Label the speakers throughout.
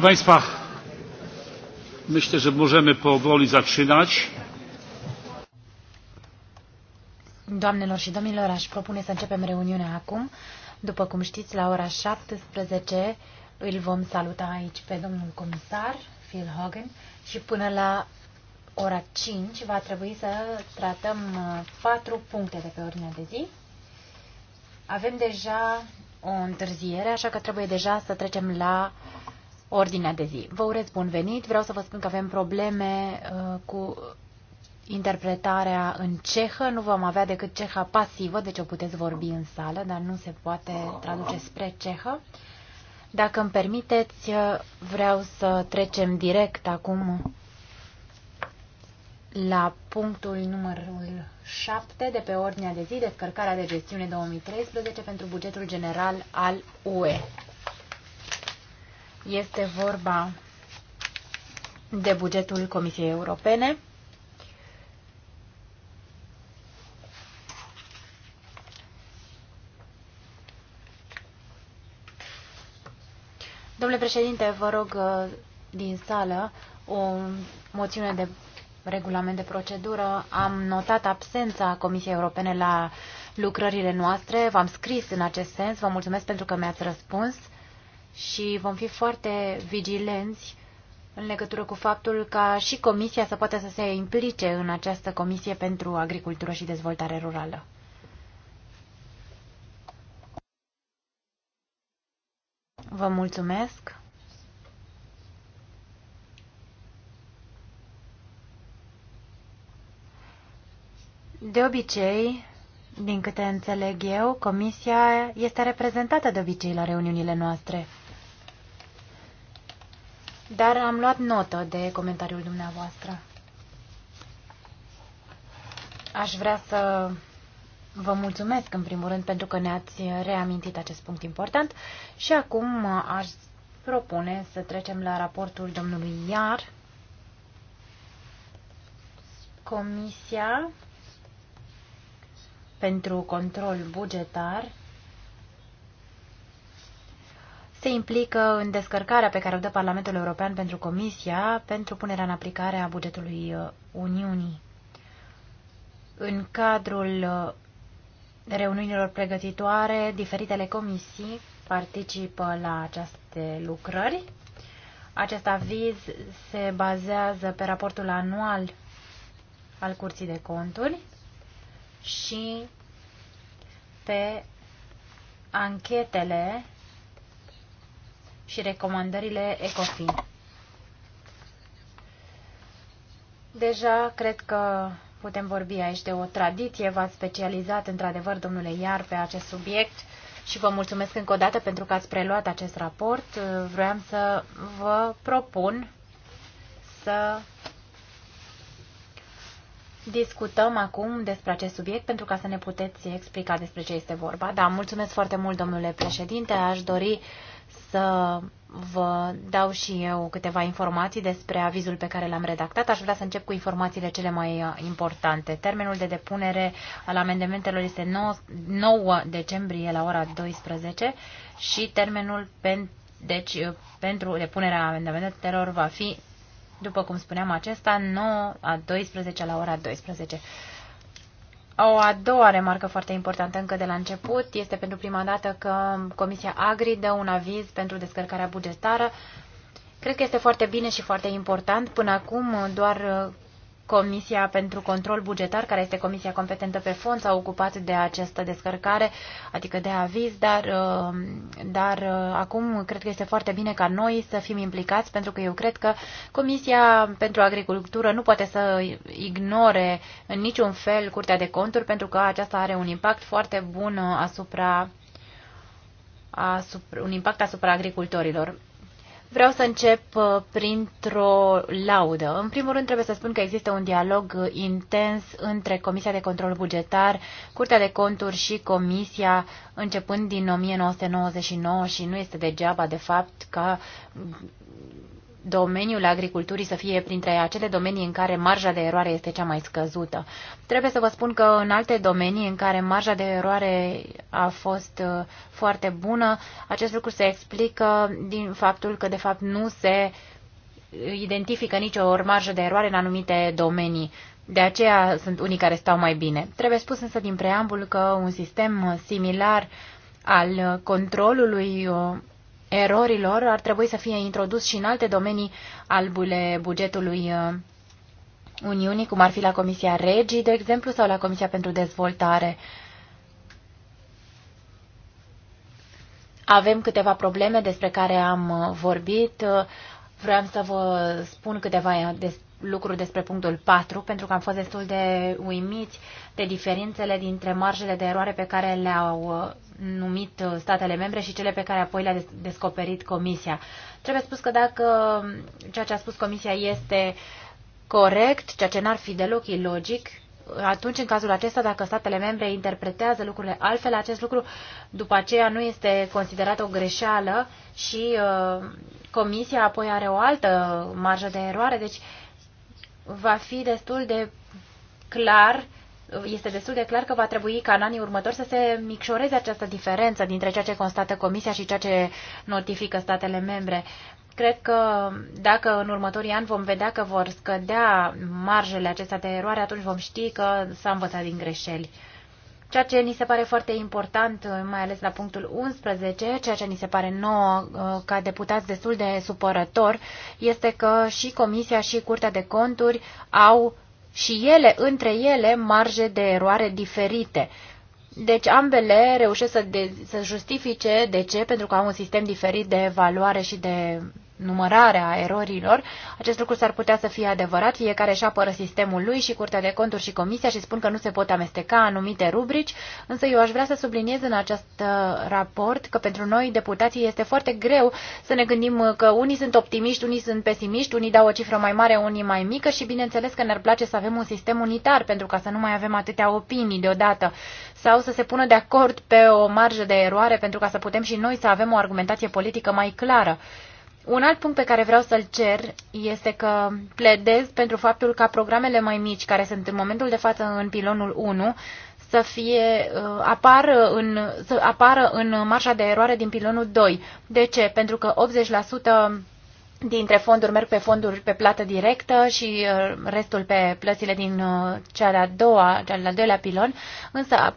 Speaker 1: Proszę Państwa, myślę, że możemy powoli zaczynać.
Speaker 2: Doamnelor și domnilor, aș propune să începem reuniunea acum. După cum știți, la ora 17 îl vom saluta aici pe domnul comisar Phil Hogan și până la ora 5 va trebui să tratăm uh, patru puncte de pe ordinea de zi. Avem deja o întârziere, așa că trebuie deja să trecem la ordinea de zi. Vă urez bun venit. Vreau să vă spun că avem probleme uh, cu interpretarea în cehă. Nu vom avea decât ceha pasivă, deci o puteți vorbi în sală, dar nu se poate traduce spre cehă. Dacă îmi permiteți, uh, vreau să trecem direct acum la punctul numărul 7 de pe ordinea de zi, descărcarea de gestiune 2013 pentru bugetul general al UE. Este vorba de bugetul Comisiei Europene. Domnule președinte, vă rog uh, din sală o moțiune de regulament de procedură. Am notat absența Comisiei Europene la lucrările noastre. V-am scris în acest sens. Vă mulțumesc pentru că mi-ați răspuns și vom fi foarte vigilenți în legătură cu faptul ca și Comisia să poată să se implice în această Comisie pentru Agricultură și Dezvoltare Rurală. Vă mulțumesc! De obicei, din câte înțeleg eu, Comisia este reprezentată de obicei la reuniunile noastre – dar am luat notă de comentariul dumneavoastră. Aș vrea să vă mulțumesc în primul rând pentru că ne-ați reamintit acest punct important și acum aș propune să trecem la raportul domnului Iar. Comisia pentru control bugetar se implică în descărcarea pe care o dă Parlamentul European pentru Comisia pentru punerea în aplicare a bugetului uh, Uniunii. În cadrul uh, reuniunilor pregătitoare, diferitele comisii participă la aceste lucrări. Acest aviz se bazează pe raportul anual al Curții de Conturi și pe anchetele și recomandările ECOFIN. Deja cred că putem vorbi aici de o tradiție, v-ați specializat într-adevăr, domnule Iar, pe acest subiect și vă mulțumesc încă o dată pentru că ați preluat acest raport. Vreau să vă propun să discutăm acum despre acest subiect pentru ca să ne puteți explica despre ce este vorba. Da, mulțumesc foarte mult, domnule președinte. Aș dori să vă dau și eu câteva informații despre avizul pe care l-am redactat. Aș vrea să încep cu informațiile cele mai uh, importante. Termenul de depunere al amendamentelor este 9, decembrie la ora 12 și termenul pen, deci, uh, pentru depunerea amendamentelor va fi, după cum spuneam acesta, 9 a 12 la ora 12. O a doua remarcă foarte importantă încă de la început este pentru prima dată că Comisia Agri dă un aviz pentru descărcarea bugetară. Cred că este foarte bine și foarte important. Până acum doar Comisia pentru Control Bugetar, care este comisia competentă pe fond, s-a ocupat de această descărcare, adică de aviz, dar, uh, dar uh, acum cred că este foarte bine ca noi să fim implicați, pentru că eu cred că Comisia pentru Agricultură nu poate să ignore în niciun fel Curtea de Conturi, pentru că aceasta are un impact foarte bun asupra asupra, un impact asupra agricultorilor. Vreau să încep uh, printr-o laudă. În primul rând trebuie să spun că există un dialog intens între Comisia de Control Bugetar, Curtea de Conturi și Comisia începând din 1999 și nu este degeaba de fapt ca domeniul agriculturii să fie printre acele domenii în care marja de eroare este cea mai scăzută. Trebuie să vă spun că în alte domenii în care marja de eroare a fost uh, foarte bună, acest lucru se explică din faptul că de fapt nu se identifică nicio marjă de eroare în anumite domenii. De aceea sunt unii care stau mai bine. Trebuie spus însă din preambul că un sistem similar al controlului uh, erorilor ar trebui să fie introdus și în alte domenii albule bugetului uh, Uniunii, cum ar fi la Comisia Regii, de exemplu, sau la Comisia pentru Dezvoltare. Avem câteva probleme despre care am uh, vorbit. Uh, vreau să vă spun câteva lucru despre punctul 4, pentru că am fost destul de uimiți de diferențele dintre marjele de eroare pe care le-au uh, numit uh, statele membre și cele pe care apoi le-a descoperit Comisia. Trebuie spus că dacă um, ceea ce a spus Comisia este corect, ceea ce n-ar fi deloc ilogic, atunci, în cazul acesta, dacă statele membre interpretează lucrurile altfel, acest lucru după aceea nu este considerat o greșeală și uh, comisia apoi are o altă marjă de eroare. Deci, uh, va fi destul de clar este destul de clar că va trebui ca în anii următori să se micșoreze această diferență dintre ceea ce constată Comisia și ceea ce notifică statele membre. Cred că dacă în următorii ani vom vedea că vor scădea marjele acestea de eroare, atunci vom ști că s-a învățat din greșeli. Ceea ce ni se pare foarte important, uh, mai ales la punctul 11, ceea ce ni se pare nou uh, ca deputați destul de supărător, este că și Comisia și Curtea de Conturi au și ele, între ele, marge de eroare diferite. Deci ambele reușesc să, de, să justifice de ce, pentru că au un sistem diferit de evaluare și de numărarea erorilor, acest lucru s-ar putea să fie adevărat, fiecare își apără sistemul lui și Curtea de Conturi și Comisia și spun că nu se pot amesteca anumite rubrici, însă eu aș vrea să subliniez în acest uh, raport că pentru noi, deputații, este foarte greu să ne gândim uh, că unii sunt optimiști, unii sunt pesimiști, unii dau o cifră mai mare, unii mai mică și bineînțeles că ne-ar place să avem un sistem unitar pentru ca să nu mai avem atâtea opinii deodată sau să se pună de acord pe o marjă de eroare pentru ca să putem și noi să avem o argumentație politică mai clară. Un alt punct pe care vreau să-l cer este că pledez pentru faptul ca programele mai mici, care sunt în momentul de față în pilonul 1, să fie uh, apară în, să apară în marșa de eroare din pilonul 2. De ce? Pentru că 80% dintre fonduri merg pe fonduri pe plată directă și uh, restul pe plățile din uh, cea de-a doua, cea de-a doilea pilon, însă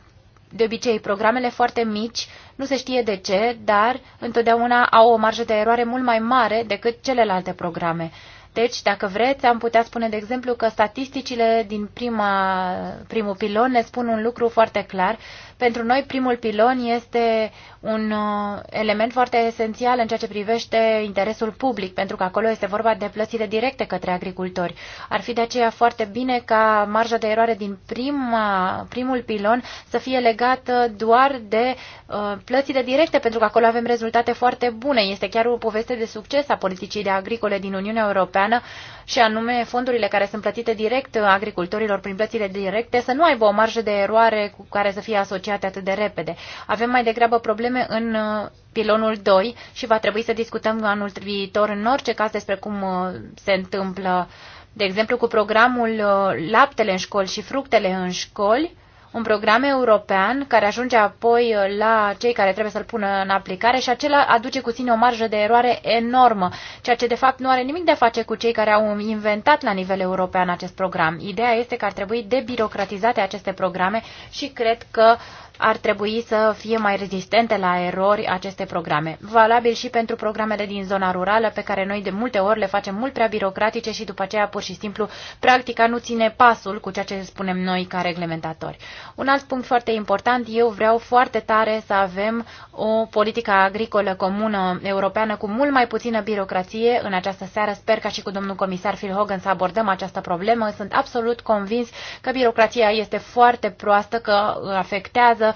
Speaker 2: de obicei, programele foarte mici, nu se știe de ce, dar întotdeauna au o marjă de eroare mult mai mare decât celelalte programe. Deci, dacă vreți, am putea spune, de exemplu, că statisticile din prima, primul pilon ne spun un lucru foarte clar. Pentru noi, primul pilon este un uh, element foarte esențial în ceea ce privește interesul public, pentru că acolo este vorba de plățile directe către agricultori. Ar fi de aceea foarte bine ca marja de eroare din prima, primul pilon să fie legată doar de uh, plățile directe, pentru că acolo avem rezultate foarte bune. Este chiar o poveste de succes a politicii de agricole din Uniunea Europeană, și anume fondurile care sunt plătite direct agricultorilor prin plățile directe să nu aibă o marjă de eroare cu care să fie asociate atât de repede. Avem mai degrabă probleme în uh, pilonul 2 și va trebui să discutăm anul viitor în orice caz despre cum uh, se întâmplă, de exemplu, cu programul uh, laptele în școli și fructele în școli, un program european care ajunge apoi la cei care trebuie să-l pună în aplicare și acela aduce cu sine o marjă de eroare enormă, ceea ce de fapt nu are nimic de a face cu cei care au inventat la nivel european acest program. Ideea este că ar trebui debirocratizate aceste programe și cred că uh, ar trebui să fie mai rezistente la erori aceste programe. Valabil și pentru programele din zona rurală, pe care noi de multe ori le facem mult prea birocratice și după aceea pur și simplu practica nu ține pasul cu ceea ce spunem noi ca reglementatori. Un alt punct foarte important, eu vreau foarte tare să avem o politică agricolă comună europeană cu mult mai puțină birocrație. În această seară sper ca și cu domnul comisar Phil Hogan să abordăm această problemă. Sunt absolut convins că birocrația este foarte proastă, că afectează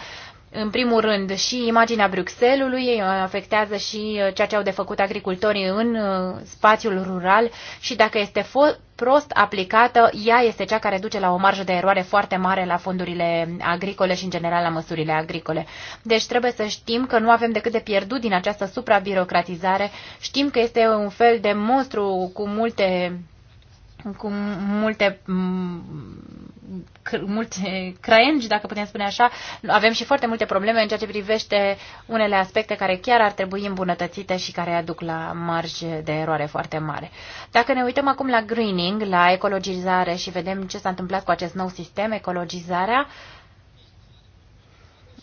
Speaker 2: în primul rând și imaginea Bruxellesului, ă, afectează și ă, ceea ce au de făcut agricultorii în ă, spațiul rural și dacă este prost aplicată, ea este cea care duce la o marjă de eroare foarte mare la fondurile agricole și în general la măsurile agricole. Deci trebuie să știm că nu avem decât de pierdut din această suprabirocratizare. Știm că este un fel de monstru cu multe cu multe, multe craengi, dacă putem spune așa, avem și foarte multe probleme în ceea ce privește unele aspecte care chiar ar trebui îmbunătățite și care aduc la marge de eroare foarte mare. Dacă ne uităm acum la greening, la ecologizare și vedem ce s-a întâmplat cu acest nou sistem, ecologizarea,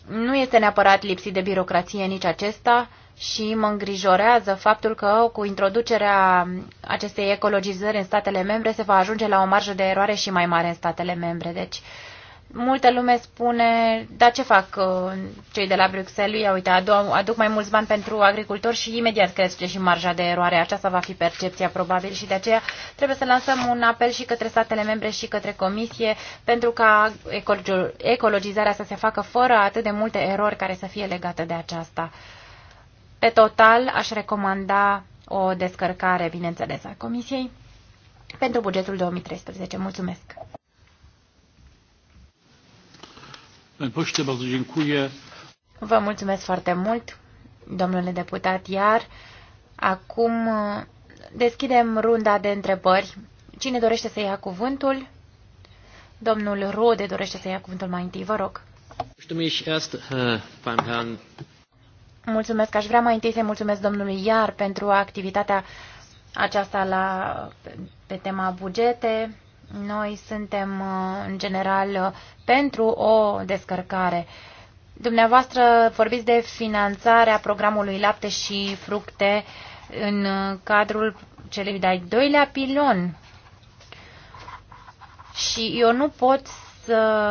Speaker 2: nu este neapărat lipsit de birocrație nici acesta, și mă îngrijorează faptul că cu introducerea acestei ecologizări în statele membre se va ajunge la o marjă de eroare și mai mare în statele membre. Deci, multă lume spune, dar ce fac uh, cei de la Bruxelles? Ia uite, aduc mai mulți bani pentru agricultori și imediat crește și marja de eroare. Aceasta va fi percepția probabil și de aceea trebuie să lansăm un apel și către statele membre și către comisie pentru ca ecologizarea să se facă fără atât de multe erori care să fie legate de aceasta. Pe total, aș recomanda o descărcare, bineînțeles, a Comisiei pentru bugetul 2013. Mulțumesc! Vă mulțumesc foarte mult, domnule deputat, iar acum uh, deschidem runda de întrebări. Cine dorește să ia cuvântul? Domnul Rode dorește să ia cuvântul mai întâi, vă rog.
Speaker 3: Ich erst äh, beim Herrn
Speaker 2: Mulțumesc. Aș vrea mai întâi să mulțumesc domnului Iar pentru activitatea aceasta la, pe tema bugete. Noi suntem, uh, în general, uh, pentru o descărcare. Dumneavoastră vorbiți de finanțarea programului lapte și fructe în uh, cadrul celui de-al doilea pilon. Și eu nu pot să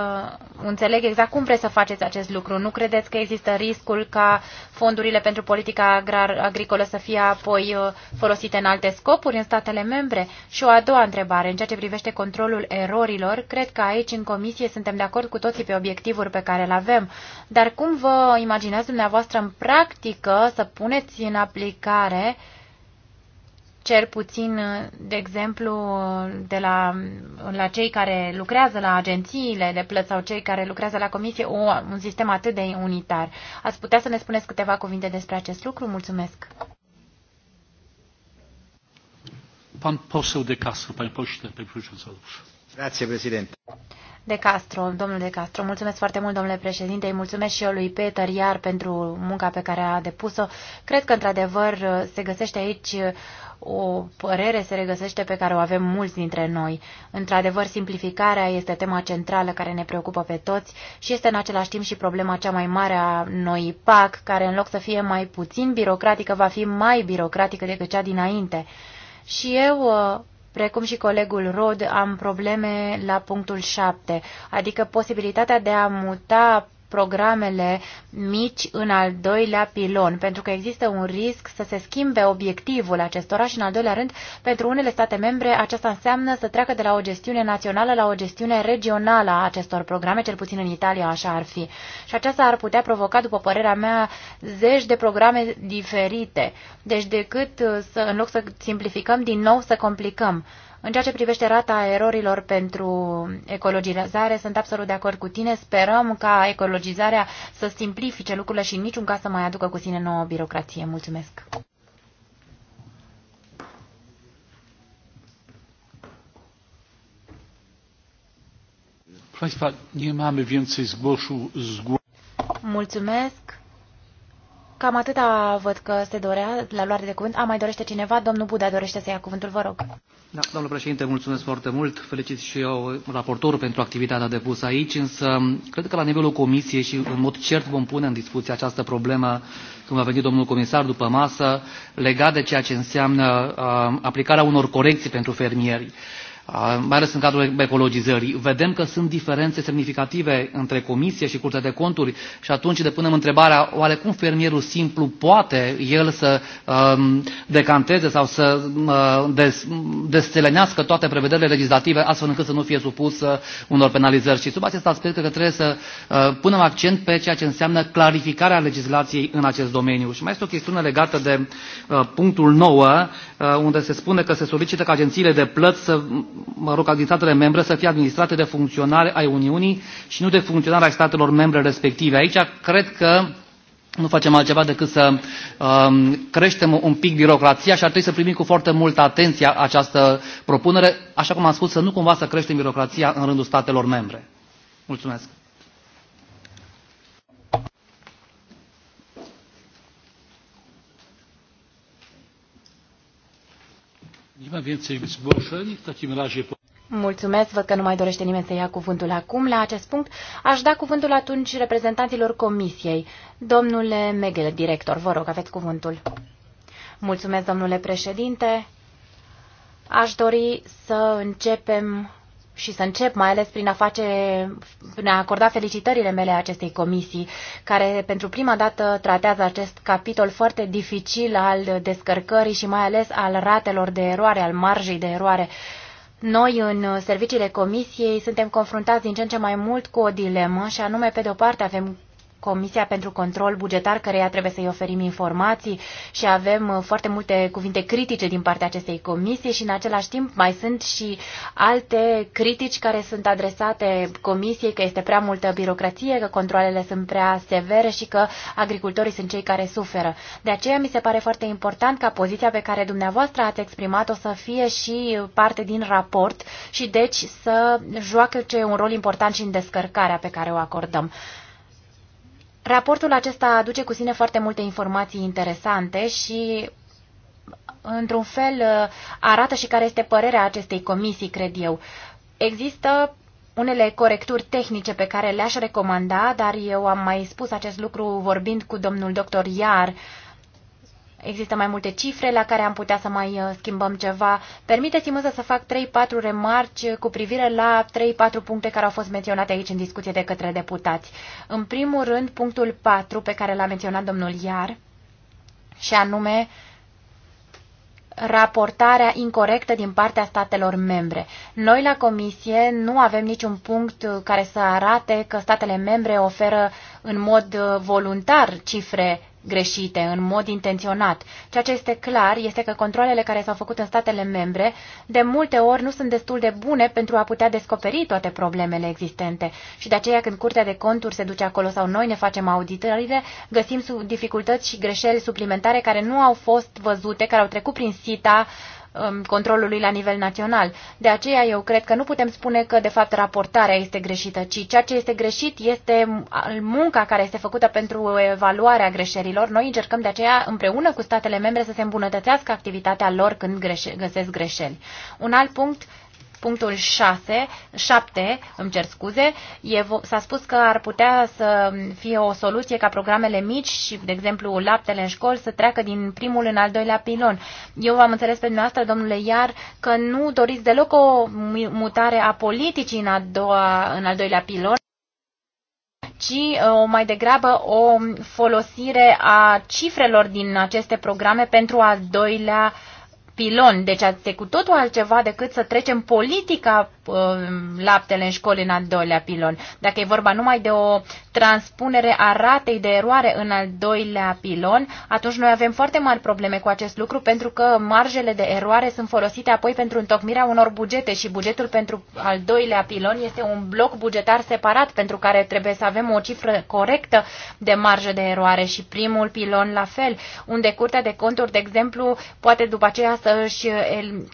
Speaker 2: înțeleg exact cum vreți să faceți acest lucru. Nu credeți că există riscul ca fondurile pentru politica agrar agricolă să fie apoi uh, folosite în alte scopuri în statele membre? Și o a doua întrebare, în ceea ce privește controlul erorilor, cred că aici în comisie suntem de acord cu toții pe obiectivuri pe care le avem. Dar cum vă imaginați dumneavoastră în practică să puneți în aplicare cer puțin, uh, de exemplu, uh, de la, la cei care lucrează la agențiile de plăți sau cei care lucrează la comisie o, un sistem atât de unitar. Ați putea să ne spuneți câteva cuvinte despre acest lucru? Mulțumesc!
Speaker 1: Pan poseł de Castro, Pan Poște, pe Grazie, președinte.
Speaker 2: De Castro, domnul De Castro, mulțumesc foarte mult, domnule președinte, îi mulțumesc și eu lui Peter Iar pentru munca pe care a depus-o. Cred că, într-adevăr, se găsește aici o părere se regăsește pe care o avem mulți dintre noi. Într-adevăr, simplificarea este tema centrală care ne preocupă pe toți și este în același timp și problema cea mai mare a noi PAC, care în loc să fie mai puțin birocratică, va fi mai birocratică decât cea dinainte. Și eu Precum și colegul Rod, am probleme la punctul 7, adică posibilitatea de a muta programele mici în al doilea pilon, pentru că există un risc să se schimbe obiectivul acestora și, în al doilea rând, pentru unele state membre aceasta înseamnă să treacă de la o gestiune națională la o gestiune regională a acestor programe, cel puțin în Italia așa ar fi. Și aceasta ar putea provoca, după părerea mea, zeci de programe diferite. Deci, decât uh, să, în loc să simplificăm, din nou să complicăm. În ceea ce privește rata erorilor pentru ecologizare, sunt absolut de acord cu tine. Sperăm ca ecologizarea să simplifice lucrurile și în niciun caz să mai aducă cu sine nouă birocrație. Mulțumesc! Mulțumesc! Cam atâta văd că se dorea la luare de cuvânt. A, mai dorește cineva? Domnul Buda dorește să ia cuvântul, vă rog.
Speaker 4: Da, domnul președinte, mulțumesc foarte mult. Felicit și eu raportorul pentru activitatea depusă aici, însă cred că la nivelul comisiei și în mod cert vom pune în discuție această problemă când va veni domnul comisar după masă legat de ceea ce înseamnă uh, aplicarea unor corecții pentru fermieri mai ales în cadrul ecologizării. Vedem că sunt diferențe semnificative între Comisie și Curtea de Conturi și atunci depunem întrebarea oare cum fermierul simplu poate el să um, decanteze sau să um, des, destelenească toate prevederile legislative astfel încât să nu fie supus uh, unor penalizări. Și sub acest aspect cred că trebuie să uh, punem accent pe ceea ce înseamnă clarificarea legislației în acest domeniu. Și mai este o chestiune legată de uh, punctul 9 uh, unde se spune că se solicită ca agențiile de plăți să mă rog, din statele membre să fie administrate de funcționari ai Uniunii și nu de funcționari ai statelor membre respective. Aici cred că nu facem altceva decât să um, creștem un pic birocrația și ar trebui să primim cu foarte multă atenție această propunere, așa cum am spus, să nu cumva să creștem birocrația în rândul statelor membre. Mulțumesc.
Speaker 2: Mulțumesc, văd că nu mai dorește nimeni să ia cuvântul acum la acest punct. Aș da cuvântul atunci reprezentanților comisiei. Domnule Megel, director, vă rog, aveți cuvântul. Mulțumesc, domnule președinte. Aș dori să începem și să încep mai ales prin a, face, prin a acorda felicitările mele acestei comisii, care pentru prima dată tratează acest capitol foarte dificil al descărcării și mai ales al ratelor de eroare, al marjei de eroare. Noi, în serviciile comisiei, suntem confruntați din ce în ce mai mult cu o dilemă și anume, pe de o parte, avem Comisia pentru Control Bugetar, căreia trebuie să-i oferim informații și avem uh, foarte multe cuvinte critice din partea acestei comisii și în același timp mai sunt și alte critici care sunt adresate comisiei că este prea multă birocrație, că controlele sunt prea severe și că agricultorii sunt cei care suferă. De aceea mi se pare foarte important ca poziția pe care dumneavoastră ați exprimat-o să fie și parte din raport și deci să joace un rol important și în descărcarea pe care o acordăm. Raportul acesta aduce cu sine foarte multe informații interesante și într-un fel arată și care este părerea acestei comisii, cred eu. Există unele corecturi tehnice pe care le-aș recomanda, dar eu am mai spus acest lucru vorbind cu domnul doctor Iar Există mai multe cifre la care am putea să mai uh, schimbăm ceva. Permiteți-mă să fac 3-4 remarci cu privire la 3-4 puncte care au fost menționate aici în discuție de către deputați. În primul rând, punctul 4 pe care l-a menționat domnul Iar, și anume
Speaker 5: raportarea
Speaker 2: incorrectă din partea statelor membre. Noi la Comisie nu avem niciun punct care să arate că statele membre oferă în mod uh, voluntar cifre greșite, în mod intenționat. Ceea ce este clar este că controlele care s-au făcut în statele membre de multe ori nu sunt destul de bune pentru a putea descoperi toate problemele existente și de aceea când Curtea de Conturi se duce acolo sau noi ne facem auditările, găsim dificultăți și greșeli suplimentare care nu au fost văzute, care au trecut prin SITA Um, controlului la nivel național. De aceea eu cred că nu putem spune că de fapt raportarea este greșită, ci ceea ce este greșit este munca care este făcută pentru evaluarea greșelilor. Noi încercăm de aceea împreună cu statele membre să se îmbunătățească activitatea lor când greșe- găsesc greșeli. Un alt punct punctul 6, 7, îmi cer scuze, s-a spus că ar putea să fie o soluție ca programele mici și, de exemplu, laptele în școli să treacă din primul în al doilea pilon. Eu v-am înțeles pe dumneavoastră, domnule Iar, că nu doriți deloc o mutare a politicii în, a doua, în al doilea pilon ci uh, o, mai degrabă o folosire a cifrelor din aceste programe pentru al doilea uh, pilon. Deci este cu totul altceva decât să trecem politica uh, laptele în școli în al doilea pilon. Dacă e vorba numai de o transpunere a ratei de eroare în al doilea pilon, atunci noi avem foarte mari probleme cu acest lucru pentru că marjele de eroare sunt folosite apoi pentru întocmirea unor bugete și bugetul pentru al doilea pilon este un bloc bugetar separat pentru care trebuie să avem o cifră corectă de marjă de eroare și primul pilon la fel, unde Curtea de Conturi, de exemplu, poate după aceea să își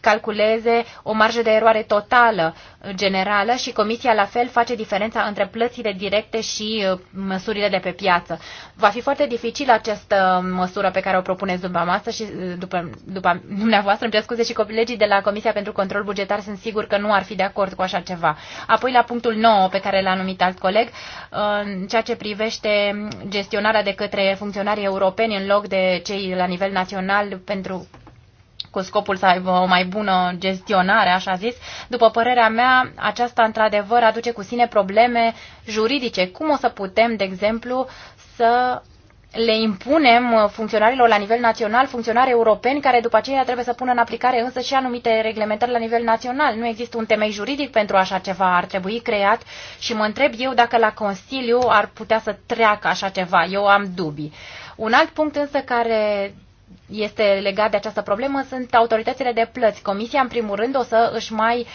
Speaker 2: calculeze o marjă de eroare totală generală și Comisia la fel face diferența între plățile directe și uh, măsurile de pe piață. Va fi foarte dificil această uh, măsură pe care o propuneți dumneavoastră și uh, după, după dumneavoastră, îmi cer scuze și colegii de la Comisia pentru Control Bugetar sunt sigur că nu ar fi de acord cu așa ceva. Apoi la punctul 9 pe care l-a numit alt coleg, în ceea ce privește gestionarea de către funcționarii europeni în loc de cei la nivel național pentru cu scopul să aibă o mai bună gestionare, așa zis, după părerea mea, aceasta într-adevăr aduce cu sine probleme juridice. Cum o să putem, de exemplu, să le impunem funcționarilor la nivel național, funcționari europeni, care după aceea trebuie să pună în aplicare însă și anumite reglementări la nivel național. Nu există un temei juridic pentru așa ceva, ar trebui creat și mă întreb eu dacă la Consiliu ar putea să treacă așa ceva. Eu am dubii. Un alt punct însă care este legat de această problemă sunt autoritățile de plăți. Comisia, în primul rând, o să își mai,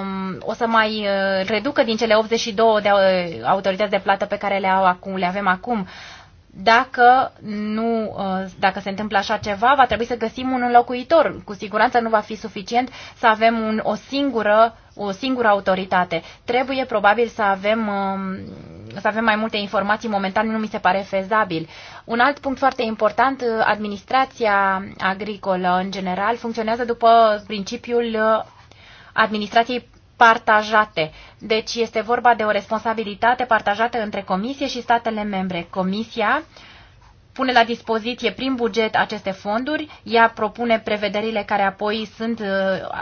Speaker 2: um, o să mai uh, reducă din cele 82 de uh, autorități de plată pe care le, au acum, le avem acum. Dacă, nu, uh, dacă se întâmplă așa ceva, va trebui să găsim un înlocuitor. Cu siguranță nu va fi suficient să avem un, o, singură, o singură autoritate. Trebuie probabil să avem um, să avem mai multe informații, momentan nu mi se pare fezabil. Un alt punct foarte important, uh, administrația agricolă în general funcționează după principiul uh, administrației partajate. Deci este vorba de o responsabilitate partajată între Comisie și statele membre. Comisia uh, pune la dispoziție prin buget aceste fonduri, ea propune prevederile care apoi sunt uh,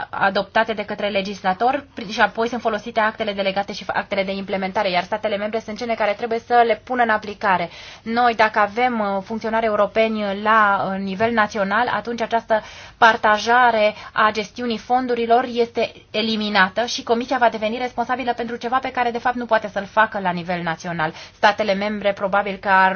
Speaker 2: adoptate de către legislator și apoi sunt folosite actele delegate și actele de implementare, iar statele membre sunt cele care trebuie să le pună în aplicare. Noi, dacă avem uh, funcționari europeni la uh, nivel național, atunci această partajare a gestiunii fondurilor este eliminată și Comisia va deveni responsabilă pentru ceva pe care, de fapt, nu poate să-l facă la nivel național. Statele membre probabil că ar,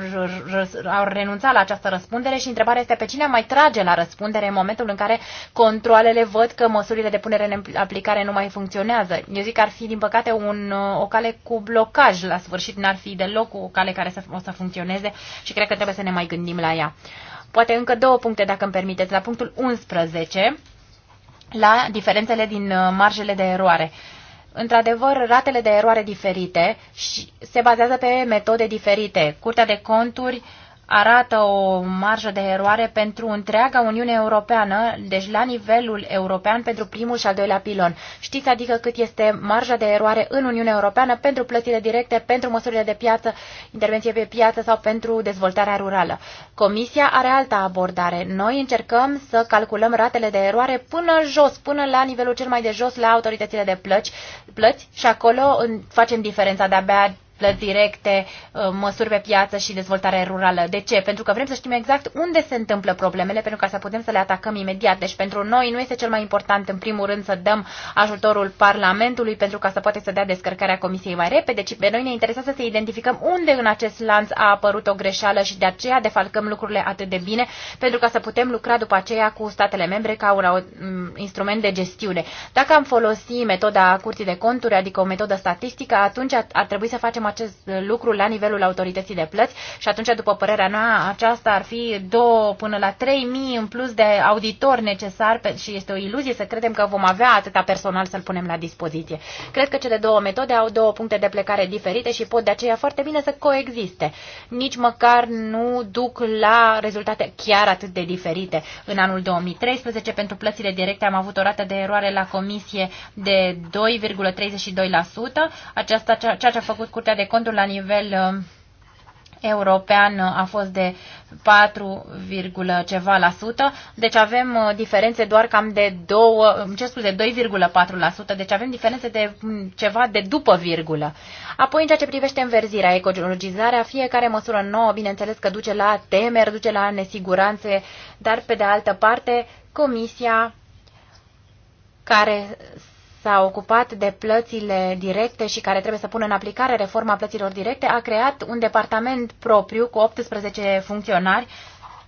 Speaker 2: ar renunța renunța la această răspundere și întrebarea este pe cine mai trage la răspundere în momentul în care controlele văd că măsurile de punere în aplicare nu mai funcționează. Eu zic că ar fi, din păcate, un, o cale cu blocaj la sfârșit, n-ar fi deloc o cale care să, o să funcționeze și cred că trebuie să ne mai gândim la ea. Poate încă două puncte, dacă îmi permiteți. La punctul 11, la diferențele din uh, marjele de eroare. Într-adevăr, ratele de eroare diferite și se bazează pe metode diferite. Curtea de conturi uh, arată o marjă de eroare pentru întreaga Uniune Europeană, deci la nivelul european pentru primul și al doilea pilon. Știți adică cât este marja de eroare în Uniunea Europeană pentru plățile directe, pentru măsurile de piață, intervenție pe piață sau pentru dezvoltarea rurală. Comisia are alta abordare. Noi încercăm să calculăm ratele de eroare până jos, până la nivelul cel mai de jos la autoritățile de plăci, plăți și acolo facem diferența de abia plăți directe, uh, măsuri pe piață și dezvoltare rurală. De ce? Pentru că vrem să știm exact unde se întâmplă problemele, pentru ca să putem să le atacăm imediat. Deci pentru noi nu este cel mai important, în primul rând, să dăm ajutorul Parlamentului pentru ca să poate să dea descărcarea Comisiei mai repede, ci pe noi ne interesează să identificăm unde în acest lanț a apărut o greșeală și de aceea defalcăm lucrurile atât de bine, pentru ca să putem lucra după aceea cu statele membre ca un mm, instrument de gestiune. Dacă am folosit metoda Curții de Conturi, adică o metodă statistică, atunci ar trebui să facem acest lucru la nivelul autorității de plăți și atunci, după părerea mea, aceasta ar fi 2 până la 3.000 în plus de auditori necesar și este o iluzie să credem că vom avea atâta personal să-l punem la dispoziție. Cred că cele două metode au două puncte de plecare diferite și pot de aceea foarte bine să coexiste. Nici măcar nu duc la rezultate chiar atât de diferite. În anul 2013, pentru plățile directe, am avut o rată de eroare la comisie de 2,32%. Aceasta, ceea ce a făcut Curtea de conturi la nivel uh, european uh, a fost de 4, ceva la sută, deci avem uh, diferențe doar cam de 2, ce scuze, 2,4%, deci avem diferențe de mm, ceva de după virgulă. Apoi, în ceea ce privește înverzirea, ecologizarea, fiecare măsură nouă, bineînțeles că duce la temeri, duce la nesiguranțe, dar pe de altă parte, Comisia care s-a ocupat de plățile directe și care trebuie să pună în aplicare reforma plăților directe, a creat un departament propriu cu 18 funcționari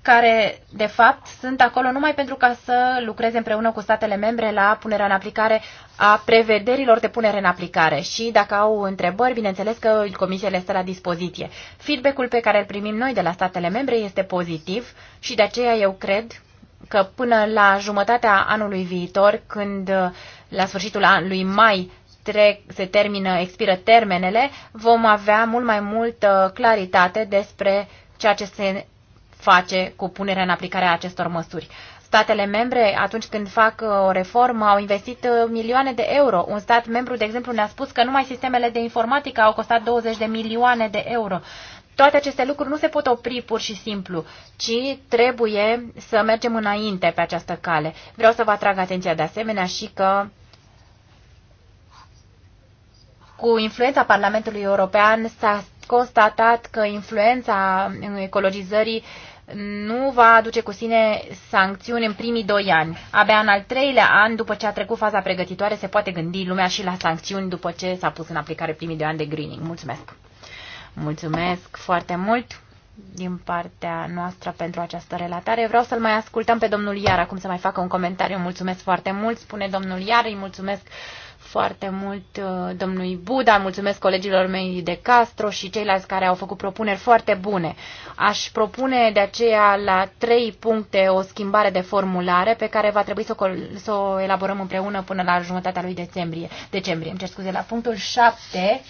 Speaker 2: care, de fapt, sunt acolo numai pentru ca să lucreze împreună cu statele membre la punerea în aplicare a prevederilor de punere în aplicare. Și dacă au întrebări, bineînțeles că comisia le stă la dispoziție. Feedback-ul pe care îl primim noi de la statele membre este pozitiv și de aceea eu cred că până la jumătatea anului viitor, când la sfârșitul anului mai trec, se termină, expiră termenele, vom avea mult mai multă claritate despre ceea ce se face cu punerea în aplicare a acestor măsuri. Statele membre, atunci când fac uh, o reformă, au investit uh, milioane de euro. Un stat membru, de exemplu, ne-a spus că numai sistemele de informatică au costat 20 de milioane de euro. Toate aceste lucruri nu se pot opri pur și simplu, ci trebuie să mergem înainte pe această cale. Vreau să vă atrag atenția de asemenea și că cu influența Parlamentului European s-a constatat că influența ecologizării nu va aduce cu sine sancțiuni în primii doi ani. Abia în al treilea an, după ce a trecut faza pregătitoare, se poate gândi lumea și la sancțiuni după ce s-a pus în aplicare primii doi ani de greening. Mulțumesc! Mulțumesc foarte mult din partea noastră pentru această relatare. Vreau să-l mai ascultăm pe domnul Iar acum să mai facă un comentariu. Mulțumesc foarte mult, spune domnul Iar, îi mulțumesc foarte mult uh, domnului Buda, mulțumesc colegilor mei de Castro și ceilalți care au făcut propuneri foarte bune. Aș propune de aceea la trei puncte o schimbare de formulare pe care va trebui să o, să o elaborăm împreună până la jumătatea lui decembrie. decembrie. Îmi cer scuze, la punctul 7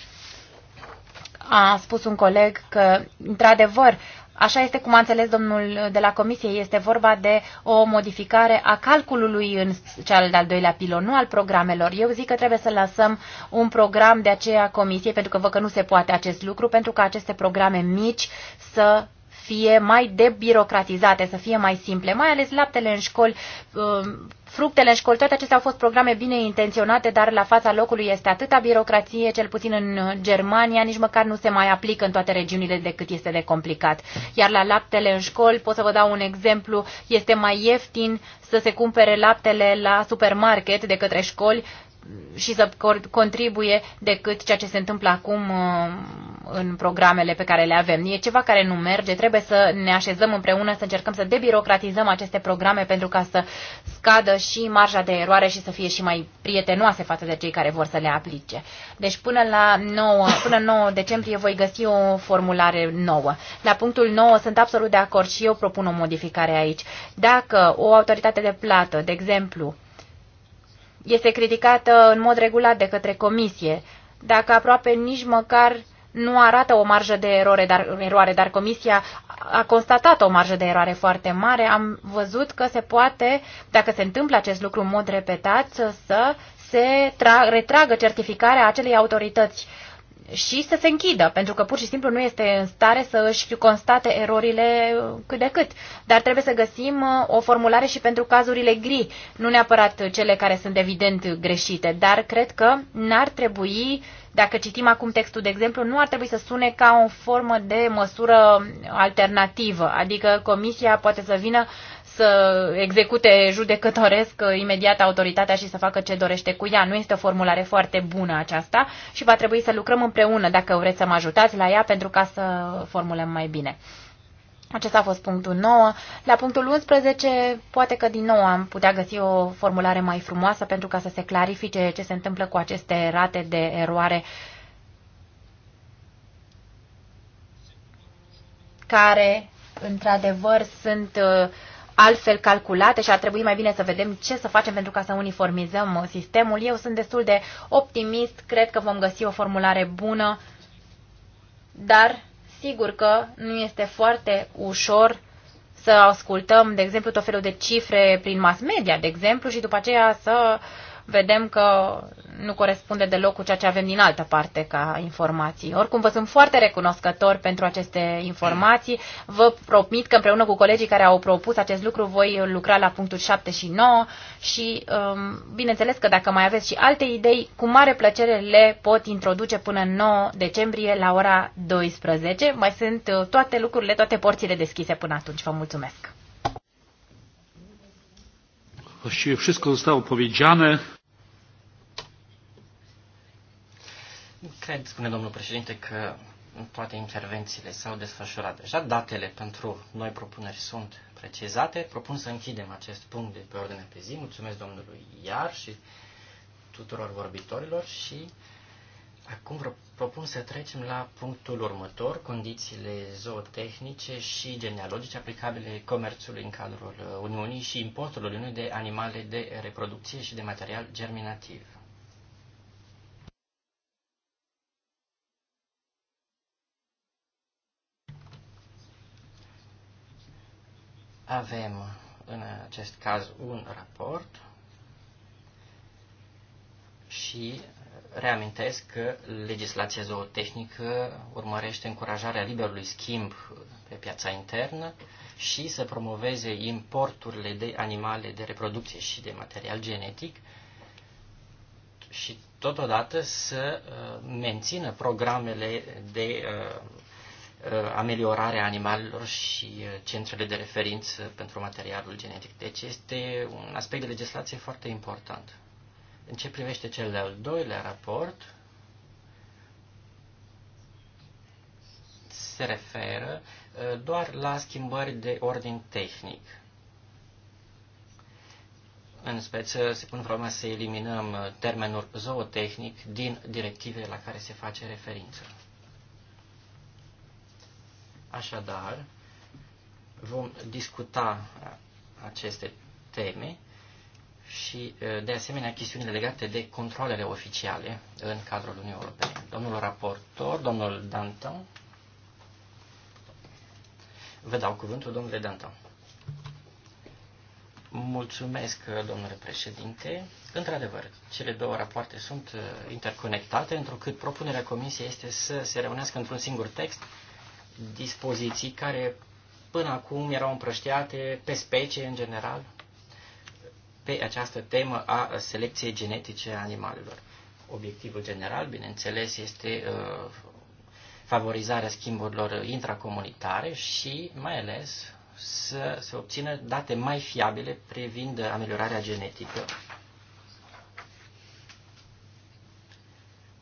Speaker 2: a spus un coleg că, într-adevăr, Așa este cum a înțeles domnul de la comisie, este vorba de o modificare a calculului în cel de-al doilea pilon, nu al programelor. Eu zic că trebuie să lăsăm un program de aceea comisie, pentru că văd că nu se poate acest lucru, pentru că aceste programe mici să fie mai debirocratizate, să fie mai simple, mai ales laptele în școli, uh, fructele și toate acestea au fost programe bine intenționate, dar la fața locului este atâta birocrație, cel puțin în Germania, nici măcar nu se mai aplică în toate regiunile de cât este de complicat. Iar la laptele în școli, pot să vă dau un exemplu, este mai ieftin să se cumpere laptele la supermarket de către școli și să contribuie decât ceea ce se întâmplă acum uh, în programele pe care le avem. E ceva care nu merge, trebuie să ne așezăm împreună, să încercăm să debirocratizăm aceste programe pentru ca să scadă și marja de eroare și să fie și mai prietenoase față de cei care vor să le aplice. Deci până la 9, până 9 decembrie voi găsi o formulare nouă. La punctul 9 sunt absolut de acord și eu propun o modificare aici. Dacă o autoritate de plată, de exemplu, este criticată în mod regulat de către comisie, dacă aproape nici măcar nu arată o marjă de erore, dar, eroare, dar comisia a constatat o marjă de eroare foarte mare. Am văzut că se poate, dacă se întâmplă acest lucru în mod repetat, să se retragă certificarea acelei autorități uh, și să se închidă, pentru că pur și simplu nu este în stare să își constate erorile cât de cât. Dar trebuie să găsim uh, o formulare și pentru cazurile gri, nu neapărat cele care sunt evident greșite, dar cred că n-ar trebui, dacă citim acum textul de exemplu, nu ar trebui să sune ca o formă de măsură alternativă, adică comisia poate să vină să execute judecătoresc uh, imediat autoritatea și să facă ce dorește cu ea. Nu este o formulare foarte bună aceasta și va trebui să lucrăm împreună dacă vreți să mă ajutați la ea pentru ca să formulăm mai bine. Acesta a fost punctul 9. La punctul 11, poate că din nou am putea găsi o formulare mai frumoasă pentru ca să se clarifice ce se întâmplă cu aceste rate de eroare care, într-adevăr, sunt uh, altfel calculate și ar trebui mai bine să vedem ce să facem pentru ca să uniformizăm sistemul. Eu sunt destul de optimist, cred că vom găsi o formulare bună, dar sigur că nu este foarte ușor să ascultăm, de exemplu, tot felul de cifre prin mass media, de exemplu, și după aceea să uh, vedem că nu corespunde deloc cu ceea ce avem din altă parte ca informații. Oricum, vă sunt foarte recunoscător pentru aceste informații. Vă promit că împreună cu colegii care au propus acest lucru voi lucra la punctul 7 și 9 și, um, bineînțeles că dacă mai aveți și alte idei, cu mare plăcere le pot introduce până 9 decembrie la ora 12. Mai sunt uh, toate lucrurile, toate porțile deschise până atunci. Vă mulțumesc!
Speaker 1: Właściwie wszystko zostało powiedziane.
Speaker 2: Cred, spune
Speaker 3: domnul președinte, că toate intervențiile s-au desfășurat deja. Datele pentru noi propuneri sunt precizate. Propun să închidem acest punct de pe ordine pe zi. Mulțumesc domnului Iar și tuturor vorbitorilor și acum propun să trecem la punctul următor, condițiile zootehnice și genealogice aplicabile comerțului în cadrul Uniunii și importului Uniunii de animale de reproducție și de material germinativ. Avem în acest caz un raport și reamintesc că legislația zootehnică urmărește încurajarea liberului schimb pe piața internă și să promoveze importurile de animale de reproducție și de material genetic și totodată să uh, mențină programele de uh, Uh, ameliorarea animalelor și uh, centrele de referință pentru materialul genetic. Deci este un aspect de legislație foarte important. În ce privește cel de-al doilea raport, se referă uh, doar la schimbări de ordin tehnic. În speță se pun problema să eliminăm termenul zootehnic din directivele la care se face referință. Așadar, vom discuta aceste teme și, de asemenea, chestiunile legate de controlele oficiale în cadrul Uniunii Europene. Domnul raportor, domnul Danton, vă dau cuvântul, domnule Danton. Mulțumesc, domnule președinte. Într-adevăr, cele două rapoarte sunt interconectate, întrucât propunerea Comisiei este să se reunească într-un singur text dispoziții care până acum erau împrăștiate pe specie în general pe această temă a selecției genetice a animalelor. Obiectivul general, bineînțeles, este uh, favorizarea schimburilor intracomunitare și mai ales să se obțină date mai fiabile privind ameliorarea genetică.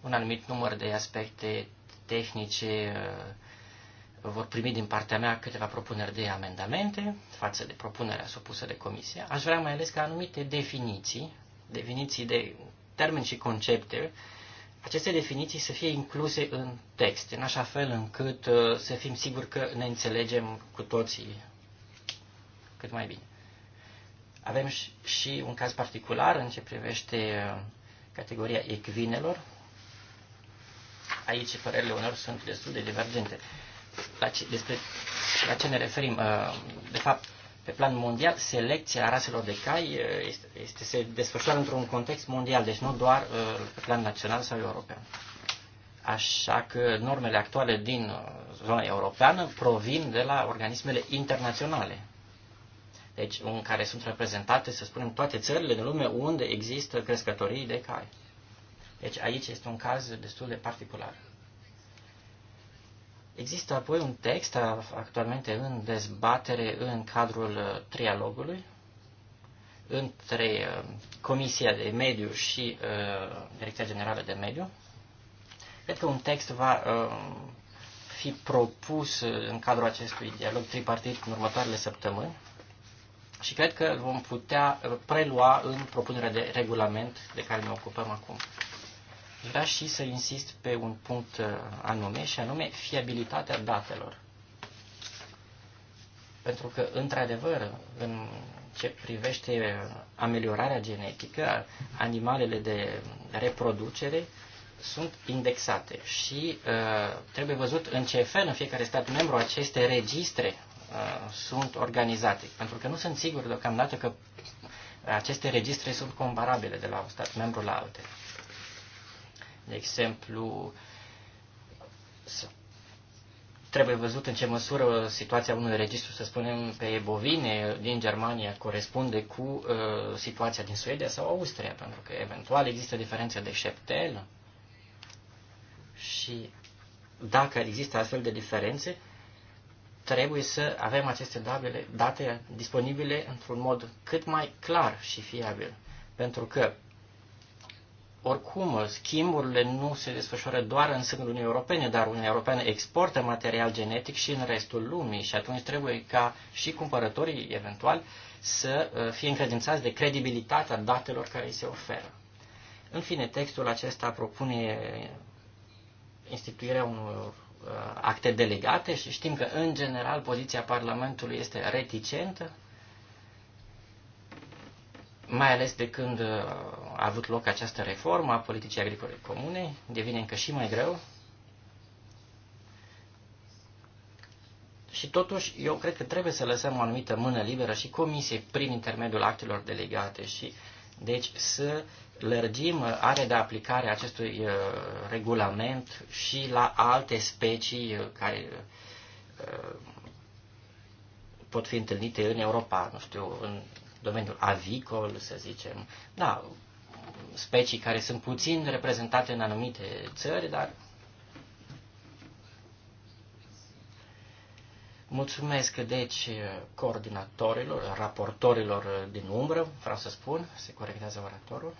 Speaker 3: Un anumit număr de aspecte tehnice uh, vor primi din partea mea câteva propuneri de amendamente față de propunerea supusă de comisie. Aș vrea mai ales ca anumite definiții, definiții de termeni și concepte, aceste definiții să fie incluse în text, în așa fel încât uh, să fim siguri că ne înțelegem cu toții cât mai bine. Avem și un caz particular în ce privește uh, categoria ecvinelor. Aici părerile unor sunt destul de divergente la ce, despre la ce ne referim. Uh, de fapt, pe plan mondial, selecția raselor de cai uh, este, este, se desfășoară într-un context mondial, deci nu doar uh, pe plan național sau european. Așa că normele actuale din zona europeană provin de la organismele internaționale. Deci, în care sunt reprezentate, să spunem, toate țările din lume unde există crescătorii de cai. Deci aici este un caz destul de particular. Există apoi un text actualmente în dezbatere în cadrul uh, trialogului între uh, Comisia de Mediu și uh, Direcția Generală de Mediu. Cred că un text va fi propus în cadrul acestui dialog tripartit în următoarele săptămâni și cred că vom putea prelua în propunerea de regulament de care ne ocupăm acum vrea și să insist pe un punct uh, anume, și anume fiabilitatea datelor. Pentru că, într-adevăr, în ce privește ameliorarea genetică, animalele de reproducere sunt indexate și uh, trebuie văzut în ce fel în fiecare stat membru aceste registre uh, sunt organizate. Pentru că nu sunt sigur deocamdată că aceste registre sunt comparabile de la un stat membru la altele. De exemplu, trebuie văzut în ce măsură situația unui registru, să spunem, pe bovine din Germania corespunde cu uh, situația din Suedia sau Austria, pentru că eventual există diferențe de șeptel și dacă există astfel de diferențe, trebuie să avem aceste date disponibile într-un mod cât mai clar și fiabil. Pentru că oricum, schimburile nu se desfășoară doar în sânul Uniunii Europene, dar Uniunea Europeană exportă material genetic și în restul lumii și atunci trebuie ca și cumpărătorii, eventual, să uh, fie încredințați de credibilitatea datelor care îi se oferă. În fine, textul acesta propune instituirea unor uh, acte delegate și știm că, în general, poziția Parlamentului este reticentă mai ales de când uh, a avut loc această reformă a politicii agricole comune, devine încă și mai greu. Și totuși, eu cred că trebuie să lăsăm o anumită mână liberă și comisie prin intermediul actelor delegate și, deci, să lărgim uh, are de aplicare acestui uh, regulament și la alte specii uh, care uh, pot fi întâlnite în Europa, nu știu, în domeniul avicol, să zicem. Da, specii care sunt puțin reprezentate în anumite țări, dar Mulțumesc, deci, coordinatorilor, raportorilor din umbră, vreau să spun, se corectează oratorul.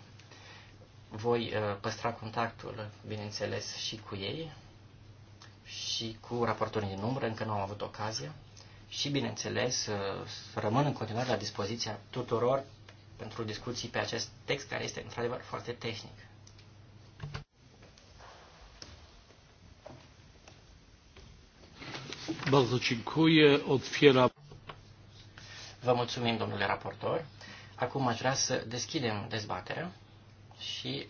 Speaker 3: Voi uh, păstra contactul, bineînțeles, și cu ei și cu raportorii din umbră, încă nu am avut ocazia și, bineînțeles, uh, rămân în continuare la dispoziția tuturor pentru discuții pe acest text care este, într-adevăr, foarte tehnic. Vă mulțumim, domnule raportor. Acum aș vrea să deschidem dezbaterea și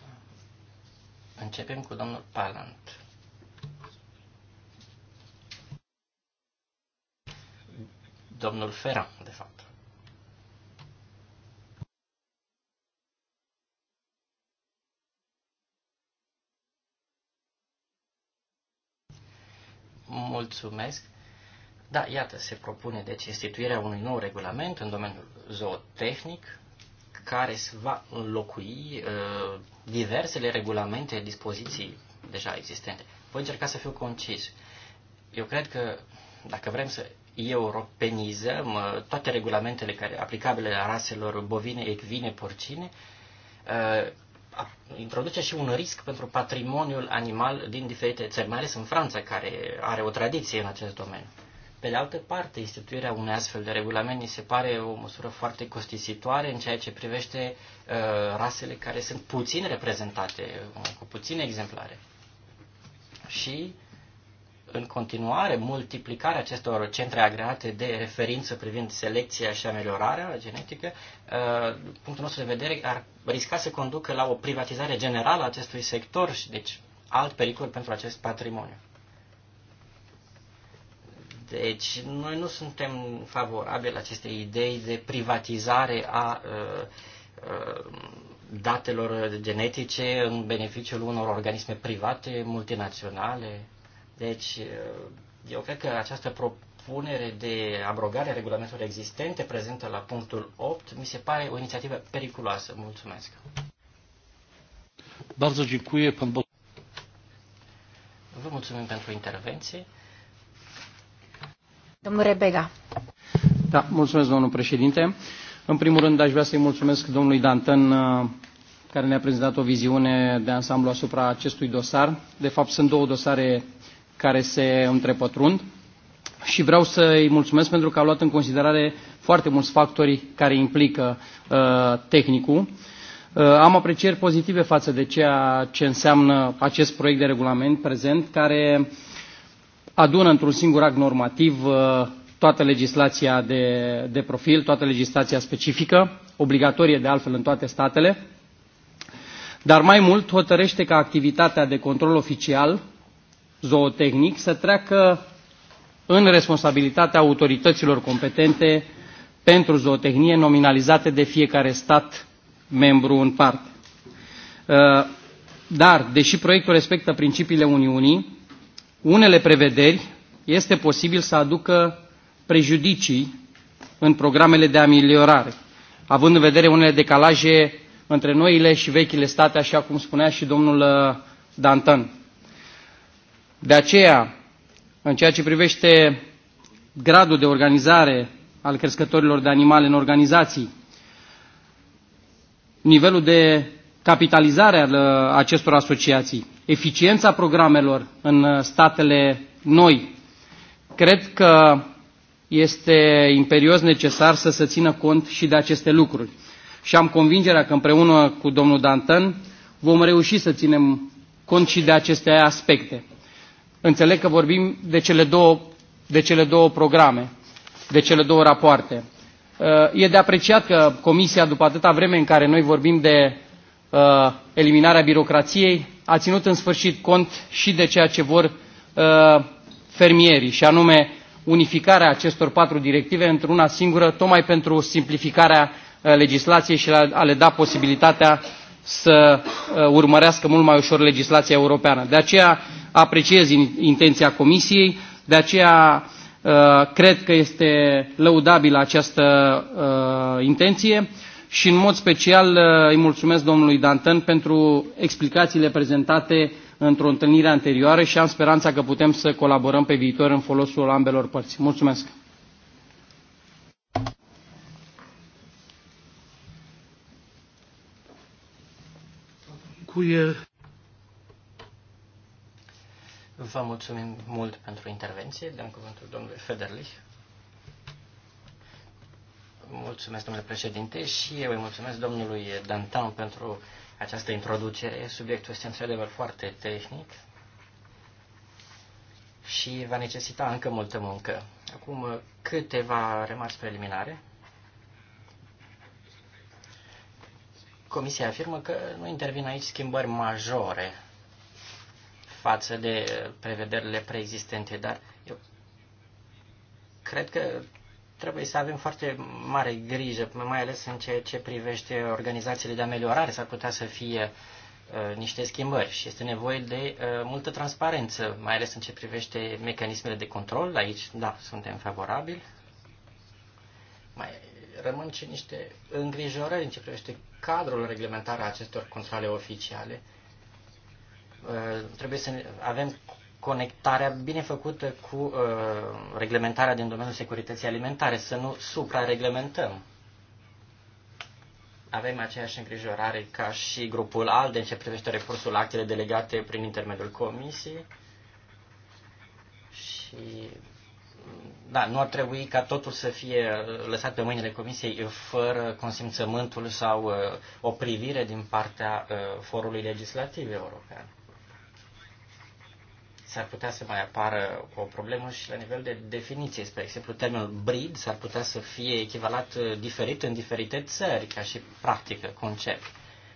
Speaker 3: începem cu domnul Palant. domnul Fera, de fapt. Mulțumesc. Da, iată, se propune deci instituirea unui nou regulament în domeniul zootehnic, care va înlocui uh, diversele regulamente, dispoziții deja existente. Voi încerca să fiu concis. Eu cred că dacă vrem să europenizăm uh, toate regulamentele care aplicabile la raselor bovine, ecvine, porcine, uh, introduce și un risc pentru patrimoniul animal din diferite țări, mai ales în Franța, care are o tradiție în acest domeniu. Pe de altă parte, instituirea unui astfel de regulament mi se pare o măsură foarte costisitoare în ceea ce privește uh, rasele care sunt puțin reprezentate, cu puține exemplare. Și uh, în continuare multiplicarea acestor centre agreate de referință privind selecția și ameliorarea genetică, uh, punctul nostru de vedere, ar risca să conducă la o privatizare generală a acestui sector și deci alt pericol pentru acest patrimoniu. Deci, noi nu suntem favorabili acestei idei de privatizare a uh, uh, datelor genetice în beneficiul unor organisme private, multinaționale, deci, uh, eu cred că această propunere de abrogare a regulamentelor existente prezentă la punctul 8 mi se pare o inițiativă periculoasă. Mulțumesc. Bardzo dziękuję pan Vă mulțumim pentru intervenție.
Speaker 2: Domnul Rebega.
Speaker 6: Da, mulțumesc, domnul președinte. În primul rând, aș vrea să-i mulțumesc domnului Dantan uh, care ne-a prezentat o viziune de ansamblu asupra acestui dosar. De fapt, sunt două dosare care se întrepătrund și vreau să-i mulțumesc pentru că a luat în considerare foarte mulți factori care implică uh, tehnicul. Uh, am aprecieri pozitive față de ceea ce înseamnă acest proiect de regulament prezent, care adună într-un singur act normativ uh, toată legislația de, de profil, toată legislația specifică, obligatorie de altfel în toate statele, dar mai mult hotărăște ca activitatea de control oficial zootehnic să treacă în responsabilitatea autorităților competente pentru zootehnie nominalizate de fiecare stat membru în parte. Uh, dar, deși proiectul respectă principiile Uniunii, unele prevederi este posibil să aducă prejudicii în programele de ameliorare, având în vedere unele decalaje între noile și vechile state, așa cum spunea și domnul uh, Dantan. De aceea, în ceea ce privește gradul de organizare al crescătorilor de animale în organizații, nivelul de capitalizare al uh, acestor asociații, eficiența programelor în uh, statele noi, cred că este imperios necesar să se țină cont și de aceste lucruri. Și am convingerea că împreună cu domnul Dantan vom reuși să ținem cont și de aceste aspecte. Înțeleg că vorbim de cele două, de cele două programe, de cele două rapoarte. Uh, e de apreciat că Comisia, după atâta vreme în care noi vorbim de uh, eliminarea birocrației, a ținut în sfârșit cont și de ceea ce vor uh, fermierii, și anume unificarea acestor patru directive într-una singură, tocmai pentru simplificarea legislației și a le da posibilitatea să urmărească mult mai ușor legislația europeană. De aceea apreciez intenția Comisiei, de aceea uh, cred că este lăudabilă această uh, intenție și în mod special uh, îi mulțumesc domnului Danton pentru explicațiile prezentate într-o întâlnire anterioară și am speranța că putem să colaborăm pe viitor în folosul ambelor părți. Mulțumesc!
Speaker 3: Vă mulțumim mult pentru intervenție. Dăm cuvântul domnului Federlich. Mulțumesc, domnule președinte, și eu îi mulțumesc domnului Dantan pentru această introducere. Subiectul este într-adevăr foarte tehnic și va necesita încă multă muncă. Acum câteva remarci preliminare. Comisia afirmă că nu intervin aici schimbări majore față de prevederile preexistente, dar eu cred că trebuie să avem foarte mare grijă, mai ales în ceea ce privește organizațiile de ameliorare, s-ar putea să fie uh, niște schimbări și este nevoie de uh, multă transparență, mai ales în ce privește mecanismele de control. Aici, da, suntem favorabili. Mai rămân și niște îngrijorări în ce privește cadrul reglementar a acestor controle oficiale. Uh, Uh, trebuie să avem conectarea bine făcută cu uh, reglementarea din domeniul securității alimentare, să nu suprareglementăm. Avem aceeași îngrijorare ca și grupul ALDE în ce privește recursul actele delegate prin intermediul comisiei și da, nu ar trebui ca totul să fie uh, lăsat pe mâinile comisiei uh, fără consimțământul sau uh, o privire din partea uh, forului legislativ european s-ar putea să mai apară o problemă și la nivel de definiție. Spre exemplu, termenul breed s-ar putea să fie echivalat uh, diferit în diferite țări, ca și practică, concept,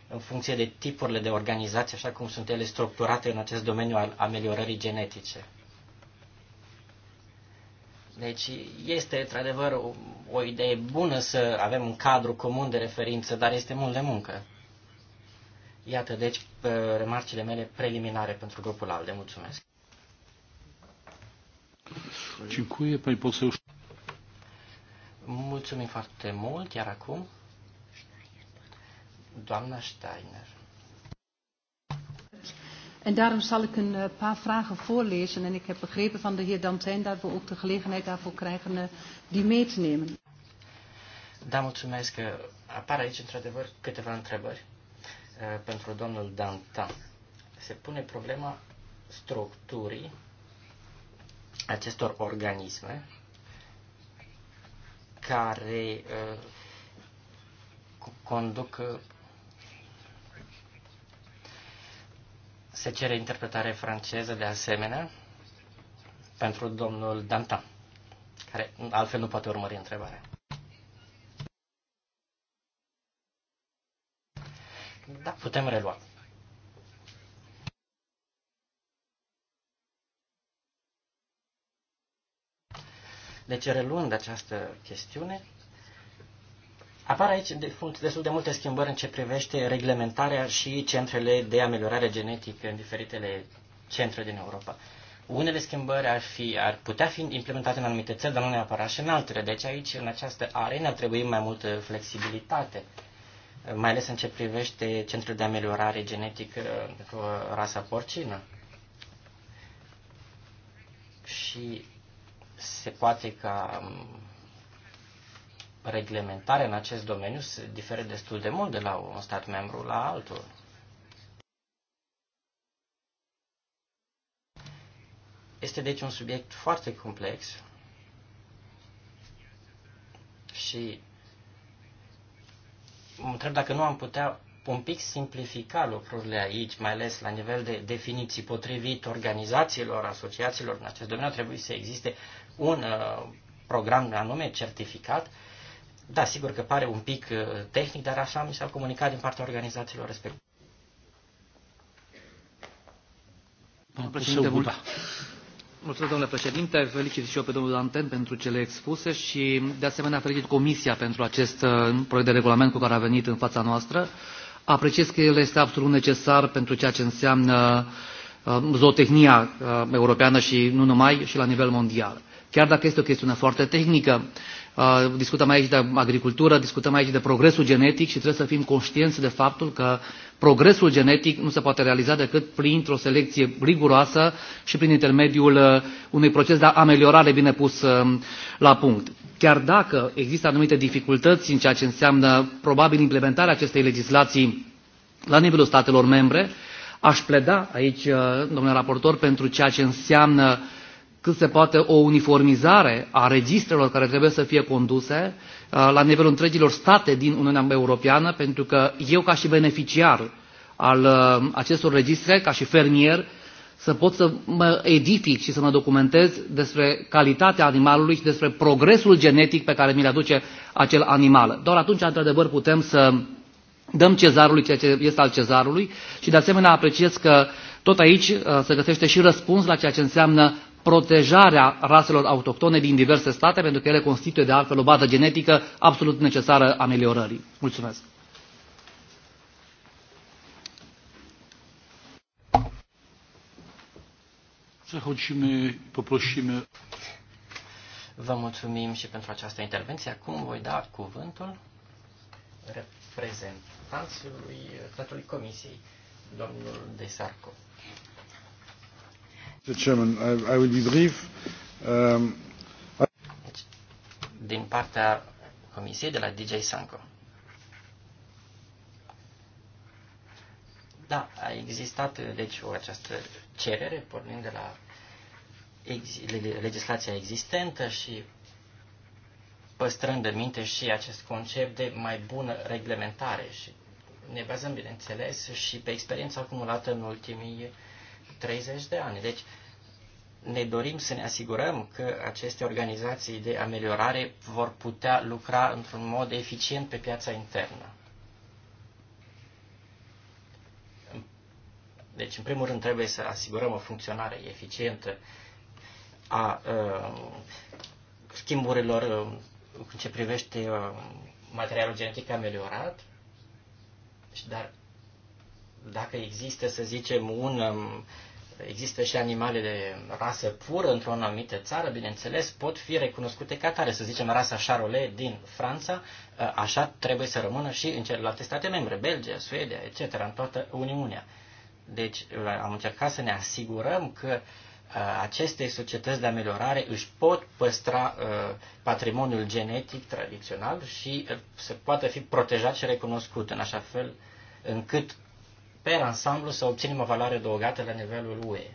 Speaker 3: în funcție de tipurile de organizații, așa cum sunt ele structurate în acest domeniu al ameliorării genetice. Deci este, într-adevăr, o, o idee bună să avem un cadru comun de referință, dar este mult de muncă. Iată, deci, uh, remarcile mele preliminare pentru grupul al de Mulțumesc.
Speaker 1: Dziękuję, pani poseł.
Speaker 3: Mulțumim foarte mult, iar acum doamna Steiner.
Speaker 4: En daarom zal ik een eh, paar vragen voorlezen en ik heb begrepen van de heer Dantijn dat we ook de gelegenheid daarvoor krijgen eh, die mee te nemen.
Speaker 3: Da, mulțumesc. Apar aici, într-adevăr, câteva întrebări eh, pentru domnul Dantan. Se pune problema structurii acestor organisme care uh, conduc uh, se cere interpretare franceză de asemenea pentru domnul Dantan, care altfel nu poate urmări întrebarea.
Speaker 4: Da, putem relua.
Speaker 3: ce reluând această chestiune, apar aici destul de multe schimbări în ce privește reglementarea și centrele de ameliorare genetică în diferitele centre din Europa. Unele schimbări ar, fi, ar putea fi implementate în anumite țări, dar nu neapărat și în altele. Deci aici, în această arenă, ar trebui mai multă flexibilitate, mai ales în ce privește centrul de ameliorare genetică pentru rasa porcină. Și se poate ca um, reglementarea în acest domeniu se difere destul de mult de la un stat membru la altul. Este deci un subiect foarte complex și mă întreb dacă nu am putea un pic simplifica lucrurile aici, mai ales la nivel de definiții potrivit organizațiilor, asociațiilor în acest domeniu, trebuie să existe un uh, program anume certificat. Da, sigur că pare un pic uh, tehnic, dar așa mi s-a comunicat din partea organizațiilor respective.
Speaker 4: Mulțumesc, domnule președinte. Felicit și eu pe domnul Danten pentru cele expuse și, de asemenea, felicit Comisia pentru acest uh, proiect de regulament cu care a venit în fața noastră. Apreciez că el este absolut necesar pentru ceea ce înseamnă uh, zootehnia uh, europeană și nu numai, și la nivel mondial chiar dacă este o chestiune foarte tehnică. Uh, discutăm aici de agricultură, discutăm aici de progresul genetic și trebuie să fim conștienți de faptul că progresul genetic nu se poate realiza decât printr-o selecție riguroasă și prin intermediul uh, unui proces de ameliorare bine pus uh, la punct. Chiar dacă există anumite dificultăți în ceea ce înseamnă probabil implementarea acestei legislații la nivelul statelor membre, aș pleda aici, domnule raportor, pentru ceea ce înseamnă uh, cât se poate o uniformizare a registrelor care trebuie să fie conduse uh, la nivelul întregilor state din Uniunea Europeană, pentru că eu ca și beneficiar al uh, acestor registre, ca și fermier, să pot să mă edific și să mă documentez despre calitatea animalului și despre progresul genetic pe care mi-l aduce acel animal. Doar atunci, într-adevăr, putem să dăm cezarului ceea ce este al cezarului și, de asemenea, apreciez că tot aici uh, se găsește și răspuns la ceea ce înseamnă protejarea raselor autohtone din diverse state, pentru că ele constituie de altfel o bază genetică absolut necesară ameliorării. Mulțumesc!
Speaker 3: Vă mulțumim și pentru această intervenție. Acum voi da cuvântul reprezentanțului statului Comisiei, domnul Desarco. Um, Din partea Comisiei de la DJ Sanco. Da, a existat deci o această cerere pornind de la ex, legislația existentă și păstrând în minte și acest concept de mai bună reglementare și ne bazăm, bineînțeles, și pe experiența acumulată în ultimii 30 de ani. Deci ne dorim să ne asigurăm că aceste organizații de ameliorare vor putea lucra într-un mod eficient pe piața internă. Deci, în primul rând, trebuie să asigurăm o funcționare eficientă a uh, schimburilor uh, în ce privește uh, materialul genetic ameliorat, deci, dar dacă există, să zicem, un um, există și animale de rasă pură într-o anumită țară, bineînțeles, pot fi recunoscute ca tare. Să zicem, rasa Charolais din Franța, ă, așa trebuie să rămână și în celelalte state membre, Belgia, Suedia, etc., în toată Uniunea. Deci am încercat să ne asigurăm că ă, aceste societăți de ameliorare își pot păstra ă, patrimoniul genetic tradițional și se poate fi protejat și recunoscut în așa fel încât pe ansamblu să obținem o valoare adăugată la nivelul UE.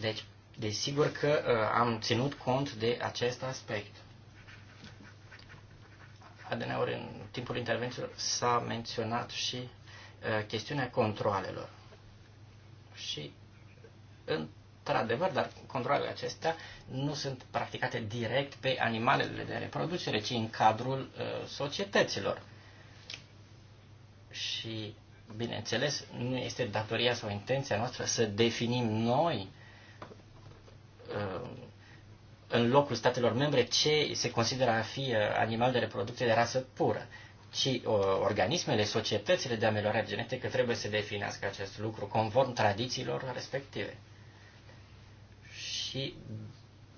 Speaker 3: Deci, desigur că uh, am ținut cont de acest aspect. Adeneori, în timpul intervențiilor, s-a menționat și uh, chestiunea controalelor. Și, în într-adevăr, dar controlele acestea nu sunt practicate direct pe animalele de reproducere, ci în cadrul uh, societăților. Și, bineînțeles, nu este datoria sau intenția noastră să definim noi uh, în locul statelor membre ce se consideră a fi uh, animal de reproducție de rasă pură ci uh, organismele, societățile de ameliorare genetică trebuie să definească acest lucru conform tradițiilor respective și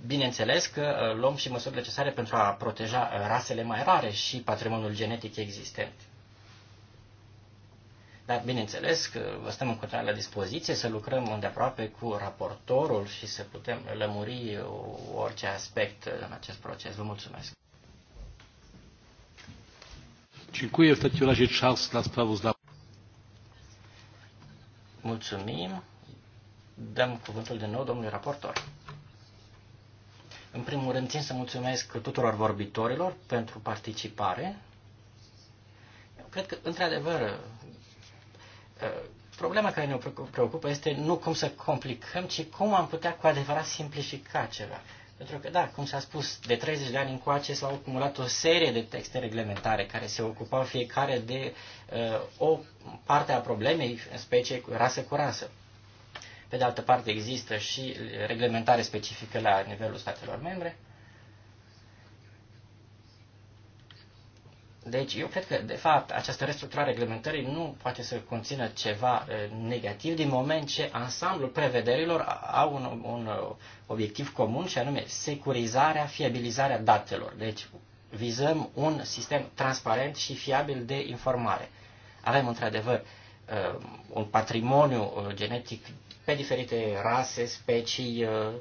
Speaker 3: bineînțeles că uh, luăm și măsuri necesare pentru a proteja uh, rasele mai rare și patrimoniul genetic existent. Dar, bineînțeles, că vă stăm în continuare la dispoziție să lucrăm îndeaproape cu raportorul și să putem lămuri uh, orice aspect în acest proces. Vă mulțumesc!
Speaker 1: Dziękuję. W takim razie czas dla sprawozdawcy.
Speaker 3: Mulțumim. Dăm cuvântul de nou domnului raportor. În primul rând, țin să mulțumesc tuturor vorbitorilor pentru participare. Eu cred că, într-adevăr, uh, problema care ne preocupă este nu cum să complicăm, ci cum am putea cu adevărat simplifica ceva. Pentru că, da, cum s-a spus, de 30 de ani încoace s-au acumulat o serie de texte reglementare care se ocupau fiecare de uh, o parte a problemei, în specie rasă cu rasă. Pe de altă parte, există și reglementare specifică la nivelul statelor membre. Deci, eu cred că, de fapt, această restructurare reglementării nu poate să conțină ceva eh, negativ din moment ce ansamblul prevederilor au un, un eh, obiectiv comun și anume securizarea, fiabilizarea datelor. Deci, vizăm un sistem transparent și fiabil de informare. Avem, într-adevăr, eh, un patrimoniu genetic pe diferite rase, specii, uh,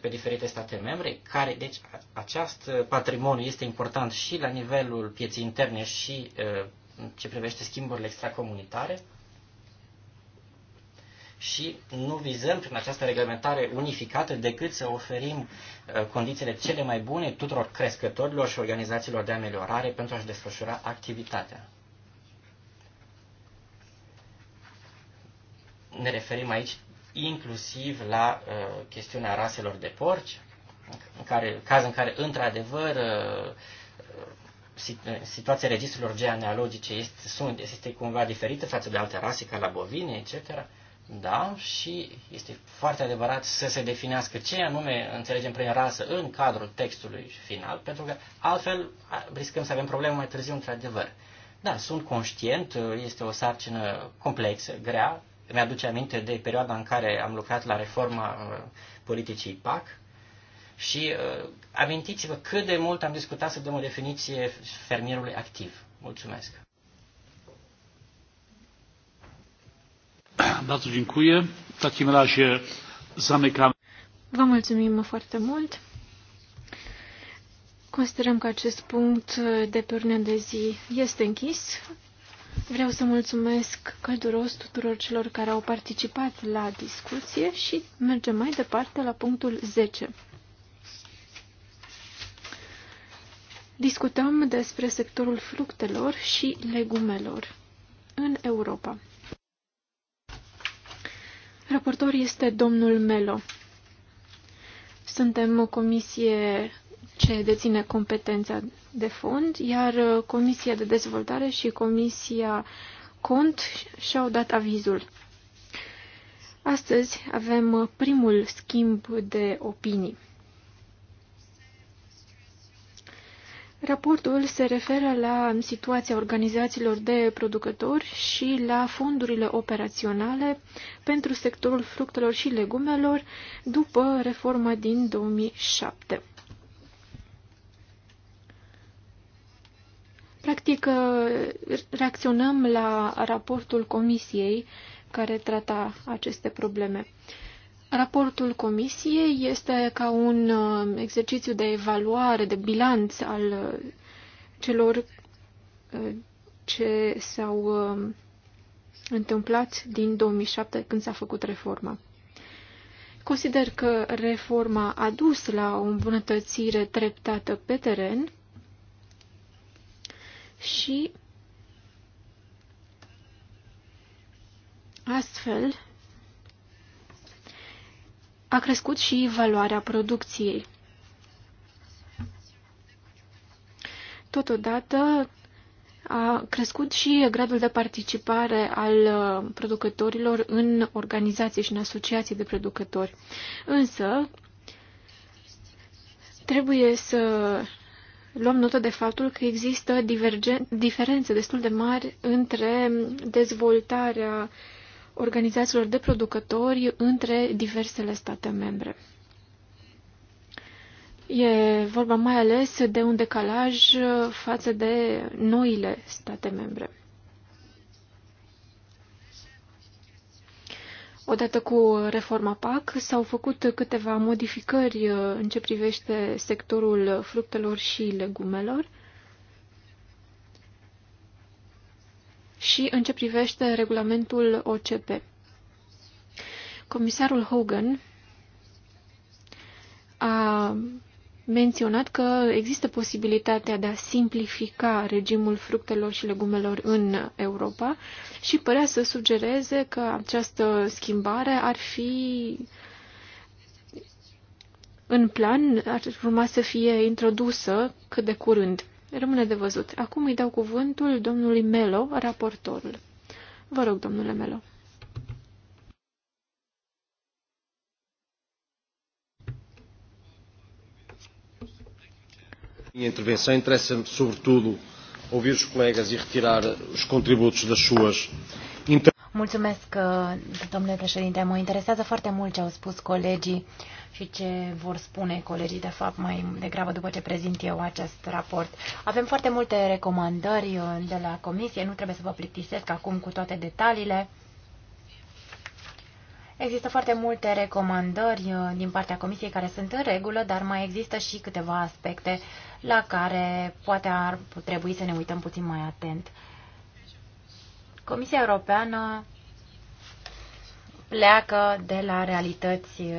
Speaker 3: pe diferite state membre, care, deci, acest uh, patrimoniu este important și la nivelul pieții interne și uh, ce privește schimburile extracomunitare și nu vizăm prin această reglementare unificată decât să oferim condițiile cele mai bune tuturor crescătorilor și organizațiilor de ameliorare pentru a-și desfășura activitatea. Ne referim aici inclusiv la uh, chestiunea raselor de porci, în care, caz în care, într-adevăr, uh, uh, uh, situația registrelor genealogice este, sunt, este cumva diferită față de alte rase, ca la bovine, etc. Da, și este foarte adevărat să se definească ce anume înțelegem prin rasă în cadrul textului final, pentru că altfel riscăm să avem probleme mai târziu, într-adevăr. Da, sunt conștient, este o sarcină complexă, grea, îmi aduce aminte de perioada în care am lucrat la reforma uh, politicii PAC și uh, amintiți-vă cât de mult am discutat să dăm o definiție fermierului activ. Mulțumesc!
Speaker 1: Bardzo dziękuję. W takim razie zamykamy.
Speaker 7: Vă mulțumim foarte mult. Considerăm că acest punct de pe de zi este închis. Vreau să mulțumesc călduros tuturor celor care au participat la discuție și mergem mai departe la punctul 10. Discutăm despre sectorul fructelor și legumelor în Europa. Raportor este domnul Melo. Suntem o comisie ce deține competența de fond, iar uh, Comisia de Dezvoltare și Comisia Cont și-au dat avizul. Astăzi avem uh, primul schimb de opinii. Raportul se referă la situația organizațiilor de producători și la fondurile operaționale pentru sectorul fructelor și legumelor după reforma din 2007. Practic, uh, reacționăm la raportul comisiei care trata aceste probleme. Raportul comisiei este ca un uh, exercițiu de evaluare, de bilanț al uh, celor ce s-au întâmplat din 2007 când s-a făcut reforma. Consider că reforma a dus la o îmbunătățire treptată pe teren, și astfel a crescut și valoarea producției. Totodată a crescut și gradul de participare al uh, producătorilor în organizații și în asociații de producători. Însă, trebuie să luăm notă de faptul că există diferențe destul de mari între dezvoltarea organizațiilor de producători între diversele state membre. E vorba mai ales de un decalaj față de noile state membre. Odată cu reforma PAC s-au făcut câteva modificări uh, în ce privește sectorul fructelor și legumelor și în ce privește regulamentul OCP. Comisarul Hogan a menționat că există posibilitatea de a simplifica regimul fructelor și legumelor în Europa și părea să sugereze că această schimbare ar fi în plan, ar urma să fie introdusă cât de curând. Rămâne de văzut. Acum îi dau cuvântul domnului Melo, raportorul. Vă rog, domnule Melo.
Speaker 8: Minha intervenção
Speaker 6: interessa-me, sobretudo, ouvir os colegas e retirar os contributos das suas
Speaker 2: Mulțumesc, uh, domnule președinte. Mă interesează foarte mult ce au spus colegii și ce vor spune colegii, de fapt, mai degrabă după ce prezint eu acest raport. Avem foarte multe recomandări uh, de la comisie, nu trebuie să vă plictisesc acum cu toate detaliile. Există foarte multe recomandări uh, din partea Comisiei care sunt în regulă, dar mai există și câteva aspecte la care poate ar trebui să ne uităm puțin mai atent. Comisia Europeană pleacă de la realități uh,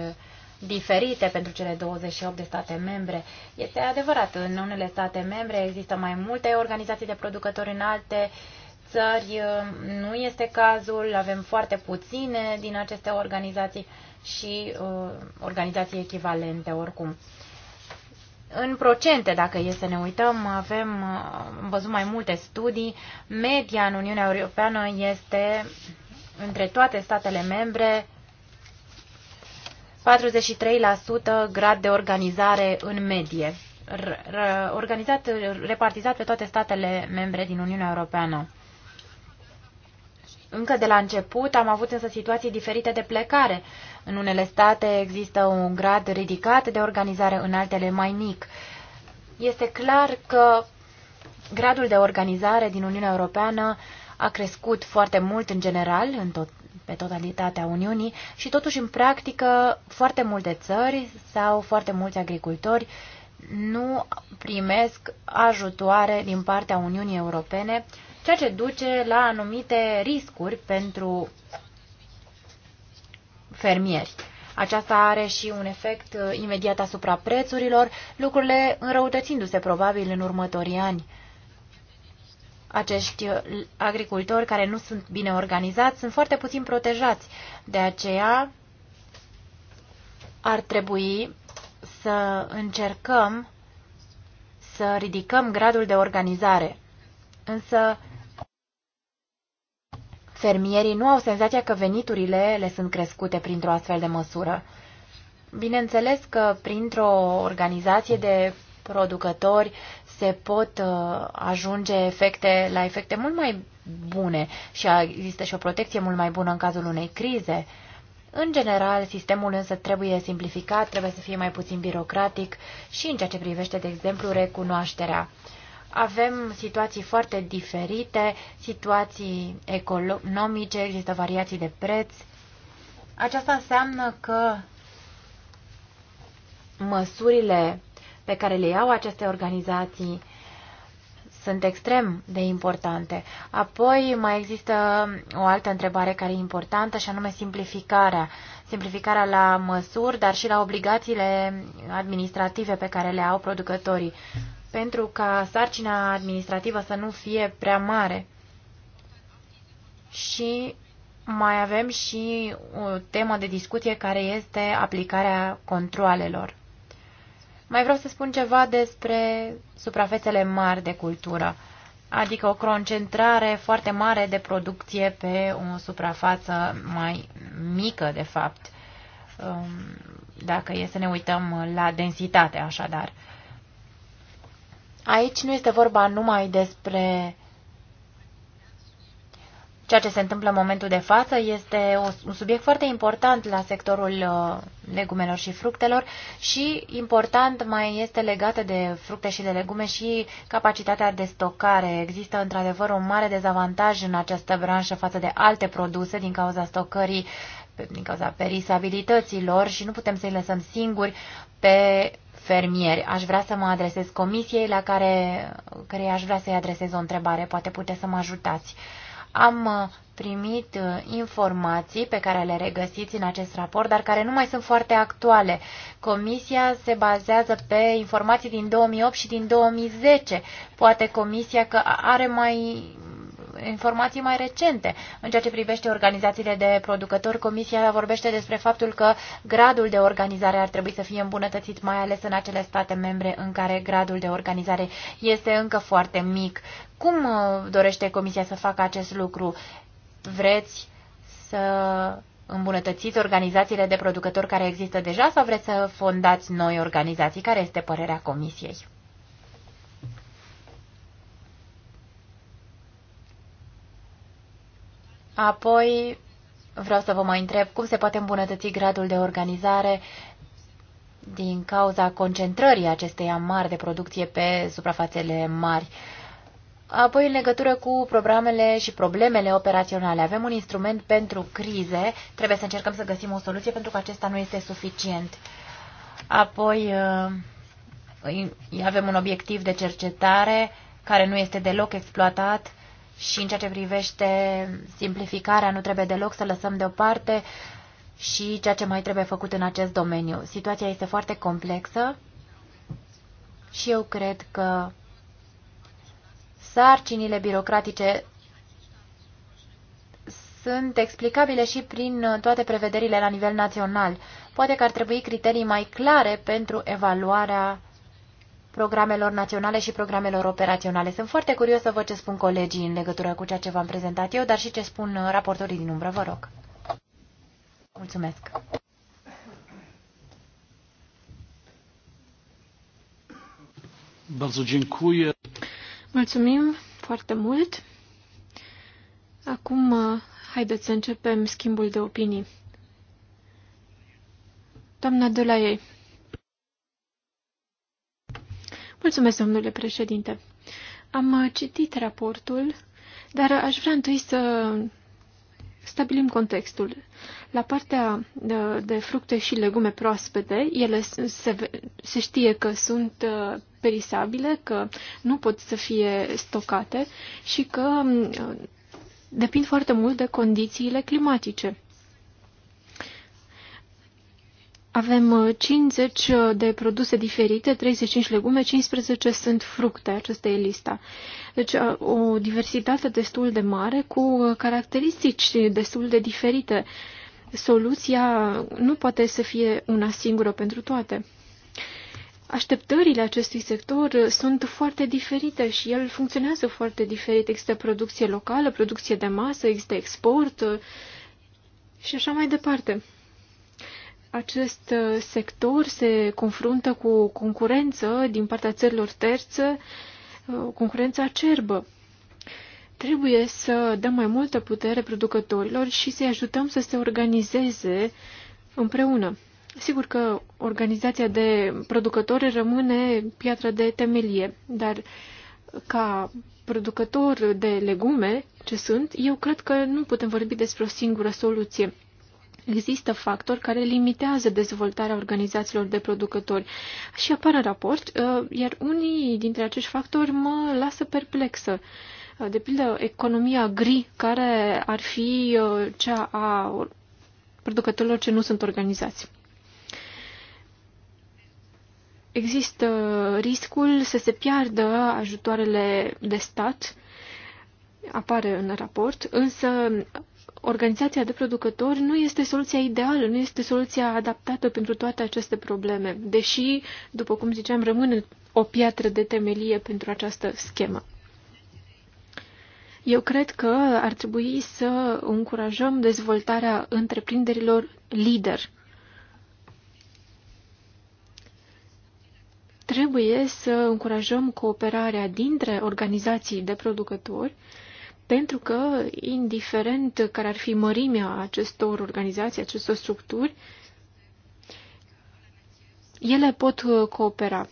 Speaker 2: diferite pentru cele 28 de state membre. Este adevărat, în unele state membre există mai multe organizații de producători, în alte uh, țări uh, nu este cazul, avem foarte puține din aceste organizații și uh, organizații echivalente oricum. În procente, dacă e să ne uităm, avem uh, văzut mai multe studii. Media în Uniunea Europeană este între toate statele membre 43% grad de organizare în medie, organizat, repartizat pe toate statele membre din Uniunea Europeană. Încă de la început am avut însă situații diferite de plecare. În unele state există un grad ridicat de organizare, în altele mai mic. Este clar că gradul de organizare din Uniunea Europeană a crescut foarte mult în general, în tot, pe totalitatea Uniunii, și totuși în practică foarte multe țări sau foarte mulți agricultori nu primesc ajutoare din partea Uniunii Europene uh, ceea ce duce la anumite riscuri pentru fermieri. Aceasta are și un efect uh, imediat asupra prețurilor, lucrurile înrăutățindu-se probabil în următorii ani. Acești uh, agricultori care nu sunt bine organizați sunt foarte puțin protejați, de aceea ar trebui să încercăm să ridicăm gradul de organizare. Însă fermierii nu au senzația că veniturile le sunt crescute printr-o astfel de măsură. Bineînțeles că printr-o organizație de producători se pot uh, ajunge efecte, la efecte mult mai bune și există și o protecție mult mai bună în cazul unei crize. În general, sistemul însă trebuie simplificat, trebuie să fie mai puțin birocratic și în ceea ce privește, de exemplu, recunoașterea. Uh, avem situații foarte diferite, situații economice, există variații de preț. Aceasta înseamnă că măsurile pe care le iau aceste organizații sunt extrem de importante. Apoi mai există o altă întrebare care e importantă și anume simplificarea. Simplificarea la măsuri, dar și la obligațiile administrative pe care le au producătorii pentru ca sarcina administrativă să nu fie prea mare. Și mai avem și o temă de discuție care este aplicarea controalelor. Mai vreau să spun ceva despre suprafețele mari de cultură, adică o concentrare foarte mare de producție pe o suprafață mai mică, de fapt, um, dacă e să ne uităm la densitate, așadar. Aici nu este vorba numai despre ceea ce se întâmplă în momentul de față. Este un subiect foarte important la sectorul uh, legumelor și fructelor și important mai este legată de fructe și de legume și capacitatea de stocare. Există într-adevăr un mare dezavantaj în această branșă față de alte produse din cauza stocării din cauza perisabilității lor și nu putem să-i lăsăm singuri pe fermieri. Aș vrea să mă adresez comisiei la care, care aș vrea să-i adresez o întrebare. Poate puteți să mă ajutați. Am uh, primit uh, informații pe care le regăsiți în acest raport, dar care nu mai sunt foarte actuale. Comisia se bazează pe informații din 2008 și din 2010. Poate comisia că are mai informații mai recente. În ceea ce privește organizațiile de producători, Comisia vorbește despre faptul că gradul de organizare ar trebui să fie îmbunătățit, mai ales în acele state membre în care gradul de organizare este încă foarte mic. Cum uh, dorește Comisia să facă acest lucru? Vreți să îmbunătățiți organizațiile de producători care există deja sau vreți să fondați noi organizații? Care este părerea Comisiei? Apoi vreau să vă mai întreb cum se poate îmbunătăți gradul de organizare din cauza concentrării acesteia mari de producție pe suprafețele mari. Apoi, în legătură cu programele și problemele operaționale, avem un instrument pentru crize, trebuie să încercăm să găsim o soluție pentru că acesta nu este suficient. Apoi, uh, avem un obiectiv de cercetare care nu este deloc exploatat și în ceea ce privește simplificarea nu trebuie deloc să lăsăm deoparte și ceea ce mai trebuie făcut în acest domeniu. Situația este foarte complexă și eu cred că sarcinile birocratice sunt explicabile și prin toate prevederile la nivel național. Poate că ar trebui criterii mai clare pentru evaluarea programelor naționale și programelor operaționale. Sunt foarte curios să văd ce spun colegii în legătură cu ceea ce v-am prezentat eu, dar și ce spun uh, raportorii din umbră. Vă rog. Mulțumesc.
Speaker 7: Mulțumim foarte mult. Acum, uh, haideți să începem schimbul de opinii. Doamna Dulaie, Mulțumesc, domnule președinte. Am uh, citit raportul, dar aș vrea întâi să stabilim contextul. La partea de, uh, de fructe și legume proaspete, ele se, se știe că sunt uh, perisabile, că nu pot să fie stocate și că depind foarte mult de condițiile climatice. Avem 50 uh, uh, de produse diferite, 35 legume, 15 sunt fructe, aceasta e lista. Deci uh, o diversitate destul de mare cu caracteristici destul de diferite. Soluția nu poate să fie una singură pentru toate. Așteptările acestui sector sunt foarte diferite și el funcționează foarte diferit. Există producție locală, producție de masă, există export și așa mai departe acest uh, sector se confruntă cu concurență din partea țărilor terțe, uh, concurența acerbă. Trebuie să dăm mai multă putere producătorilor și să-i ajutăm să se organizeze împreună. Sigur că organizația de producători rămâne piatra de temelie, dar ca producător de legume ce sunt, eu cred că nu putem vorbi despre o singură soluție există factori care limitează dezvoltarea organizațiilor de producători. Și apar în raport, uh, iar unii dintre acești factori mă lasă perplexă. Uh, de pildă, economia gri, care ar fi uh, cea a producătorilor ce nu sunt organizați. Există riscul să se piardă ajutoarele de stat, apare în raport, însă organizația de producători nu este soluția ideală, nu este soluția adaptată pentru toate aceste probleme, deși, după cum ziceam, rămâne o piatră de temelie pentru această schemă. Eu cred că ar trebui să încurajăm dezvoltarea întreprinderilor lider. Trebuie să încurajăm cooperarea dintre organizații de producători pentru că, indiferent care ar fi mărimea acestor organizații, acestor structuri, ele pot coopera.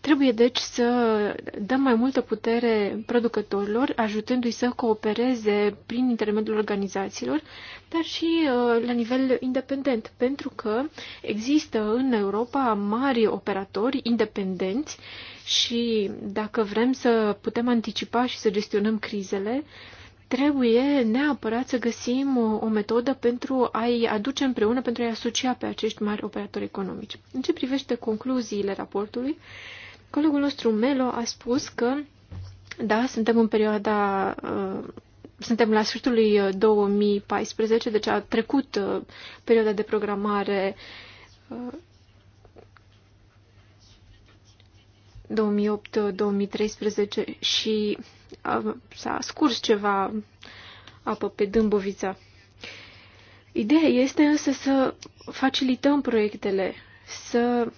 Speaker 7: Trebuie deci să dăm mai multă putere producătorilor, ajutându-i să coopereze prin intermediul organizațiilor, dar și uh, la nivel independent, pentru că există în Europa mari operatori independenți și dacă vrem să putem anticipa și să gestionăm crizele, trebuie neapărat să găsim o, o metodă pentru a-i aduce împreună, pentru a-i asocia pe acești mari operatori economici. În ce privește concluziile raportului, Colegul nostru Melo a spus că, da, suntem în perioada, uh, suntem la sfârșitul lui 2014, uh, deci a trecut uh, perioada de programare uh, 2008-2013 și uh, s-a scurs ceva apă pe Dâmbovița. Ideea este însă să facilităm proiectele, să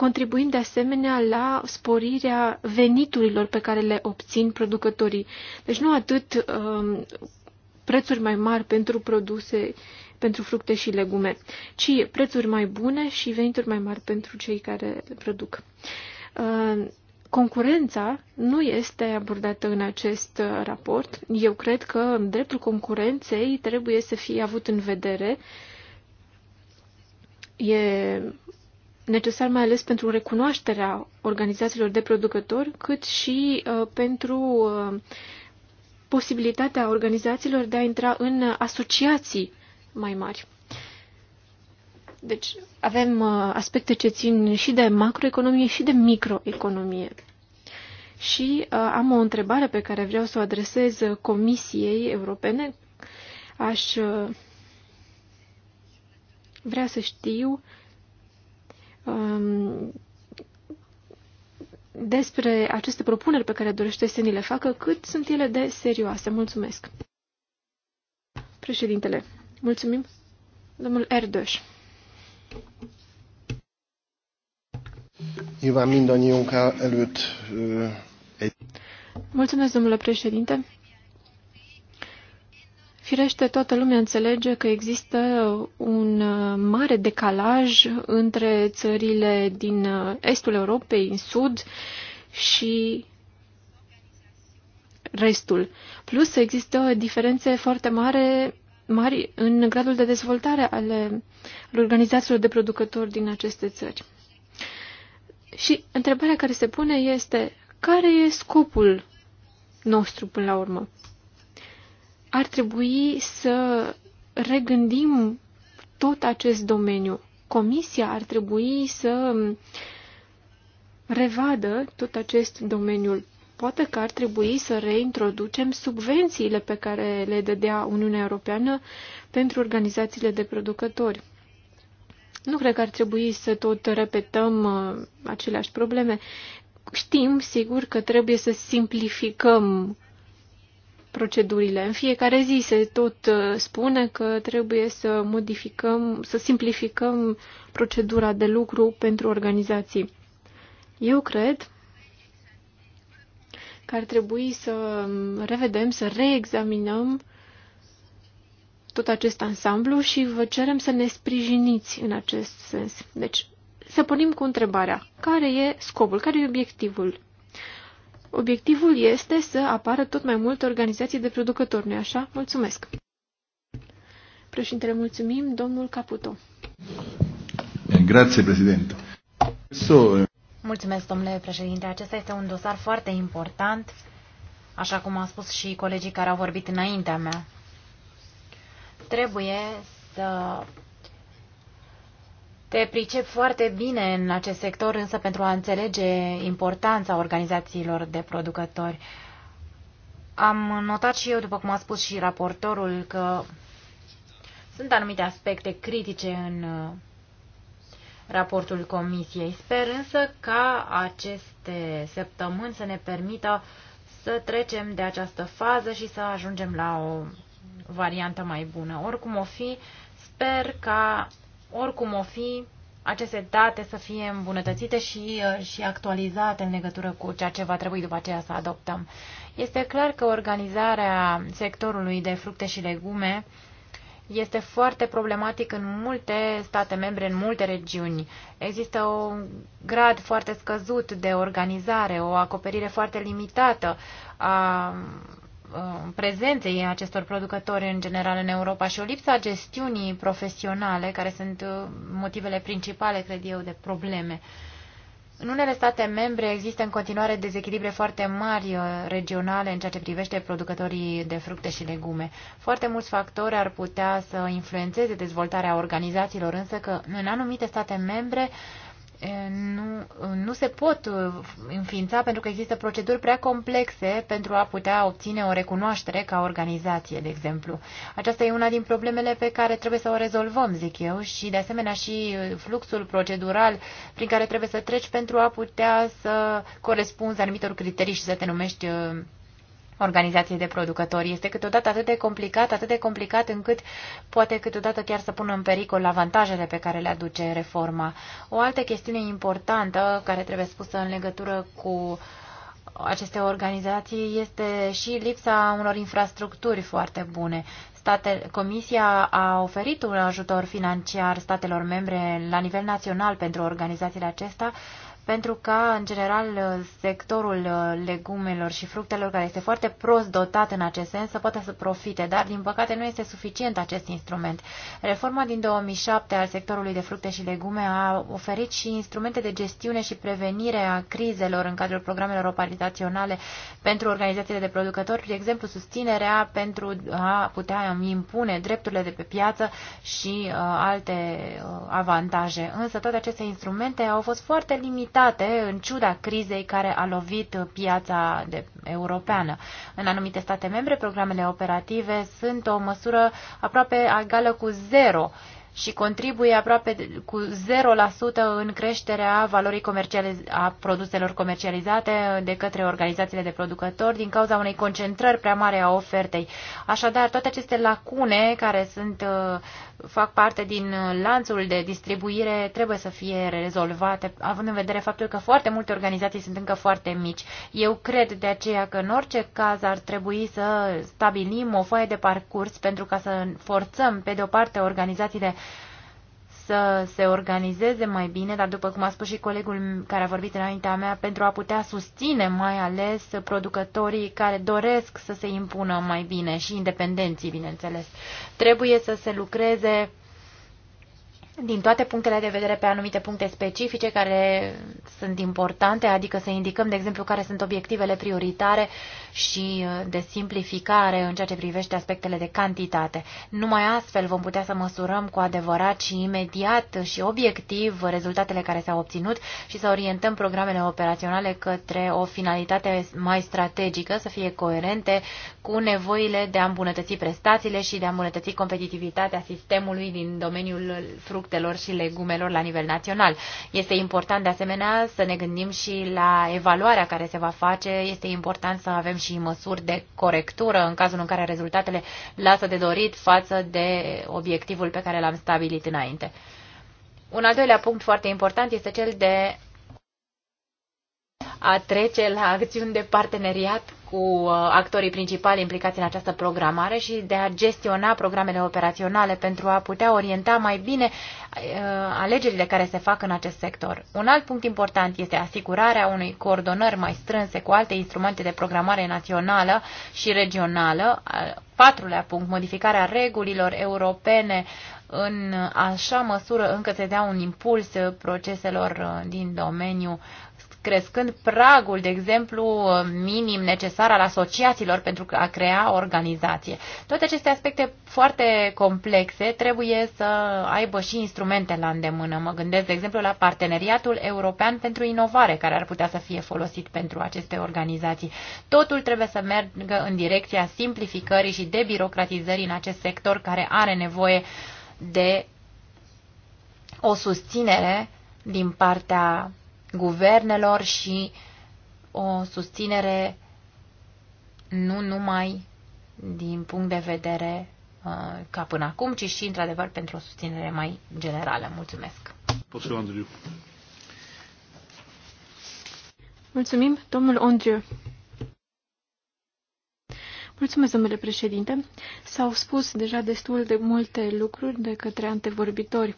Speaker 7: contribuind de asemenea la sporirea veniturilor pe care le obțin producătorii. Deci nu atât um, prețuri mai mari pentru produse, pentru fructe și legume, ci prețuri mai bune și venituri mai mari pentru cei care produc. Uh, Concurența nu este abordată în acest uh, raport. Eu cred că dreptul concurenței trebuie să fie avut în vedere. E necesar mai ales pentru recunoașterea organizațiilor de producători, cât și uh, pentru uh, posibilitatea organizațiilor de a intra în asociații mai mari. Deci avem uh, aspecte ce țin și de macroeconomie și de microeconomie. Și uh, am o întrebare pe care vreau să o adresez Comisiei Europene. Aș uh, vrea să știu um, despre aceste propuneri pe care dorește să ni le facă, cât sunt ele de serioase. Mulțumesc. Președintele, mulțumim. Domnul Erdős.
Speaker 1: Nyilván mindannyiunk előtt egy... Uh,
Speaker 7: Mulțumesc, domnule președinte. Firește, toată lumea înțelege că există un uh, mare decalaj între țările din uh, estul Europei, în sud și restul. Plus, există diferențe foarte mare, mari în gradul de dezvoltare ale, organizațiilor de producători din aceste țări. Și întrebarea care se pune este, care e scopul nostru până la urmă? ar trebui să regândim tot acest domeniu. Comisia ar trebui să revadă tot acest domeniu. Poate că ar trebui să reintroducem subvențiile pe care le dădea Uniunea Europeană pentru organizațiile de producători. Nu cred că ar trebui să tot repetăm uh, aceleași probleme. Știm, sigur, că trebuie să simplificăm procedurile. În fiecare zi se tot uh, spune că trebuie să modificăm, să simplificăm procedura de lucru pentru organizații. Eu cred că ar trebui să revedem, să reexaminăm tot acest ansamblu și vă cerem să ne sprijiniți în acest sens. Deci, să punem cu întrebarea, care e scopul, care e obiectivul Obiectivul este să apară tot mai multe organizații de producători, nu așa? Mulțumesc! Președintele, mulțumim, domnul Caputo.
Speaker 6: Grazie, președinte.
Speaker 2: Mulțumesc, domnule președinte. Acesta este un dosar foarte important, așa cum au spus și colegii care au vorbit înaintea mea. Trebuie să te pricep foarte bine în acest sector, însă pentru a înțelege importanța organizațiilor de producători. Am notat și eu, după cum a spus și raportorul, că sunt anumite aspecte critice în uh, raportul Comisiei. Sper însă ca aceste săptămâni să ne permită să trecem de această fază și să ajungem la o variantă mai bună. Oricum o fi, sper ca oricum o fi, aceste date să fie îmbunătățite și, uh, și actualizate în legătură cu ceea ce va trebui după aceea să adoptăm. Este clar că organizarea sectorului de fructe și legume este foarte problematic în multe state membre, în multe regiuni. Există un grad foarte scăzut de organizare, o acoperire foarte limitată a Uh, prezenței acestor producători în general în Europa și o lipsă a gestiunii profesionale, care sunt uh, motivele principale, cred eu, de probleme. În unele state membre există în continuare dezechilibre foarte mari uh, regionale în ceea ce privește producătorii de fructe și legume. Foarte mulți factori ar putea să influențeze dezvoltarea organizațiilor, însă că în anumite state membre nu, nu se pot uh, înființa pentru că există proceduri prea complexe pentru a putea obține o recunoaștere ca organizație, de exemplu. Aceasta e una din problemele pe care trebuie să o rezolvăm, zic eu, și de asemenea și uh, fluxul procedural prin care trebuie să treci pentru a putea să corespunzi anumitor criterii și să te numești uh, organizație de producători. Este câteodată atât de complicat, atât de complicat încât poate câteodată chiar să pună în pericol avantajele pe care le aduce reforma. O altă chestiune importantă care trebuie spusă în legătură cu aceste organizații este și lipsa unor infrastructuri foarte bune. State, Comisia a oferit un ajutor financiar statelor membre la nivel național pentru organizațiile acestea, pentru că în general, sectorul uh, legumelor și fructelor, care este foarte prost dotat în acest sens, să poată să profite, dar, din păcate, nu este suficient acest instrument. Reforma din 2007 al sectorului de fructe și legume a oferit și instrumente de gestiune și prevenire a crizelor în cadrul programelor operaționale pentru organizațiile de producători, de exemplu, susținerea pentru a putea impune drepturile de pe piață și uh, alte uh, avantaje. Însă toate aceste instrumente au fost foarte limitate state, în ciuda crizei care a lovit piața de, europeană. În anumite state membre, programele operative sunt o măsură aproape egală cu zero și contribuie aproape cu 0% în creșterea valorii comerciale a produselor comercializate de către organizațiile de producători din cauza unei concentrări prea mare a ofertei. Așadar, toate aceste lacune care sunt uh, fac parte din lanțul de distribuire trebuie să fie rezolvate, având în vedere faptul că foarte multe organizații sunt încă foarte mici. Eu cred de aceea că în orice caz ar trebui să stabilim o foaie de parcurs pentru ca să forțăm, pe de o parte, organizațiile să se organizeze mai bine, dar după cum a spus și colegul care a vorbit înaintea mea, pentru a putea susține mai ales producătorii care doresc să se impună mai bine și independenții, bineînțeles. Trebuie să se lucreze din toate punctele de vedere pe anumite puncte specifice care sunt importante, adică să indicăm, de exemplu, care sunt obiectivele prioritare și uh, de simplificare în ceea ce privește aspectele de cantitate. Numai astfel vom putea să măsurăm cu adevărat și imediat și obiectiv rezultatele care s-au obținut și să orientăm programele operaționale către o finalitate mai strategică, să fie coerente cu nevoile de a îmbunătăți prestațiile și de a îmbunătăți competitivitatea sistemului din domeniul fructurilor fructelor și legumelor la nivel național. Este important de asemenea să ne gândim și la evaluarea care se va face. Este important să avem și măsuri de corectură în cazul în care rezultatele lasă de dorit față de obiectivul pe care l-am stabilit înainte. Un al doilea punct foarte important este cel de a trece la acțiuni de parteneriat cu uh, actorii principali implicați în această programare și de a gestiona programele operaționale pentru a putea orienta mai bine uh, alegerile care se fac în acest sector. Un alt punct important este asigurarea unei coordonări mai strânse cu alte instrumente de programare națională și regională. Uh, patrulea punct, modificarea regulilor europene în așa măsură încât să dea un impuls proceselor din domeniu crescând pragul, de exemplu, minim necesar al asociațiilor pentru a crea organizație. Toate aceste aspecte foarte complexe trebuie să aibă și instrumente la îndemână. Mă gândesc, de exemplu, la parteneriatul european pentru inovare, care ar putea să fie folosit pentru aceste organizații. Totul trebuie să meargă în direcția simplificării și debirocratizării în acest sector care are nevoie de o susținere din partea guvernelor și o susținere nu numai din punct de vedere uh, ca până acum, ci și, într-adevăr, pentru o susținere mai generală. Mulțumesc!
Speaker 7: Mulțumim, domnul Ongiu. Mulțumesc, domnule președinte. S-au spus deja destul de multe lucruri de către antevorbitori.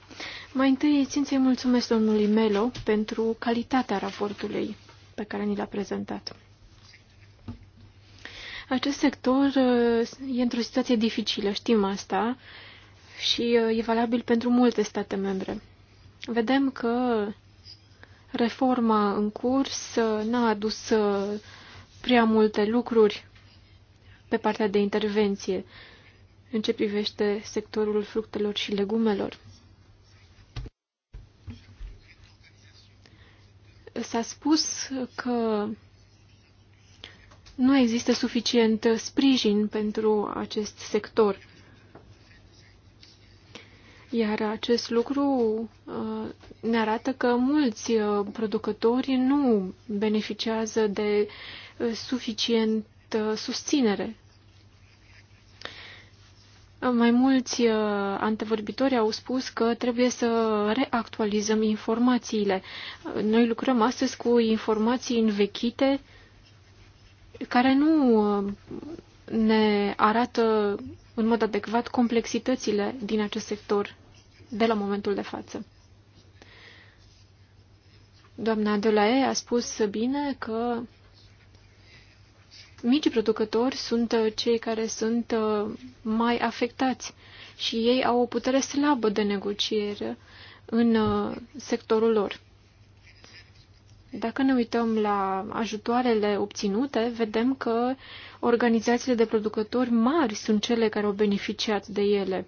Speaker 7: Mai întâi țin să-i mulțumesc domnului Melo pentru calitatea raportului pe care ni l-a prezentat. Acest sector uh, e într-o situație dificilă, știm asta, și uh, e valabil pentru multe state membre. Vedem că reforma în curs uh, n-a adus prea multe lucruri pe partea de intervenție în ce privește sectorul fructelor și legumelor. S-a spus că nu există suficient sprijin pentru acest sector. Iar acest lucru uh, ne arată că mulți uh, producători nu beneficiază de uh, suficient susținere mai mulți uh, antevorbitori au spus că trebuie să reactualizăm informațiile. Noi lucrăm astăzi cu informații învechite care nu uh, ne arată în mod adecvat complexitățile din acest sector de la momentul de față. Doamna Delae a spus bine că micii producători sunt uh, cei care sunt uh, mai afectați și ei au o putere slabă de negociere în uh, sectorul lor. Dacă ne uităm la ajutoarele obținute, vedem că organizațiile de producători mari sunt cele care au beneficiat de ele.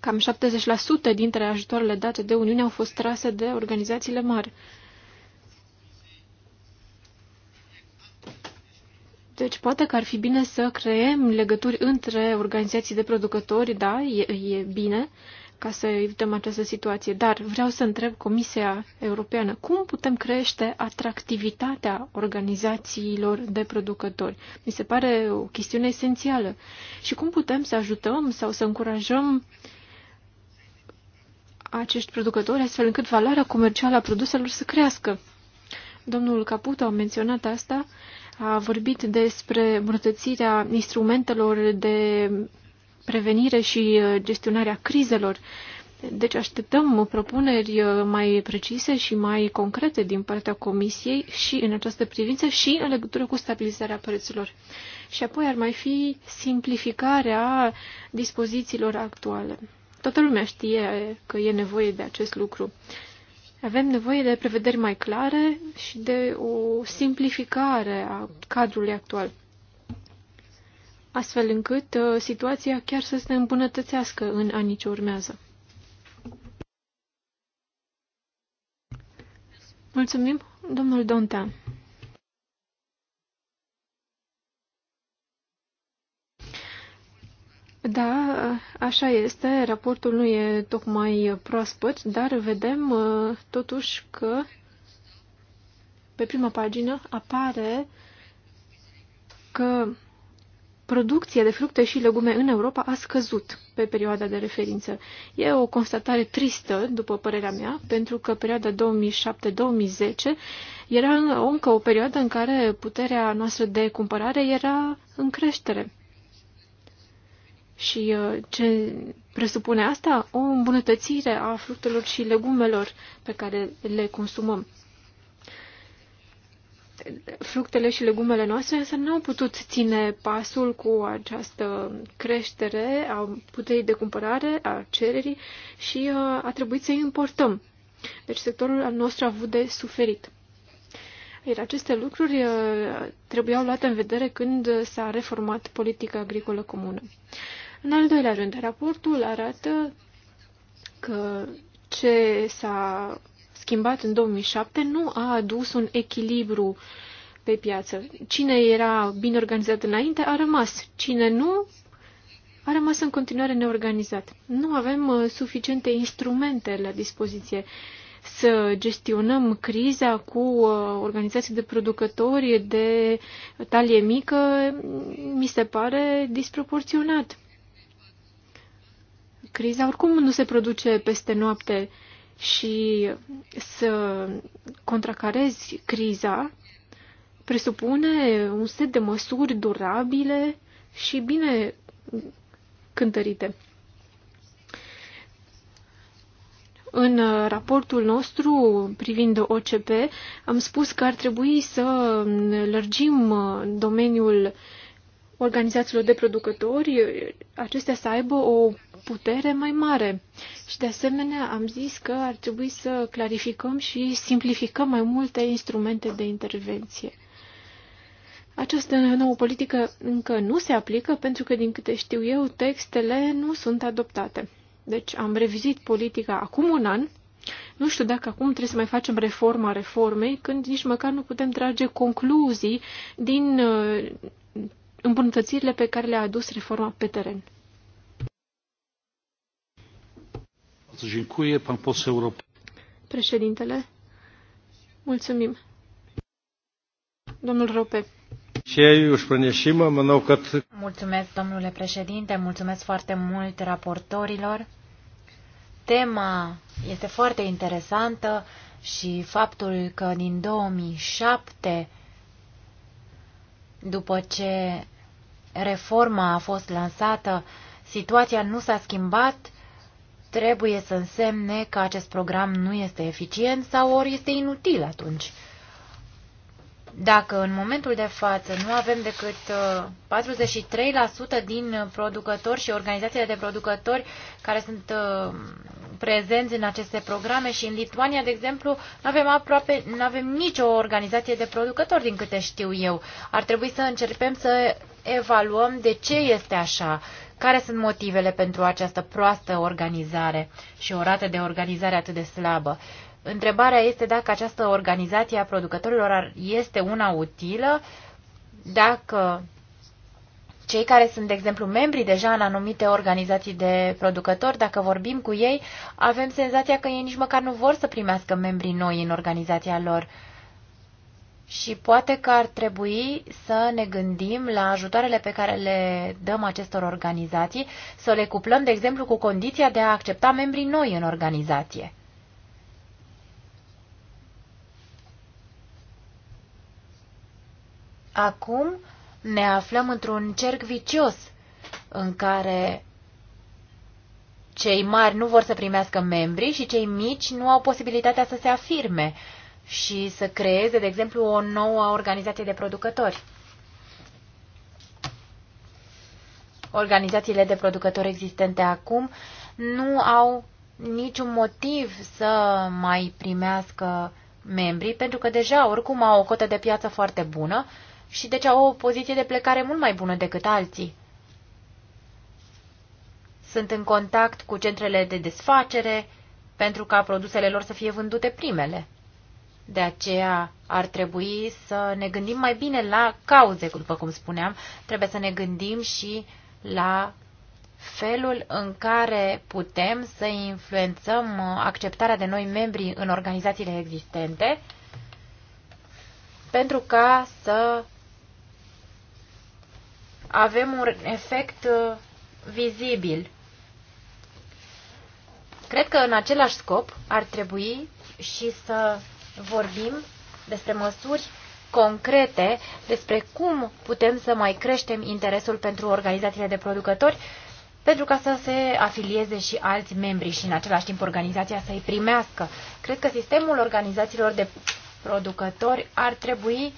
Speaker 7: Cam 70% dintre ajutoarele date de Uniune au fost trase de organizațiile mari. Deci poate că ar fi bine să creăm legături între organizații de producători, da, e, e bine ca să evităm această situație, dar vreau să întreb Comisia Europeană cum putem crește atractivitatea organizațiilor de producători. Mi se pare o chestiune esențială. Și cum putem să ajutăm sau să încurajăm acești producători astfel încât valoarea comercială a produselor să crească. Domnul Caputo a menționat asta a vorbit despre îmbunătățirea instrumentelor de prevenire și uh, gestionarea crizelor. Deci așteptăm propuneri uh, mai precise și mai concrete din partea Comisiei și în această privință și în legătură cu stabilizarea prețurilor. Și apoi ar mai fi simplificarea dispozițiilor actuale. Toată lumea știe că e nevoie de acest lucru. Avem nevoie de prevederi mai clare și de o simplificare a cadrului actual, astfel încât uh, situația chiar să se îmbunătățească în anii ce urmează. Mulțumim, domnul Donta. Da, așa este. Raportul nu e tocmai proaspăt, dar vedem uh, totuși că pe prima pagină apare că producția de fructe și legume în Europa a scăzut pe perioada de referință. E o constatare tristă, după părerea mea, pentru că perioada 2007-2010 era încă o perioadă în care puterea noastră de cumpărare era în creștere. Și uh, ce presupune asta? O îmbunătățire a fructelor și legumelor pe care le consumăm. Fructele și legumele noastre însă nu au putut ține pasul cu această creștere a puterii de cumpărare, a cererii și uh, a trebuit să importăm. Deci sectorul al nostru a avut de suferit. Iar aceste lucruri uh, trebuiau luate în vedere când s-a reformat politica agricolă comună. În al doilea rând, raportul arată că ce s-a schimbat în 2007 nu a adus un echilibru pe piață. Cine era bine organizat înainte a rămas, cine nu a rămas în continuare neorganizat. Nu avem uh, suficiente instrumente la dispoziție să gestionăm criza cu uh, organizații de producători de talie mică, mi se pare disproporționat criza oricum nu se produce peste noapte și să contracarezi criza presupune un set de măsuri durabile și bine cântărite. În raportul nostru privind OCP am spus că ar trebui să lărgim domeniul uh, organizațiilor de producători, acestea să aibă o putere mai mare. Și de asemenea am zis că ar trebui să clarificăm și simplificăm mai multe instrumente de intervenție. Această nouă politică încă nu se aplică pentru că, din câte știu eu, textele nu sunt adoptate. Deci am revizit politica acum un an. Nu știu dacă acum trebuie să mai facem reforma reformei, când nici măcar nu putem trage concluzii din îmbunătățirile pe care le-a adus reforma pe teren. Președintele, mulțumim.
Speaker 2: Domnul Rope. Mulțumesc, domnule președinte, mulțumesc foarte mult raportorilor. Tema este foarte interesantă și faptul că din 2007, după ce reforma a fost lansată, situația nu s-a schimbat, trebuie să însemne că acest program nu este eficient sau ori este inutil atunci. Dacă în momentul de față nu avem decât 43% uh, din producători și organizațiile de producători care sunt uh, prezenți în aceste programe și în Lituania, de exemplu, nu avem aproape nu avem nicio organizație de producători, din câte știu eu. Ar trebui să încercăm să evaluăm de ce este așa, care sunt motivele pentru această proastă organizare și o rată de organizare atât de slabă. Întrebarea este dacă această organizație a producătorilor este una utilă, dacă cei care sunt, de exemplu, membri deja în anumite organizații de producători, dacă vorbim cu ei, avem senzația că ei nici măcar nu vor să primească membrii noi în organizația lor. Uh, și poate că ar trebui să ne gândim la ajutoarele pe care le dăm acestor organizații, să le cuplăm, de exemplu, cu condiția de a accepta membrii noi în organizație. Acum ne aflăm într-un cerc vicios în care cei mari nu vor să primească membri și cei mici nu au posibilitatea să se afirme și să creeze, de exemplu, o nouă organizație de producători. Organizațiile de producători existente acum nu au niciun motiv să mai primească membrii, pentru că deja oricum au o cotă de piață foarte bună și deci au o poziție de plecare mult mai bună decât alții. Sunt în contact cu centrele de desfacere pentru ca produsele lor să fie vândute primele. De aceea ar trebui să ne gândim mai bine la cauze, după cum spuneam. Trebuie să ne gândim și la felul în care putem să influențăm acceptarea de noi membri în organizațiile existente pentru ca să avem un efect uh, vizibil. Cred că în același scop ar trebui și să vorbim despre măsuri concrete, despre cum putem să mai creștem interesul pentru organizațiile de producători, pentru ca să se afilieze și alți membri și în același timp organizația să-i primească. Cred că sistemul organizațiilor de producători ar trebui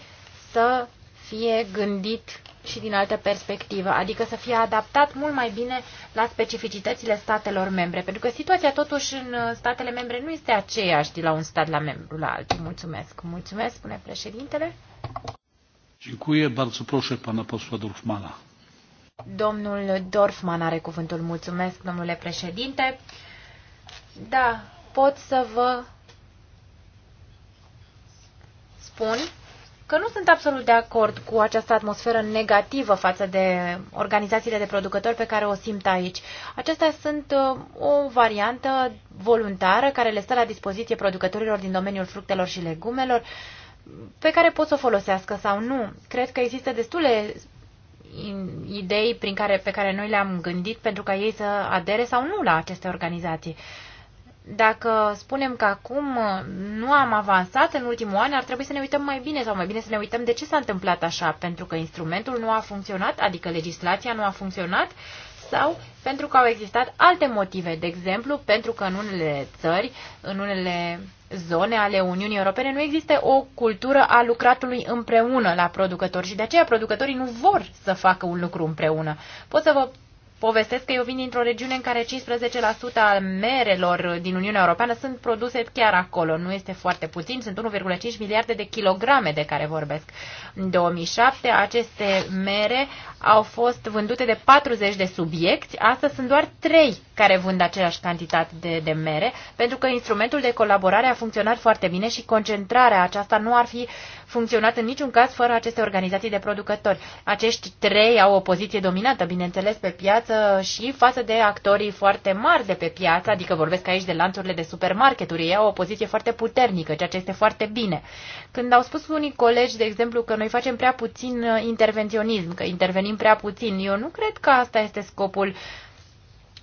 Speaker 2: să fie gândit și din altă perspectivă, adică să fie adaptat mult mai bine la specificitățile statelor membre, pentru că situația totuși în uh, statele membre nu este aceeași de la un stat la membru la altul. Mulțumesc. Mulțumesc, spune președintele.
Speaker 1: Dziękuję. Bardzo proszę pana posła Dorfmana.
Speaker 2: Domnul Dorfman are cuvântul. Mulțumesc, domnule președinte. Da, pot să vă spun că nu sunt absolut de acord cu această atmosferă negativă față de organizațiile de producători pe care o simt aici. Acestea sunt uh, o variantă voluntară care le stă la dispoziție producătorilor din domeniul fructelor și legumelor, pe care pot să o folosească sau nu. Cred că există destule idei prin care, pe care noi le-am gândit pentru ca ei să adere sau nu la aceste organizații dacă spunem că acum uh, nu am avansat în ultimul an, ar trebui să ne uităm mai bine sau mai bine să ne uităm de ce s-a întâmplat așa, pentru că instrumentul nu a funcționat, adică legislația nu a funcționat, sau pentru că au existat alte motive, de exemplu, pentru că în unele țări, în unele zone ale Uniunii Europene nu există o cultură a lucratului împreună la producători și de aceea producătorii nu vor să facă un lucru împreună. Pot să vă povestesc că eu vin dintr-o regiune în care 15% al merelor din Uniunea Europeană sunt produse chiar acolo. Nu este foarte puțin, sunt 1,5 miliarde de kilograme de care vorbesc. În 2007 aceste mere au fost vândute de 40 de subiecti, astăzi sunt doar 3 care vând aceeași cantitate de, de mere, pentru că instrumentul de colaborare a funcționat foarte bine și concentrarea aceasta nu ar fi uh, funcționat în niciun caz fără aceste organizații de producători. Acești trei au o poziție dominantă, bineînțeles, pe piață și față de actorii foarte mari de pe piață, adică vorbesc aici de lanțurile de supermarketuri, ei au o poziție foarte puternică, ceea ce este foarte bine. Când au spus unii colegi, de exemplu, că noi facem prea puțin uh, intervenționism, că intervenim prea puțin, eu nu cred că asta este scopul uh,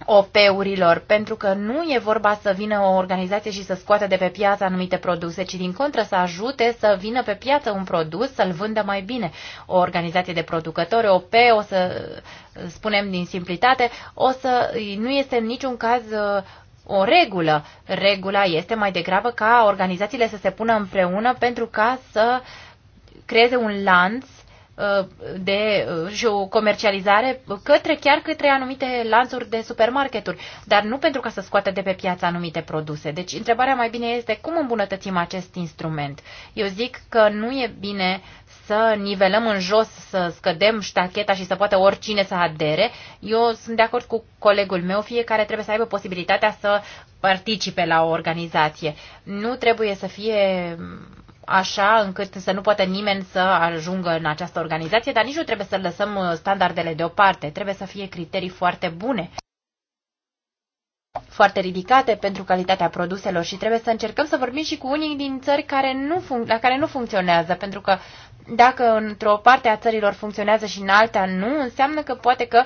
Speaker 2: OP-urilor, pentru că nu e vorba să vină o organizație și să scoată de pe piață anumite produse, ci din contră să ajute să vină pe piață un produs, să-l vândă mai bine. O organizație de producători, OP, o să spunem din simplitate, o să nu este în niciun caz o regulă. Regula este mai degrabă ca organizațiile să se pună împreună pentru ca să creeze un lanț uh, Uh, de uh, și o comercializare către chiar către anumite lanțuri de supermarketuri, dar nu pentru ca să scoată de pe piață anumite produse. Deci întrebarea mai bine este cum îmbunătățim acest instrument. Eu zic că nu e bine să nivelăm în jos, să scădem ștacheta și să poată oricine să adere. Eu sunt de acord cu colegul meu, fiecare trebuie să aibă posibilitatea să participe la o organizație. Nu trebuie să fie așa încât să nu poată nimeni să ajungă în această organizație, dar nici nu trebuie să lăsăm uh, standardele deoparte, trebuie să fie criterii foarte bune foarte ridicate pentru calitatea produselor și trebuie să încercăm să vorbim și cu unii din țări care nu la care nu funcționează, pentru că dacă într-o parte a țărilor funcționează și în alta nu, înseamnă că poate că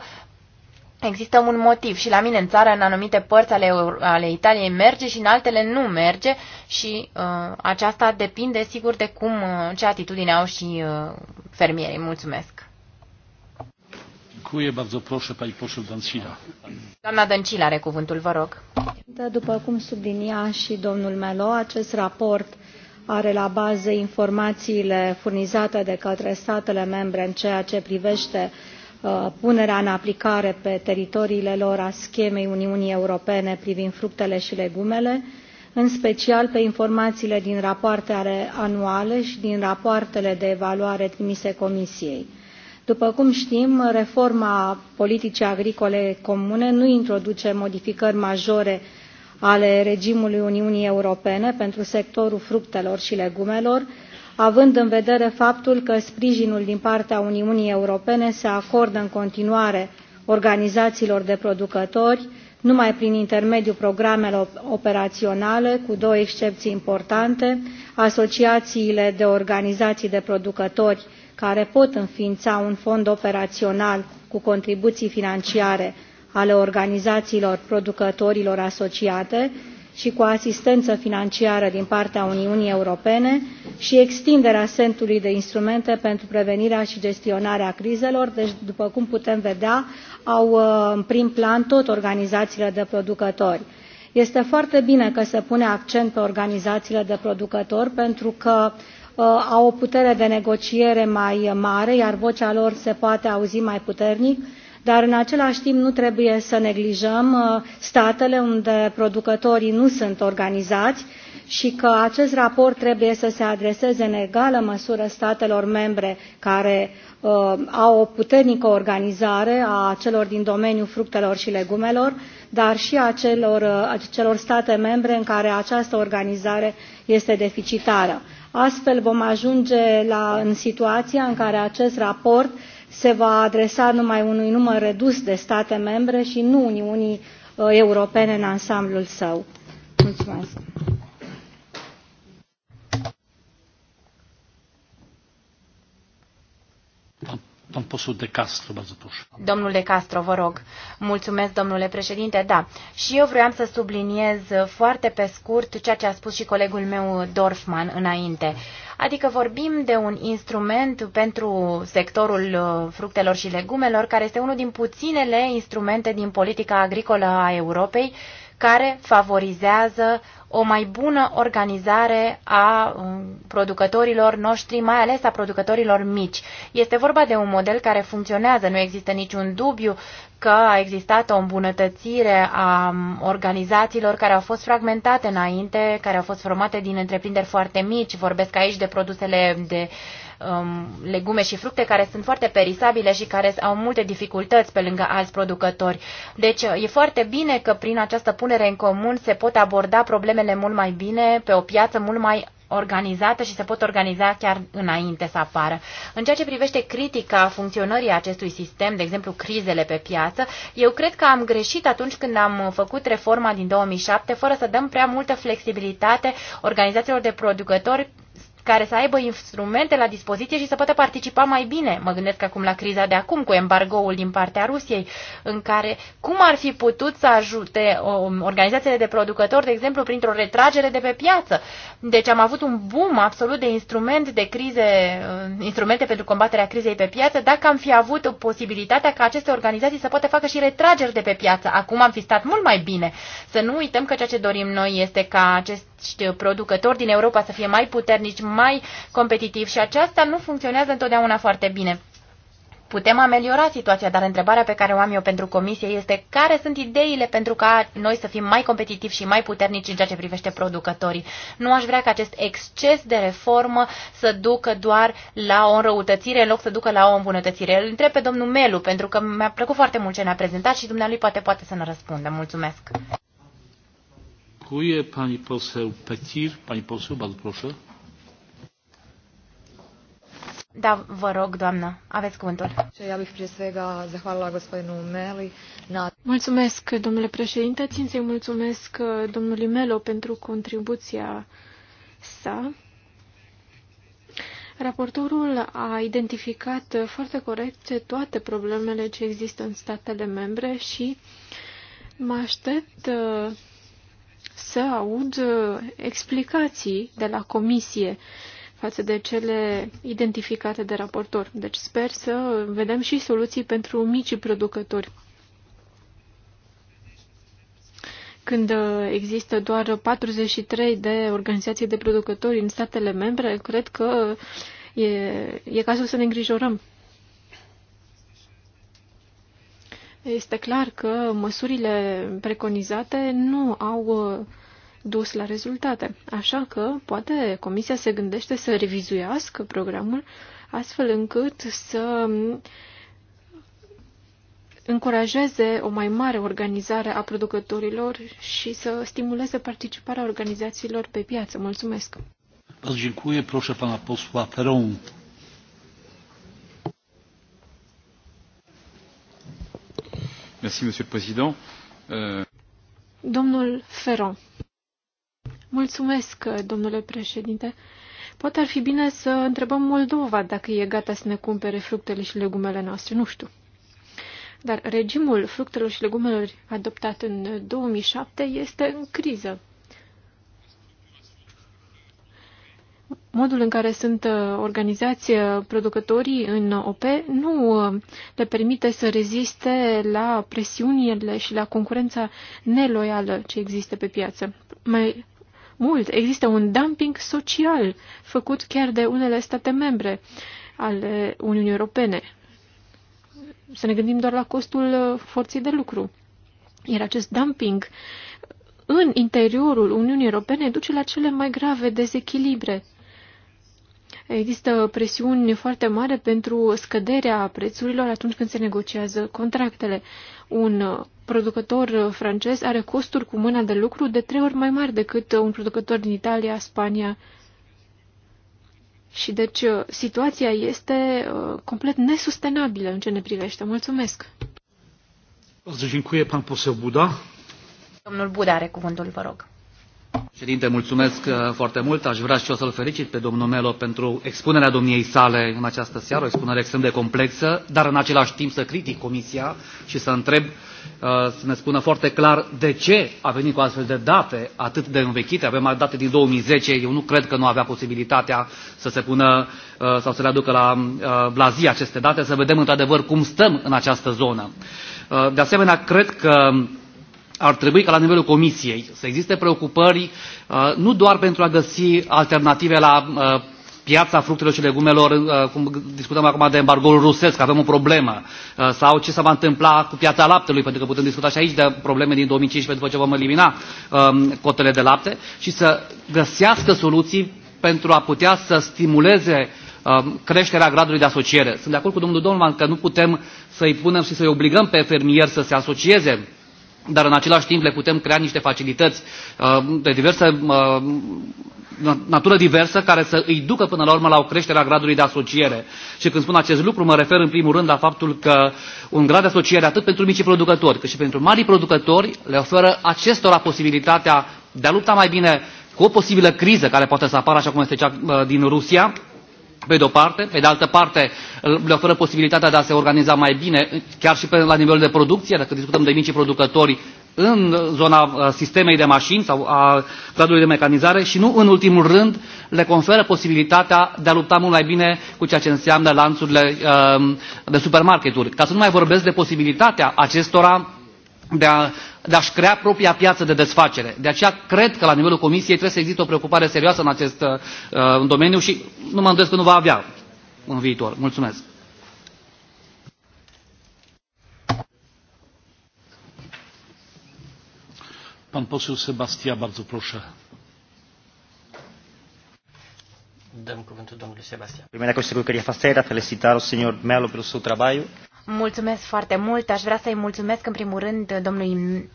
Speaker 2: Există un motiv și la mine în țară, în anumite părți ale, ale Italiei merge și în altele nu merge și uh, aceasta depinde sigur de cum, uh, ce atitudine au și uh, fermierii. Mulțumesc!
Speaker 1: Dziękuję bardzo. Proszę pani poseł Dancila.
Speaker 2: Doamna Dancila are cuvântul, vă rog.
Speaker 5: După cum sublinia și domnul Melo, acest raport are la bază informațiile furnizate de către statele membre în ceea ce privește Uh, punerea în aplicare pe teritoriile lor a schemei Uniunii Europene privind fructele și legumele, în special pe informațiile din rapoartele anuale și din rapoartele de evaluare trimise Comisiei. După cum știm, reforma politicii agricole comune nu introduce modificări majore ale regimului Uniunii Europene pentru sectorul fructelor și legumelor, având în vedere faptul că sprijinul din partea Uniunii Europene se acordă în continuare organizațiilor de producători, numai prin intermediul programelor operaționale, cu două excepții importante, asociațiile de organizații de producători care pot înființa un fond operațional cu contribuții financiare ale organizațiilor producătorilor asociate și cu asistență financiară din partea Uniunii Europene și extinderea sentului de instrumente pentru prevenirea și gestionarea crizelor. Deci, după cum putem vedea, au uh, în prim plan tot organizațiile de producători. Este foarte bine că se pune accent pe organizațiile de producători pentru că uh, au o putere de negociere mai mare, iar vocea lor se poate auzi mai puternic dar în același timp nu trebuie să neglijăm uh, statele unde producătorii nu sunt organizați și că acest raport trebuie să se adreseze în egală măsură statelor membre care uh, au o puternică organizare a celor din domeniul fructelor și legumelor, dar și a celor, uh, celor state membre în care această organizare este deficitară. Astfel vom ajunge la, în situația în care acest raport uh, se va adresa numai unui număr redus de state membre și nu Uniunii uh, Europene în ansamblul său. Mulțumesc! Domnul
Speaker 2: De Castro, vă rog. Mulțumesc, domnule președinte. Da, și eu vreau să subliniez foarte pe scurt ceea ce a spus și colegul meu Dorfman înainte. Uh, Adică vorbim de un instrument pentru sectorul uh, fructelor și legumelor, care este unul din puținele instrumente din politica agricolă a Europei care favorizează o mai bună organizare a um, producătorilor noștri, mai ales a producătorilor mici. Este vorba de un model care funcționează, nu există niciun dubiu că a existat o îmbunătățire a um, organizațiilor care au fost fragmentate înainte, care au fost formate din întreprinderi foarte mici. Vorbesc aici de produsele de uh, um, legume și fructe care sunt foarte perisabile și care au multe dificultăți pe lângă alți producători. Deci uh, e foarte bine că prin această punere în comun se pot aborda problemele mult mai bine pe o piață mult mai organizată și se pot organiza chiar înainte să apară. În ceea ce privește critica funcționării acestui sistem, de exemplu crizele pe piață, eu cred că am greșit atunci când am făcut reforma din 2007 fără să dăm prea multă flexibilitate organizațiilor de producători care să aibă instrumente la dispoziție și să poată participa mai bine. Mă gândesc acum la criza de acum cu embargoul din partea Rusiei, în care cum ar fi putut să ajute organizațiile de producători, de exemplu, printr-o retragere de pe piață. Deci am avut un boom absolut de instrumente de crize, uh, instrumente pentru combaterea crizei pe piață, dacă am fi avut posibilitatea ca aceste organizații să poată facă și retrageri de pe piață. Acum am fi stat mult mai bine. Să nu uităm că ceea ce dorim noi este ca acest acești producători din Europa să fie mai puternici, mai competitivi și aceasta nu funcționează întotdeauna foarte bine. Putem ameliora situația, dar întrebarea pe care o am eu pentru comisie este care sunt ideile pentru ca noi să fim mai competitivi și mai puternici în ceea ce privește producătorii. Nu aș vrea ca acest exces de reformă să ducă doar la o înrăutățire în loc să ducă la o îmbunătățire. Îl întreb pe domnul Melu pentru că mi-a plăcut foarte mult ce ne-a prezentat și dumnealui poate poate să ne răspundă. Mulțumesc!
Speaker 1: Dziękuję. Pani poseł Petir. Pani poseł, bardzo proszę.
Speaker 2: Da, vă rog, doamnă, aveți cuvântul.
Speaker 7: Mulțumesc, domnule președinte. Țin să-i mulțumesc uh, domnului Melo pentru contribuția sa. Raportorul a identificat foarte corect toate problemele ce există în statele membre și mă aștept uh, să aud uh, explicații de la comisie față de cele identificate de raportor. Deci sper să vedem și soluții pentru micii producători. Când uh, există doar 43 de organizații de producători în statele membre, cred că e, e cazul să ne îngrijorăm. Este clar că măsurile preconizate nu au uh, dus la rezultate, așa că poate Comisia se gândește să revizuiască programul astfel încât să încurajeze o mai mare organizare a producătorilor și să stimuleze participarea organizațiilor pe piață. Mulțumesc!
Speaker 1: Vă mulțumesc, proșe, posła Monsieur le Président. Euh,
Speaker 7: Domnul Ferron. Mulțumesc, domnule președinte. Poate ar fi bine să întrebăm Moldova dacă e gata să ne cumpere fructele și legumele noastre, nu știu. Dar regimul fructelor și legumelor adoptat în 2007 este în criză. modul în care sunt uh, organizați uh, producătorii în OP nu uh, le permite să reziste la presiunile și la concurența neloială ce există pe piață. Mai mult, există un dumping social făcut chiar de unele state membre ale Uniunii Europene. Să ne gândim doar la costul forței de lucru. Iar acest dumping în interiorul Uniunii Europene duce la cele mai grave dezechilibre Există presiuni foarte mari pentru scăderea prețurilor atunci când se negociază contractele. Un producător francez are costuri cu mâna de lucru de trei ori mai mari decât un producător din Italia, Spania. Și deci uh, situația este uh, complet nesustenabilă în ce ne privește. Mulțumesc!
Speaker 2: Domnul Buda are cuvântul, vă rog.
Speaker 4: Ședinte, mulțumesc uh, foarte mult. Aș vrea și eu să-l felicit pe domnul Melo pentru expunerea domniei sale în această seară, o expunere extrem de complexă, dar în același timp să critic Comisia și să întreb, uh, să ne spună foarte clar de ce a venit cu astfel de date atât de învechite. Avem date din 2010, eu nu cred că nu avea posibilitatea să se pună uh, sau să le aducă la blazie aceste date, să vedem într-adevăr cum stăm în această zonă. De asemenea, cred că ar trebui ca la nivelul Comisiei să existe preocupări uh, nu doar pentru a găsi alternative la uh, piața fructelor și legumelor, uh, cum discutăm acum de embargoul rusesc, avem o problemă, sau ce se va întâmpla cu piața laptelui, pentru că putem discuta și aici de probleme din 2015 după ce vom elimina um, cotele de lapte, și să găsească soluții pentru a putea să stimuleze um, creșterea gradului de asociere. Sunt de acord cu domnul Domnul că nu putem să-i punem și să-i obligăm pe fermieri să se asocieze dar în același timp le putem crea niște facilități uh, de diverse uh, natură diversă care să îi ducă până la urmă la o creștere a gradului de asociere. Și când spun acest lucru, mă refer în primul rând la faptul că un grad de asociere atât pentru micii producători cât și pentru marii producători le oferă acestora posibilitatea de a lupta mai bine cu o posibilă criză care poate să apară, așa cum este cea uh, din Rusia, pe de o parte, pe de altă parte le oferă posibilitatea de a se organiza mai bine, chiar și la nivel de producție, dacă discutăm de micii producători în zona uh, sistemei de mașini sau a gradului de mecanizare și nu în ultimul rând le conferă posibilitatea de a lupta mult mai bine cu ceea ce înseamnă lanțurile uh, de supermarketuri. Ca să nu mai vorbesc de posibilitatea acestora de a de a-și crea propria piață de desfacere. De aceea cred că la nivelul Comisiei trebuie să existe o preocupare serioasă în acest uh, uh în domeniu și nu mă îndoiesc că nu va avea în viitor. Mulțumesc!
Speaker 1: Pan poseł Sebastian, bardzo proszę.
Speaker 3: Dam cuvântul domnului Sebastian.
Speaker 6: Primera cosa que quería hacer era felicitar al señor Melo por su trabajo
Speaker 2: Mulțumesc foarte mult. Aș vrea să-i mulțumesc în primul rând domnului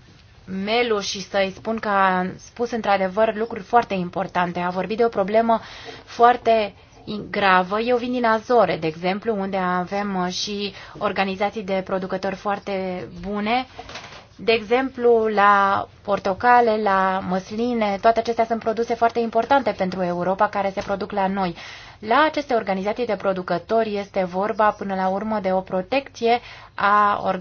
Speaker 2: Melu și să-i spun că a spus într-adevăr lucruri foarte importante. A vorbit de o problemă foarte gravă. Eu vin din Azore, de exemplu, unde avem și organizații de producători foarte bune. De exemplu, la portocale, la măsline, toate acestea sunt produse foarte importante pentru Europa care se produc la noi. La aceste organizații de producători este vorba până la urmă de o protecție a uh,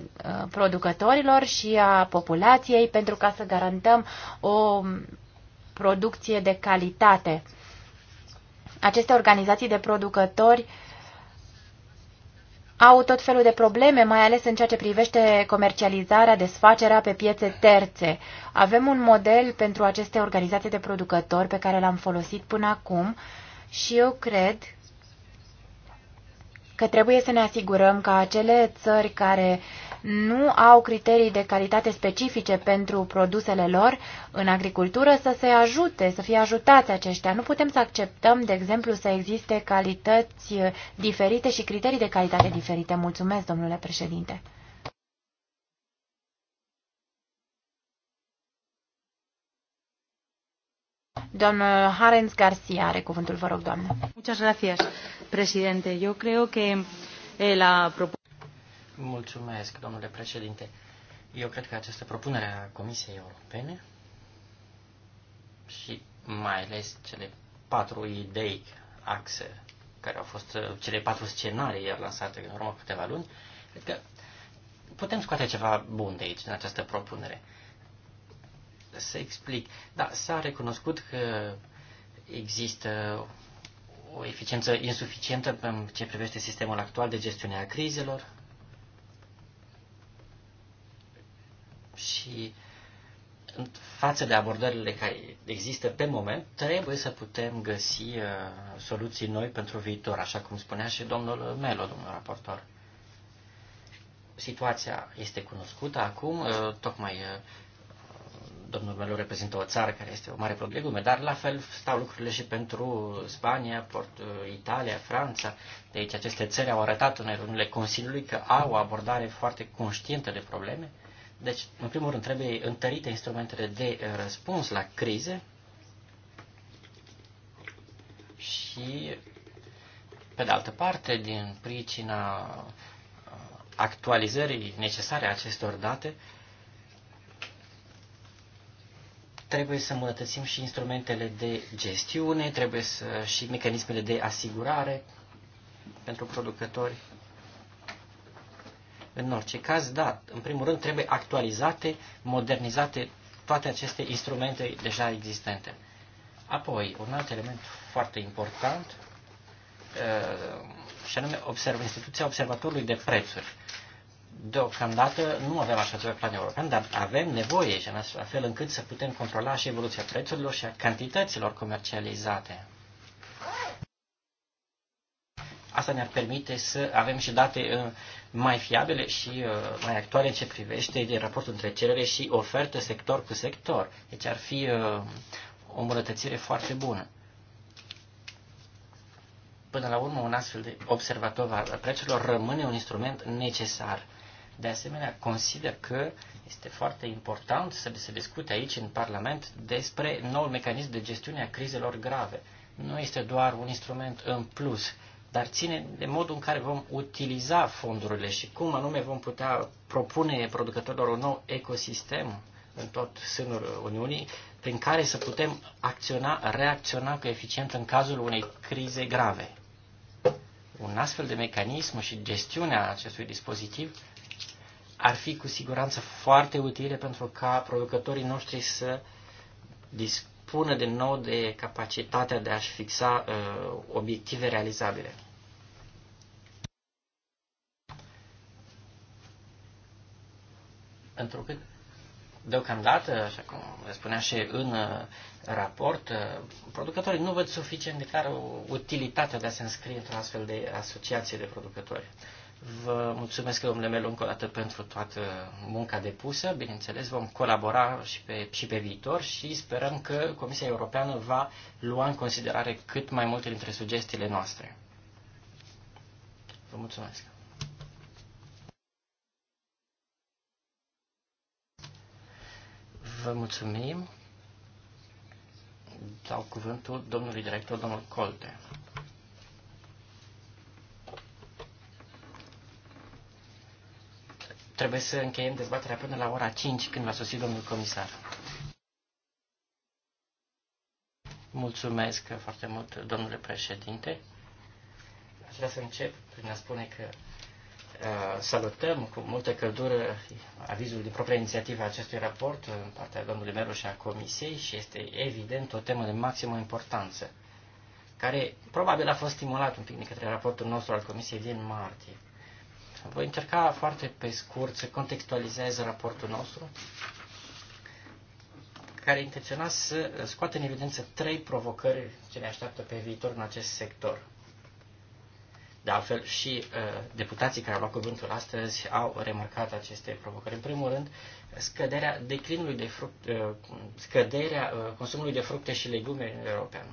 Speaker 2: producătorilor și a populației pentru ca să garantăm o producție de calitate. Aceste organizații de producători au tot felul de probleme, mai ales în ceea ce privește comercializarea, desfacerea pe piețe terțe. Avem un model pentru aceste organizații de producători pe care l-am folosit până acum și eu cred că trebuie să ne asigurăm că acele țări care nu au criterii de calitate specifice pentru produsele lor în agricultură să se ajute, să fie ajutați aceștia. Nu putem să acceptăm, de exemplu, să existe calități diferite și criterii de calitate diferite. Mulțumesc, domnule președinte. Doamna Harens García, are cuvântul, vă rog, doamnă. Muchas gracias,
Speaker 5: presidente. Eu creo que eh, la
Speaker 3: Mulțumesc, domnule președinte. Eu cred că această propunere a Comisiei Europene și mai ales cele patru idei axe care au fost eh, cele patru scenarii iar lansate în urmă câteva luni, cred că putem scoate ceva bun de aici, din această propunere să explic. Da, s-a recunoscut că există o eficiență insuficientă în ce privește sistemul actual de gestiune a crizelor și în față de abordările care există pe moment, trebuie să putem găsi uh, soluții noi pentru viitor, așa cum spunea și domnul Melo, domnul raportor. Situația este cunoscută acum, uh, tocmai uh, domnul Melu reprezintă o țară care este o mare problemă, dar la fel stau lucrurile și pentru Spania, Port, uh, Italia, Franța. Deci aceste țări au arătat în reuniunile Consiliului că au o abordare foarte conștientă de probleme. Deci, în primul rând, trebuie întărite instrumentele de uh, răspuns la crize și, pe de altă parte, din pricina uh, actualizării necesare a acestor date, uh, Trebuie să îmbunătățim și instrumentele de gestiune, trebuie să, și mecanismele de asigurare pentru producători. În orice caz, da, în primul rând trebuie actualizate, modernizate toate aceste instrumente deja existente. Apoi, un alt element foarte important, uh, și anume observ, instituția observatorului de prețuri. Deocamdată nu avem așa ceva plan european, dar avem nevoie și în așa fel încât să putem controla și evoluția prețurilor și a cantităților comercializate. Asta ne-ar permite să avem și date uh, mai fiabile și uh, mai actuale în ce privește de raportul între cerere și ofertă sector cu sector. Deci ar fi uh, o îmbunătățire foarte bună. Până la urmă, un astfel de observator al prețurilor rămâne un instrument necesar de asemenea, consider că este foarte important să se discute aici în Parlament despre noul mecanism de gestiune a crizelor grave. Nu este doar un instrument în plus, dar ține de modul în care vom utiliza fondurile și cum anume vom putea propune producătorilor un nou ecosistem în tot sânul Uniunii, prin care să putem acționa, reacționa cu eficient în cazul unei crize grave. Un astfel de mecanism și gestiunea acestui dispozitiv ar fi cu siguranță foarte utile pentru ca producătorii noștri să dispună de nou de capacitatea de a-și fixa uh, obiective realizabile. Pentru că deocamdată, așa cum spunea și în uh, raport, uh, producătorii nu văd suficient de clar utilitatea de a se înscrie într-o astfel de asociație de producători. Vă mulțumesc, domnule Melu, încă o dată pentru toată munca depusă. Bineînțeles, vom colabora și pe, și pe viitor și sperăm că Comisia Europeană va lua în considerare cât mai multe dintre sugestiile noastre. Vă mulțumesc. Vă mulțumim. Dau cuvântul domnului director, domnul Colte. trebuie să încheiem dezbaterea până la ora 5 când va sosi domnul comisar. Mulțumesc foarte mult, domnule președinte. Aș vrea să încep prin a spune că uh, salutăm cu multă căldură avizul din propria inițiativă a acestui raport uh, în partea domnului Meru și a Comisiei și este evident o temă de maximă importanță, care probabil a fost stimulat un pic de către raportul nostru al Comisiei din martie. Voi încerca foarte pe scurt să contextualizez raportul nostru, care intenționa să scoată în evidență trei provocări ce ne așteaptă pe viitor în acest sector. De altfel, și uh, deputații care au luat cuvântul astăzi au remarcat aceste provocări. În primul rând, scăderea declinului de fruct, uh, scăderea uh, consumului de fructe și legume în Europeană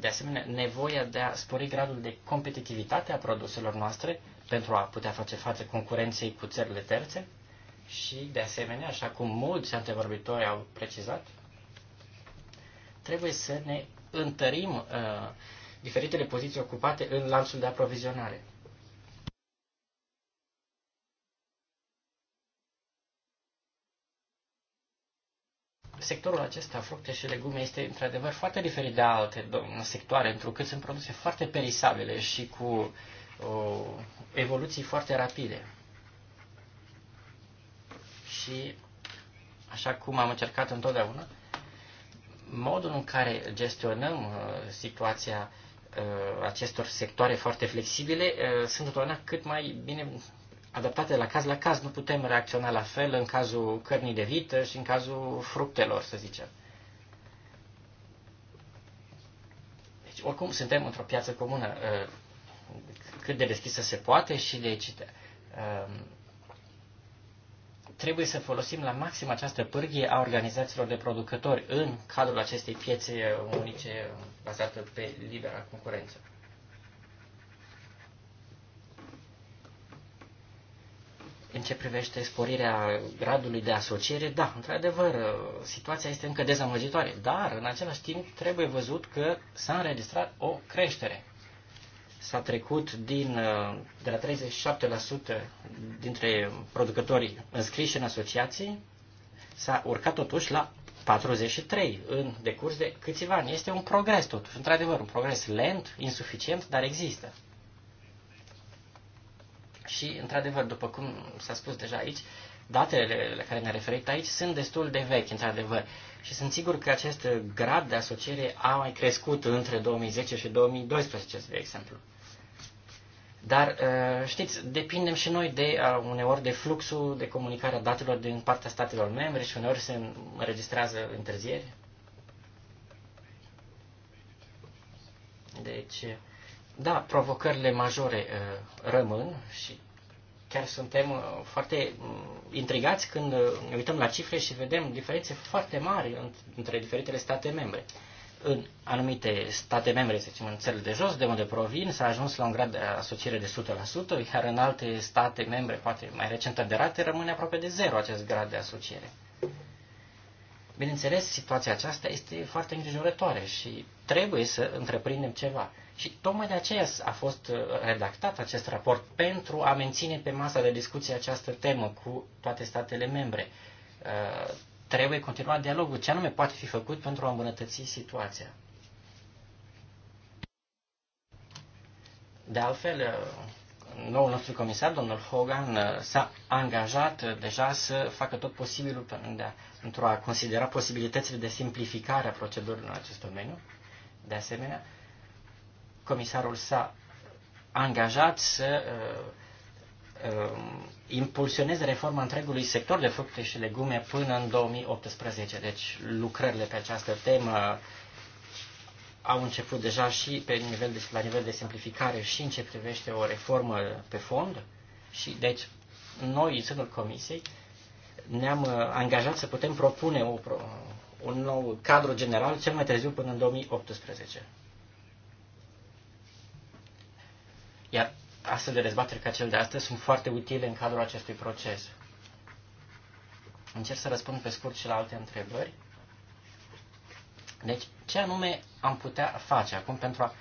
Speaker 3: de asemenea, nevoia de a spori gradul de competitivitate a produselor noastre pentru a putea face față concurenței cu țările terțe și, de asemenea, așa cum mulți antevorbitori au precizat, trebuie să ne întărim uh, diferitele poziții ocupate în lanțul de aprovizionare. sectorul acesta, fructe și legume, este într-adevăr foarte diferit de alte sectoare, pentru că sunt produse foarte perisabile și cu o, evoluții foarte rapide. Și, așa cum am încercat întotdeauna, modul în care gestionăm uh, situația uh, acestor sectoare foarte flexibile uh, sunt întotdeauna cât mai bine adaptate la caz la caz. Nu putem reacționa la fel în cazul cărnii de vită și în cazul fructelor, să zicem. Deci, oricum, suntem într-o piață comună uh, cât de deschisă se poate și licită. Um, trebuie să folosim la maxim această pârghie a organizațiilor de producători în cadrul acestei piețe unice bazată pe libera concurență. În ce privește sporirea gradului de asociere, da, într-adevăr, situația este încă dezamăgitoare, dar în același timp trebuie văzut că s-a înregistrat o creștere. S-a trecut din, uh, de la 37% dintre producătorii înscriși în asociații, s-a urcat totuși la 43 în decurs de câțiva ani. Este un progres totuși, într-adevăr, un progres lent, insuficient, dar există. Și, într-adevăr, după cum s-a spus deja aici, datele la care ne referit aici sunt destul de vechi, într-adevăr. Și sunt sigur că acest grad de asociere a mai crescut între 2010 și 2012, de exemplu. Dar, uh, știți, depindem și noi de uh, uneori de fluxul de comunicare a datelor din partea statelor membre și uneori se înregistrează întârzieri. Deci, da, provocările majore uh, rămân și chiar suntem uh, foarte mm, intrigați când uh, ne uităm la cifre și vedem diferențe foarte mari între diferitele state membre. În anumite state membre, să zicem în țările de jos, de unde provin, s-a ajuns la un grad de asociere de 100%, iar în alte state membre, poate mai recent aderate, rămâne aproape de zero acest grad de asociere. Bineînțeles, situația aceasta este foarte îngrijorătoare și trebuie să întreprindem ceva. Și tocmai de aceea a fost uh, redactat acest raport pentru a menține pe masa de discuție această temă cu toate statele membre. Uh, trebuie continuat dialogul. Ce anume poate fi făcut pentru a îmbunătăți situația? De altfel, uh, noul nostru comisar, domnul Hogan, s-a angajat deja să facă tot posibilul pentru a considera posibilitățile de simplificare a procedurilor în acest domeniu. De asemenea, comisarul s-a angajat să uh, uh, impulsioneze reforma întregului sector de fructe și legume până în 2018. Deci lucrările pe această temă au început deja și pe nivel de, la nivel de simplificare și în ce privește o reformă pe fond. Și deci noi, în sânul comisiei, ne-am uh, angajat să putem propune o, un nou cadru general cel mai târziu până în 2018. Iar astfel de dezbateri ca cel de astăzi sunt foarte utile în cadrul acestui proces. Încerc să răspund pe scurt și la alte întrebări. Deci, ce anume am putea face acum pentru a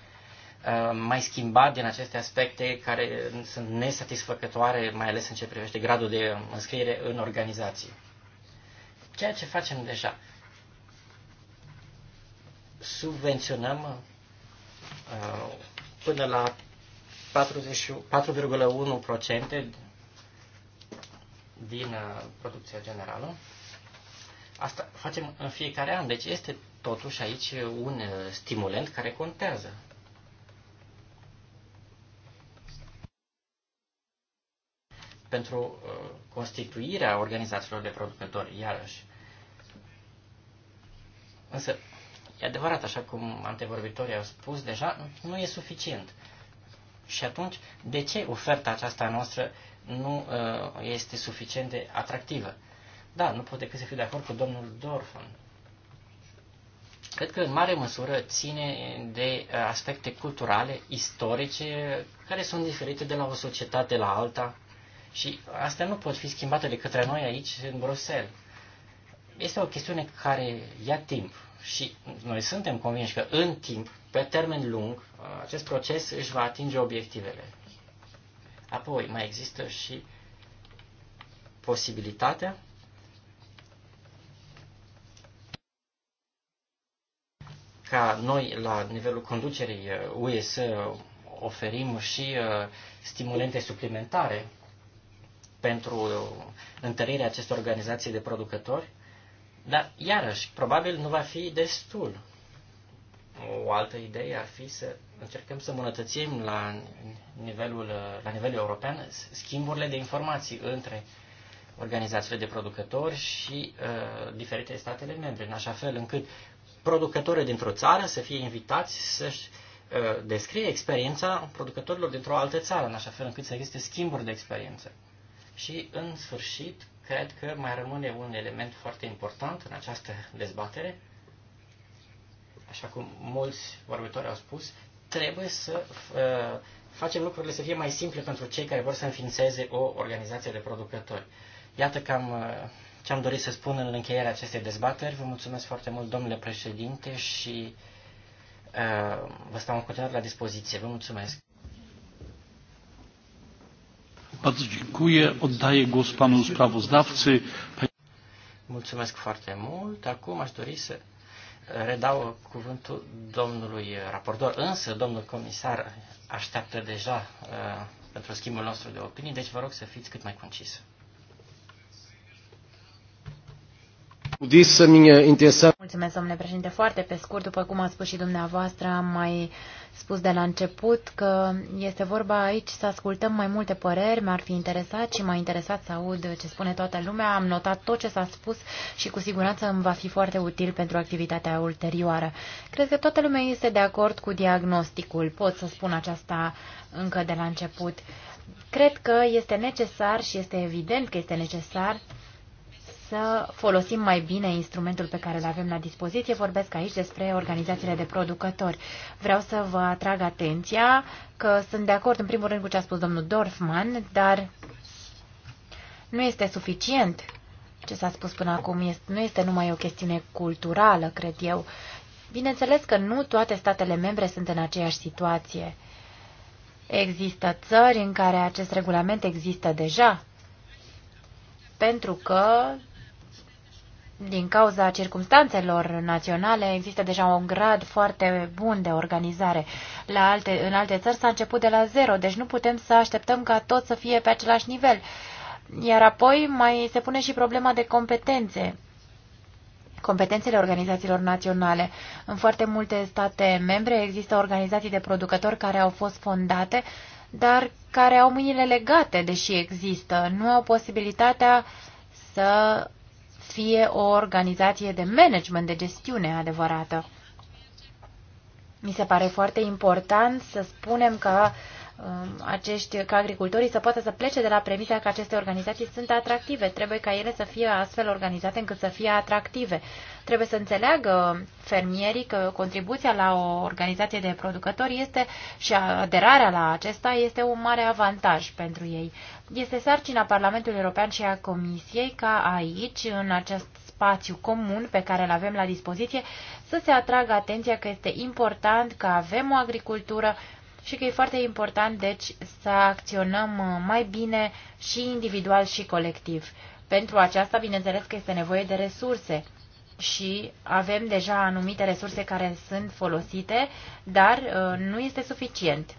Speaker 3: mai schimba din aceste aspecte care sunt nesatisfăcătoare, mai ales în ce privește gradul de înscriere în organizații. Ceea ce facem deja, subvenționăm uh, până la 4,1% din uh, producția generală. Asta facem în fiecare an, deci este totuși aici un uh, stimulent care contează. Pentru uh, constituirea organizațiilor de producători, iarăși. Însă, e adevărat, așa cum antevorbitorii au spus deja, nu e suficient. Și atunci, de ce oferta aceasta noastră nu uh, este suficient de atractivă? Da, nu pot decât să fiu de acord cu domnul Dorfman. Cred că în mare măsură ține de uh, aspecte culturale, istorice, care sunt diferite de la o societate la alta și astea nu pot fi schimbate de către noi aici, în Bruxelles. Este o chestiune care ia timp și noi suntem convinși că în timp pe termen lung, acest proces își va atinge obiectivele. Apoi, mai există și posibilitatea ca noi, la nivelul conducerii UE, uh, să oferim și uh, stimulente suplimentare pentru uh, întărirea acestor organizații de producători, dar, iarăși, probabil nu va fi destul o altă idee ar fi să încercăm să îmbunătățim la nivelul, la nivelul european schimburile de informații între organizațiile de producători și uh, diferite statele membre, în așa fel încât producătorii dintr-o țară să fie invitați să-și uh, descrie experiența producătorilor dintr-o altă țară, în așa fel încât să existe schimburi de experiență. Și, în sfârșit, cred că mai rămâne un element foarte important în această dezbatere, așa cum mulți vorbitori au spus, trebuie să uh, facem lucrurile să fie mai simple pentru cei care vor să înființeze o organizație de producători. Iată cam uh, ce am dorit să spun în încheierea acestei dezbateri. Vă mulțumesc foarte mult, domnule președinte, și uh, vă stau în continuare la dispoziție. Vă mulțumesc. Mulțumesc foarte mult. Acum aș dori să redau cuvântul domnului raportor, însă domnul comisar așteaptă deja uh, pentru schimbul nostru de opinii, deci vă rog să fiți cât mai concis.
Speaker 6: Uh,
Speaker 2: Mulțumesc, domnule președinte. Foarte pe scurt, după cum a spus și dumneavoastră, am mai spus de la început că este vorba aici să ascultăm mai multe păreri, mi-ar fi interesat și m-a interesat să aud ce spune toată lumea, am notat tot ce s-a spus și cu siguranță îmi va fi foarte util pentru activitatea ulterioară. Cred că toată lumea este de acord cu diagnosticul, pot să spun aceasta încă de la început. Cred că este necesar și este evident că este necesar să folosim mai bine instrumentul pe care îl avem la dispoziție. Vorbesc aici despre organizațiile de producători. Vreau să vă atrag atenția că sunt de acord în primul rând cu ce a spus domnul Dorfman, dar nu este suficient ce s-a spus până acum. Este, nu este numai o chestiune culturală, cred eu. Bineînțeles că nu toate statele membre sunt în aceeași situație. Există țări în care acest regulament există deja, pentru că din cauza circumstanțelor naționale, există deja un grad foarte bun de organizare. La alte, în alte țări s-a început de la zero, deci nu putem să așteptăm ca tot să fie pe același nivel. Iar apoi mai se pune și problema de competențe competențele organizațiilor naționale. În foarte multe state membre există organizații de producători care au fost fondate, dar care au mâinile legate, deși există. Nu au posibilitatea să fie o organizație de management, de gestiune adevărată. Mi se pare foarte important să spunem că uh, Um, acești, ca agricultorii să poată să plece de la premisa că aceste organizații sunt atractive. Trebuie ca ele să fie astfel organizate încât să fie atractive. Trebuie să înțeleagă fermierii că contribuția la o organizație de producători este și aderarea la acesta este un mare avantaj pentru ei. Este sarcina Parlamentului European și a Comisiei ca aici, în acest spațiu comun pe care îl avem la dispoziție, să se atragă atenția că este important că avem o agricultură și că e foarte important, deci, să acționăm uh, mai bine și individual și colectiv. Pentru aceasta, bineînțeles că este nevoie de resurse și avem deja anumite resurse care sunt folosite, dar uh, nu este suficient.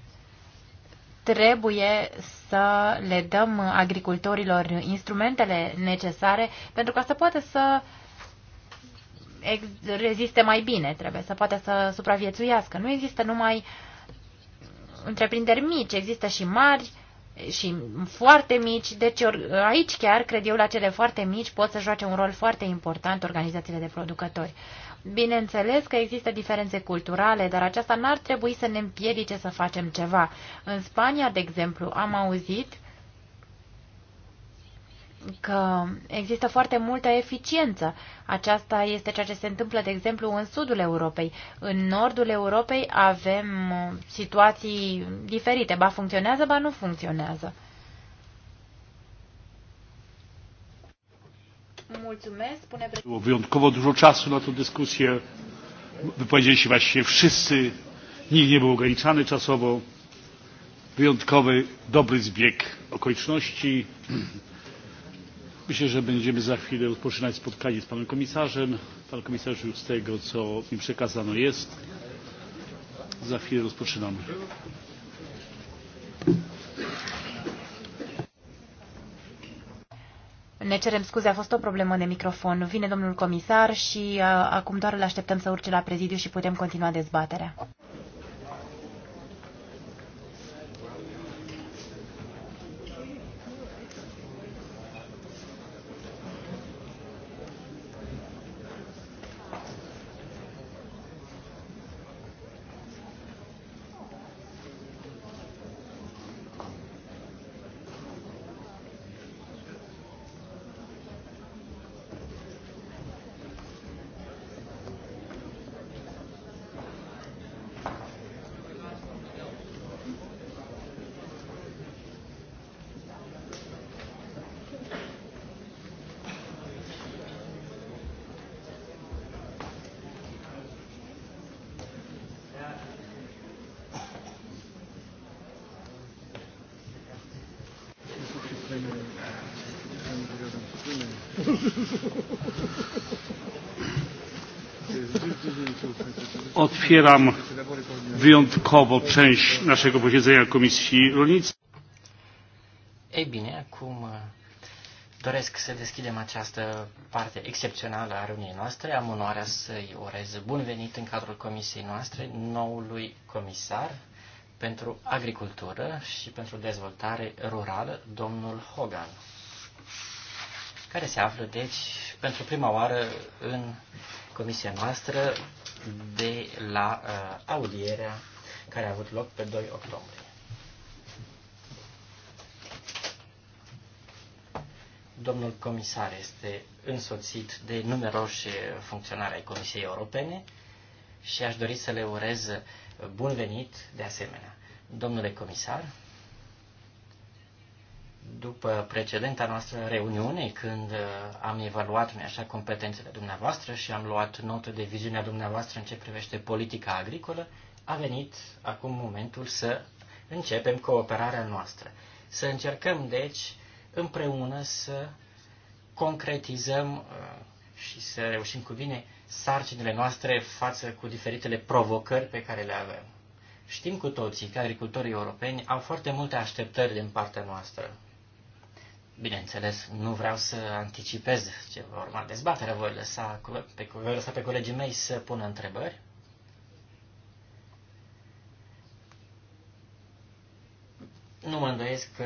Speaker 2: Trebuie să le dăm agricultorilor instrumentele necesare pentru ca să poată să reziste mai bine, trebuie să poată să supraviețuiască. Nu există numai întreprinderi mici, există și mari și foarte mici, deci aici chiar, cred eu, la cele foarte mici pot să joace un rol foarte important organizațiile de producători. Bineînțeles că există diferențe culturale, dar aceasta n-ar trebui să ne împiedice să facem ceva. În Spania, de exemplu, am auzit că există foarte multă eficiență. Aceasta este ceea ce se întâmplă, de exemplu, în sudul Europei. În nordul Europei avem situații diferite. Ba funcționează, ba nu funcționează. Mulțumesc, spune
Speaker 1: președinte. Wypowiedzieli się właściwie wszyscy. Nikt nie był ograniczany czasowo. Wyjątkowy, dobry zbieg okoliczności. Myślę, że będziemy za chwilę rozpoczynać spotkanie z panem komisarzem. Pan komisarz już z tego, co mi przekazano, jest. Za chwilę rozpoczynamy.
Speaker 2: Ne cerem scuze, a fost o problemă de microfon. Vine domnul comisar și uh, acum doar îl așteptăm să urce la prezidiu și putem continua dezbaterea.
Speaker 3: Otwieram wyjątkowo część
Speaker 1: naszego posiedzenia Komisji Rolnictwa.
Speaker 3: Ei bine, acum uh, doresc să deschidem această parte excepțională a reuniunii noastre. Am onoarea să-i urez bun venit în cadrul comisiei noastre noului comisar pentru agricultură și pentru dezvoltare rurală, domnul Hogan, care se află, deci, pentru prima oară în comisia noastră de la uh, audierea care a avut loc pe 2 octombrie. Domnul comisar este însoțit de numeroși funcționari ai Comisiei Europene și aș dori să le urez bun venit de asemenea. Domnule comisar, după precedenta noastră reuniune, când uh, am evaluat noi așa competențele dumneavoastră și am luat notă de viziunea dumneavoastră în ce privește politica agricolă, a venit acum momentul să începem cooperarea noastră. Să încercăm, deci, împreună să concretizăm uh, și să reușim cu bine sarcinile noastre față cu diferitele provocări pe care le avem. Știm cu toții că agricultorii europeni au foarte multe așteptări din partea noastră. Bineînțeles, nu vreau să anticipez ce va urma dezbatere. voi lăsa pe, voi lăsa pe colegii mei să pună întrebări. Nu mă îndoiesc că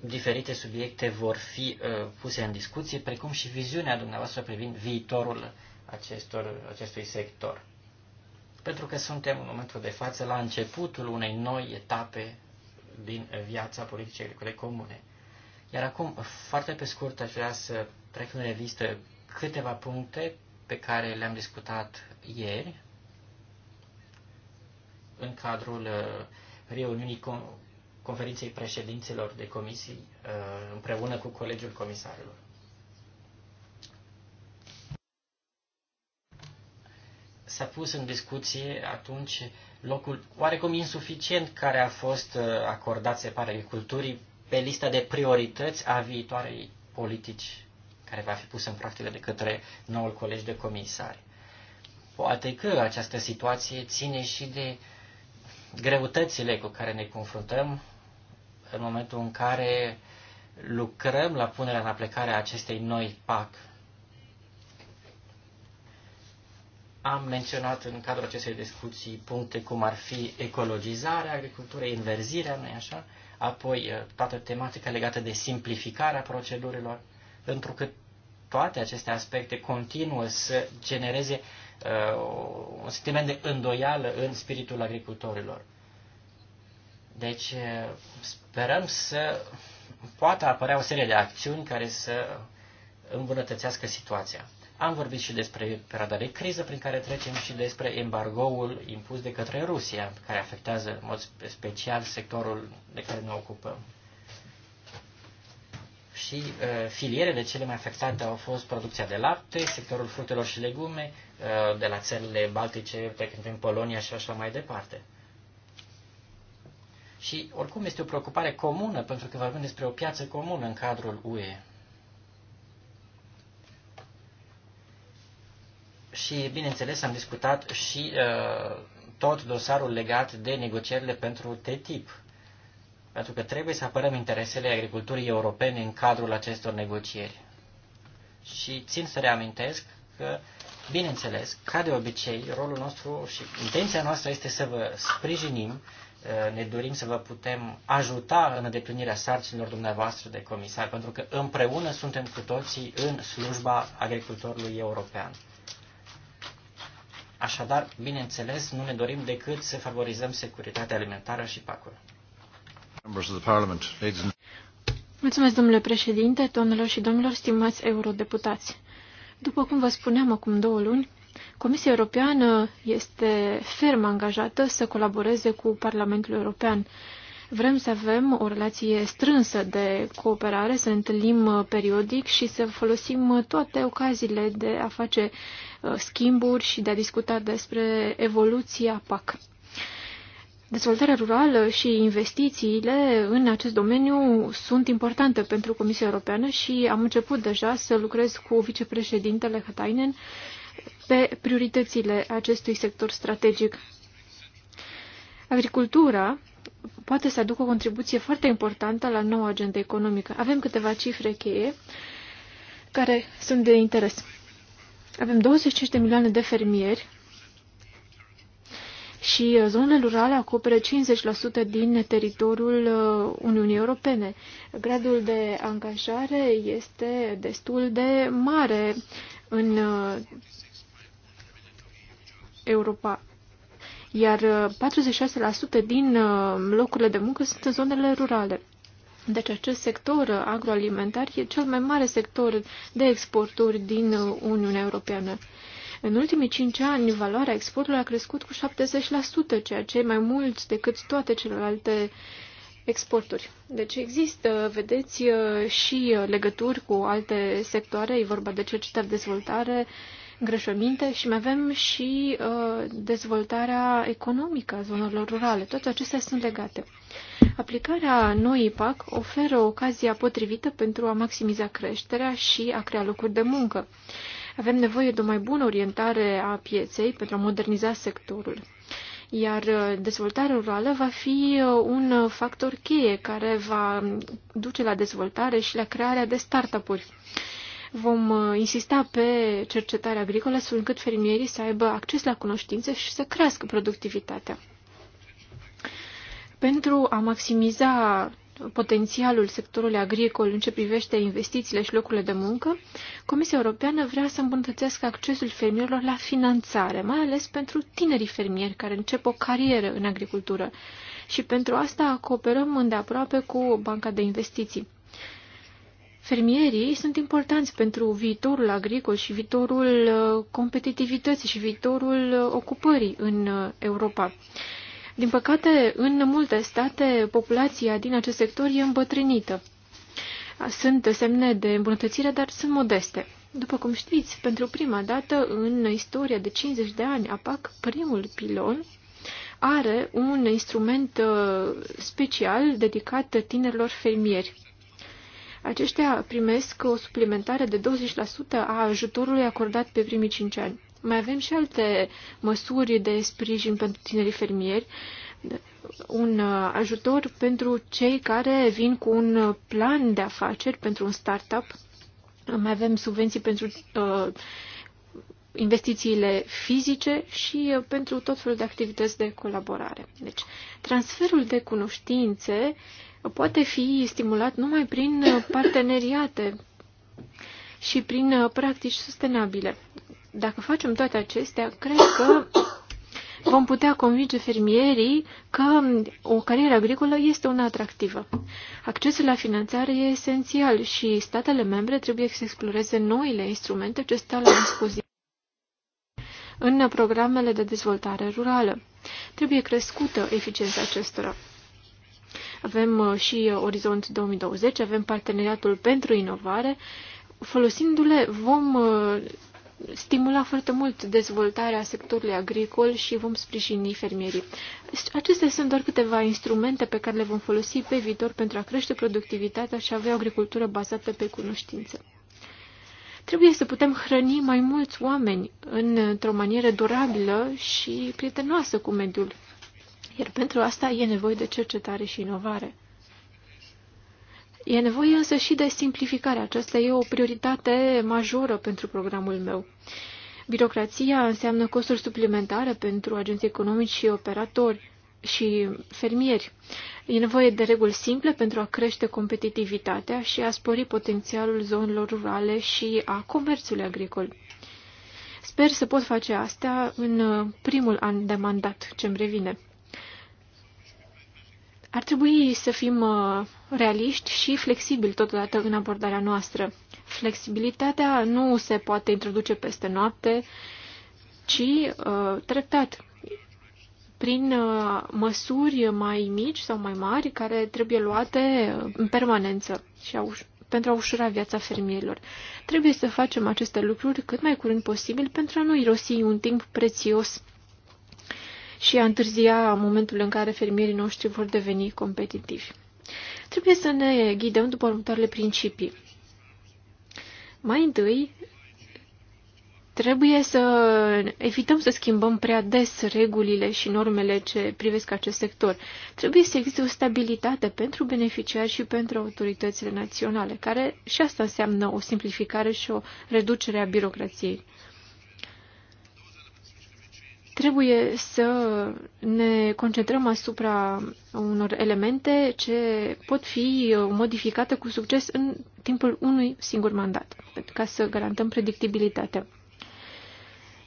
Speaker 3: diferite subiecte vor fi uh, puse în discuție, precum și viziunea dumneavoastră privind viitorul acestor, acestui sector. Pentru că suntem în momentul de față la începutul unei noi etape din viața politicii agricole comune. Iar acum, foarte pe scurt, aș vrea să trec în revistă câteva puncte pe care le-am discutat ieri în cadrul uh, reuniunii conferinței președinților de comisii uh, împreună cu Colegiul Comisarilor. S-a pus în discuție atunci locul oarecum insuficient care a fost uh, acordat pare, culturii pe lista de priorități a viitoarei politici care va fi pusă în practică de către noul colegi de comisari. Poate că această situație ține și de greutățile cu care ne confruntăm în momentul în care lucrăm la punerea în aplicare a acestei noi PAC. Am menționat în cadrul acestei discuții puncte cum ar fi ecologizarea agriculturii, inverzirea, nu așa? apoi toată tematica legată de simplificarea procedurilor, pentru că toate aceste aspecte continuă să genereze uh, un sentiment de îndoială în spiritul agricultorilor. Deci sperăm să poată apărea o serie de acțiuni care să îmbunătățească situația. Am vorbit și despre perioada de criză prin care trecem și despre embargoul impus de către Rusia, care afectează în mod special sectorul de care ne ocupăm. Și uh, filierele cele mai afectate au fost producția de lapte, sectorul fructelor și legume, uh, de la țările baltice, pe când în Polonia și așa mai departe. Și oricum este o preocupare comună, pentru că vorbim despre o piață comună în cadrul UE. și, bineînțeles, am discutat și uh, tot dosarul legat de negocierile pentru TTIP, pentru că trebuie să apărăm interesele agriculturii europene în cadrul acestor negocieri. Și țin să reamintesc că, bineînțeles, ca de obicei, rolul nostru și intenția noastră este să vă sprijinim, uh, ne dorim să vă putem ajuta în îndeplinirea sarcinilor dumneavoastră de comisar, pentru că împreună suntem cu toții în slujba agricultorului european. Așadar, bineînțeles, nu ne dorim decât să favorizăm securitatea alimentară și pacul.
Speaker 7: Mulțumesc, domnule președinte, domnilor și domnilor, stimați eurodeputați. După cum vă spuneam acum două luni, Comisia Europeană este ferm angajată să colaboreze cu Parlamentul European. Vrem să avem o relație strânsă de cooperare, să întâlnim periodic și să folosim toate ocaziile de a face Uh, schimburi și de a discuta despre evoluția PAC. Dezvoltarea rurală și investițiile în acest domeniu sunt importante pentru Comisia Europeană și am început deja să lucrez cu vicepreședintele Hatainen pe prioritățile acestui sector strategic. Agricultura poate să aducă o contribuție foarte importantă la noua agenda economică. Avem câteva cifre cheie care sunt de interes. Avem 25 de milioane de fermieri și uh, zonele rurale acoperă 50% din teritoriul uh, Uniunii Europene. Gradul de angajare este destul de mare în uh, Europa, iar 46% din locurile de muncă sunt în zonele rurale. Deci acest sector agroalimentar e cel mai mare sector de exporturi din Uniunea Europeană. În ultimii cinci ani, valoarea exportului a crescut cu 70%, ceea ce e mai mult decât toate celelalte exporturi. Deci există, vedeți, și legături cu alte sectoare, e vorba de cercetare, dezvoltare, îngrășăminte și mai avem și uh, dezvoltarea economică a zonelor rurale. Toate acestea sunt legate. Aplicarea noii PAC oferă ocazia potrivită pentru a maximiza creșterea și a crea locuri de muncă. Avem nevoie de o mai bună orientare a pieței pentru a moderniza sectorul. Iar uh, dezvoltarea rurală va fi uh, un factor cheie care va duce la dezvoltare și la crearea de startup-uri vom uh, insista pe cercetarea agricolă, astfel încât fermierii să aibă acces la cunoștințe și să crească productivitatea. Pentru a maximiza potențialul sectorului agricol în ce privește investițiile și locurile de muncă, Comisia Europeană vrea să îmbunătățească accesul fermierilor la finanțare, mai ales pentru tinerii fermieri care încep o carieră în agricultură. Și pentru asta cooperăm îndeaproape cu Banca de Investiții. Fermierii sunt importanți pentru viitorul agricol și viitorul uh, competitivității și viitorul uh, ocupării în uh, Europa. Din păcate, în multe state, populația din acest sector e îmbătrânită. Sunt semne de îmbunătățire, dar sunt modeste. După cum știți, pentru prima dată în istoria de 50 de ani APAC, primul pilon are un instrument uh, special dedicat tinerilor fermieri. Aceștia primesc o suplimentare de 20% a ajutorului acordat pe primii 5 ani. Mai avem și alte măsuri de sprijin pentru tinerii fermieri, un uh, ajutor pentru cei care vin cu un plan de afaceri pentru un startup. Mai avem subvenții pentru uh, investițiile fizice și uh, pentru tot felul de activități de colaborare. Deci, transferul de cunoștințe poate fi stimulat numai prin uh, parteneriate și prin practici sustenabile. Dacă facem toate acestea, cred că vom putea convinge fermierii că o carieră agricolă este una atractivă. Accesul la finanțare e esențial și statele membre trebuie să exploreze noile instrumente ce stau la dispoziție în programele de dezvoltare rurală. Trebuie crescută eficiența acestora. Avem uh, și uh, Orizont 2020, avem parteneriatul pentru inovare. Folosindu-le vom uh, stimula foarte mult dezvoltarea sectorului agricol și vom sprijini fermierii. Deci, acestea sunt doar câteva instrumente pe care le vom folosi pe viitor pentru a crește productivitatea și a avea o agricultură bazată pe cunoștință. Trebuie să putem hrăni mai mulți oameni într-o manieră durabilă și prietenoasă cu mediul, iar pentru asta e nevoie de cercetare și inovare. E nevoie însă și de simplificare. Aceasta e o prioritate majoră pentru programul meu. Birocrația înseamnă costuri suplimentare pentru agenții economici și operatori și fermieri. E nevoie de reguli simple pentru a crește competitivitatea și a spori potențialul zonelor rurale și a comerțului agricol. Sper să pot face asta în primul an de mandat ce mi revine. Ar trebui să fim uh, realiști și flexibili totodată în abordarea noastră. Flexibilitatea nu se poate introduce peste noapte, ci uh, treptat, prin uh, măsuri mai mici sau mai mari care trebuie luate în permanență și a pentru a ușura viața fermierilor. Trebuie să facem aceste lucruri cât mai curând posibil pentru a nu irosi un timp prețios și a întârzia momentul în care fermierii noștri vor deveni competitivi. Trebuie să ne ghidăm după următoarele principii. Mai întâi, trebuie să evităm să schimbăm prea des regulile și normele ce privesc acest sector. Trebuie să existe o stabilitate pentru beneficiari și pentru autoritățile naționale, care și asta înseamnă o simplificare și o reducere a birocrației. Trebuie să ne concentrăm asupra unor elemente ce pot fi modificate cu succes în timpul unui singur mandat, ca să garantăm predictibilitatea.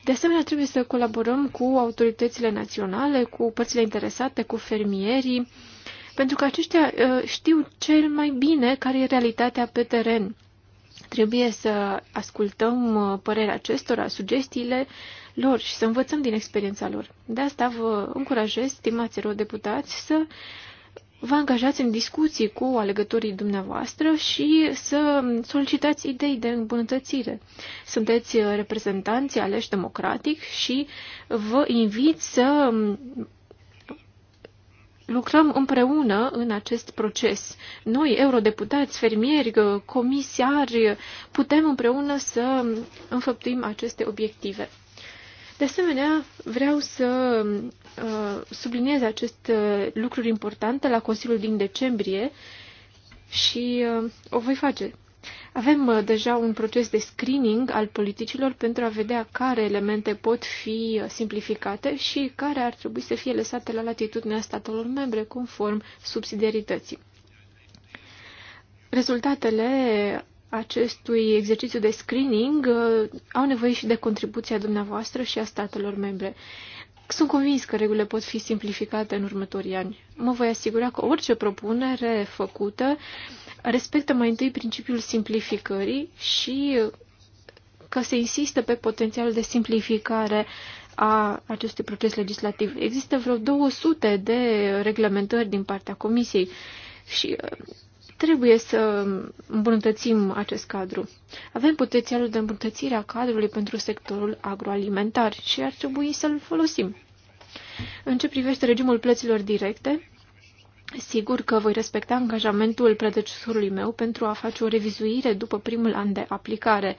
Speaker 7: De asemenea, trebuie să colaborăm cu autoritățile naționale, cu părțile interesate, cu fermierii, pentru că aceștia uh, știu cel mai bine care e realitatea pe teren Trebuie să ascultăm uh, părerea acestora, sugestiile lor și să învățăm din experiența lor. De asta vă încurajez, stimați deputați, să vă angajați în discuții cu alegătorii dumneavoastră și să solicitați idei de îmbunătățire. Sunteți uh, reprezentanți aleși democratic și vă invit să um, lucrăm împreună în acest proces. Noi, eurodeputați, fermieri, comisiari, putem împreună să înfăptuim aceste obiective. De asemenea, vreau să uh, subliniez acest uh, lucru important la Consiliul din decembrie și uh, o voi face avem uh, deja un proces de screening al politicilor pentru a vedea care elemente pot fi uh, simplificate și care ar trebui să fie lăsate la latitudinea statelor membre conform subsidiarității. Rezultatele acestui exercițiu de screening uh, au nevoie și de contribuția dumneavoastră și a statelor membre. Sunt convins că regulile pot fi simplificate în următorii ani. Mă voi asigura că orice propunere făcută uh, respectă mai întâi principiul simplificării și că se insistă pe potențialul de simplificare a acestui proces legislativ. Există vreo 200 de reglementări din partea Comisiei și uh, trebuie să îmbunătățim acest cadru. Avem potențialul de îmbunătățire a cadrului pentru sectorul agroalimentar și ar trebui să-l folosim. În ce privește regimul plăților directe, Sigur că voi respecta angajamentul predecesorului meu pentru a face o revizuire după primul an de aplicare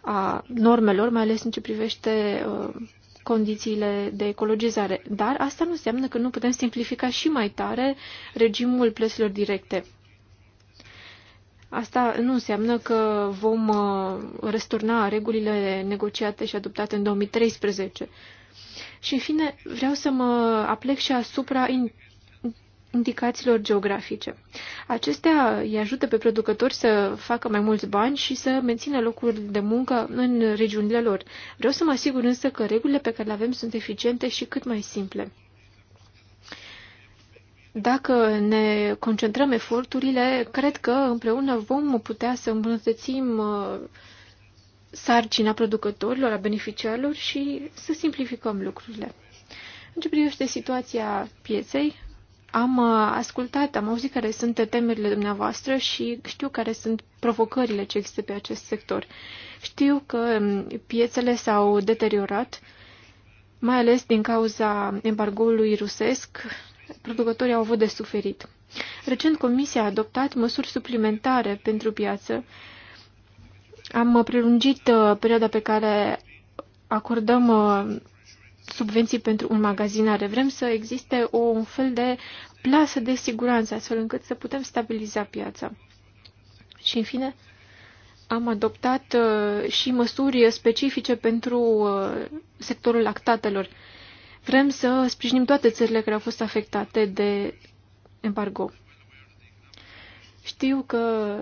Speaker 7: a normelor, mai ales în ce privește uh, condițiile de ecologizare. Dar asta nu înseamnă că nu putem simplifica și mai tare regimul plăților directe. Asta nu înseamnă că vom uh, răsturna regulile negociate și adoptate în 2013. Și, în fine, vreau să mă aplec și asupra indicațiilor geografice. Acestea îi ajută pe producători să facă mai mulți bani și să mențină locuri de muncă în regiunile lor. Vreau să mă asigur însă că regulile pe care le avem sunt eficiente și cât mai simple. Dacă ne concentrăm eforturile, cred că împreună vom putea să îmbunătățim uh, sarcina producătorilor, a beneficiarilor și să simplificăm lucrurile. În ce privește situația pieței, am uh, ascultat, am auzit care sunt temerile dumneavoastră și știu care sunt provocările ce există pe acest sector. Știu că um, piețele s-au deteriorat, mai ales din cauza embargoului rusesc, producătorii au avut de suferit. Recent Comisia a adoptat măsuri suplimentare pentru piață. Am prelungit uh, perioada pe care acordăm uh, subvenții pentru un magazinare. Vrem să existe o, un fel de plasă de siguranță, astfel încât să putem stabiliza piața. Și, în fine, am adoptat uh, și măsuri specifice pentru uh, sectorul lactatelor. Vrem să sprijinim toate țările care au fost afectate de embargo. Știu că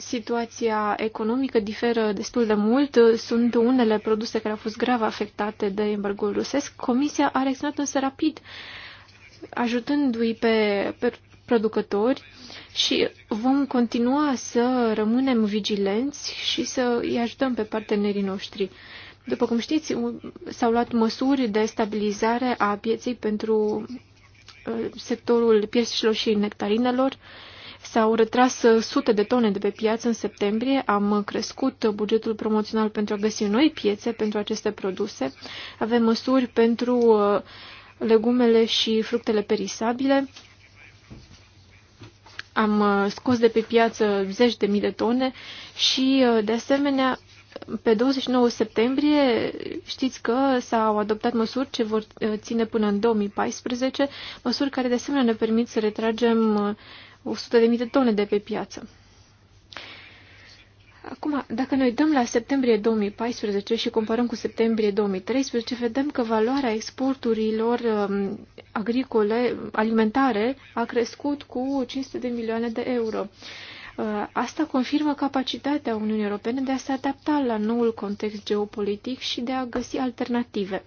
Speaker 7: situația economică diferă destul de mult. Sunt unele produse care au fost grav afectate de embargoul rusesc. Comisia a reacționat însă rapid, ajutându-i pe, pe producători și vom continua să rămânem vigilenți și să îi ajutăm pe partenerii noștri. După cum știți, s-au luat măsuri de stabilizare a pieței pentru uh, sectorul pierșilor și nectarinelor, S-au retras sute de tone de pe piață în septembrie, am crescut bugetul promoțional pentru a găsi noi piețe pentru aceste produse, avem măsuri pentru uh, legumele și fructele perisabile, am uh, scos de pe piață zeci de mii de tone și, uh, de asemenea, pe 29 septembrie știți că s-au adoptat măsuri ce vor ține până în 2014, măsuri care de asemenea ne permit să retragem 100.000 de tone de pe piață. Acum, dacă ne uităm la septembrie 2014 și comparăm cu septembrie 2013, vedem că valoarea exporturilor um, agricole, alimentare, a crescut cu 500 de milioane de euro. Uh, asta confirmă capacitatea Uniunii Europene de a se adapta la noul context geopolitic și de a găsi alternative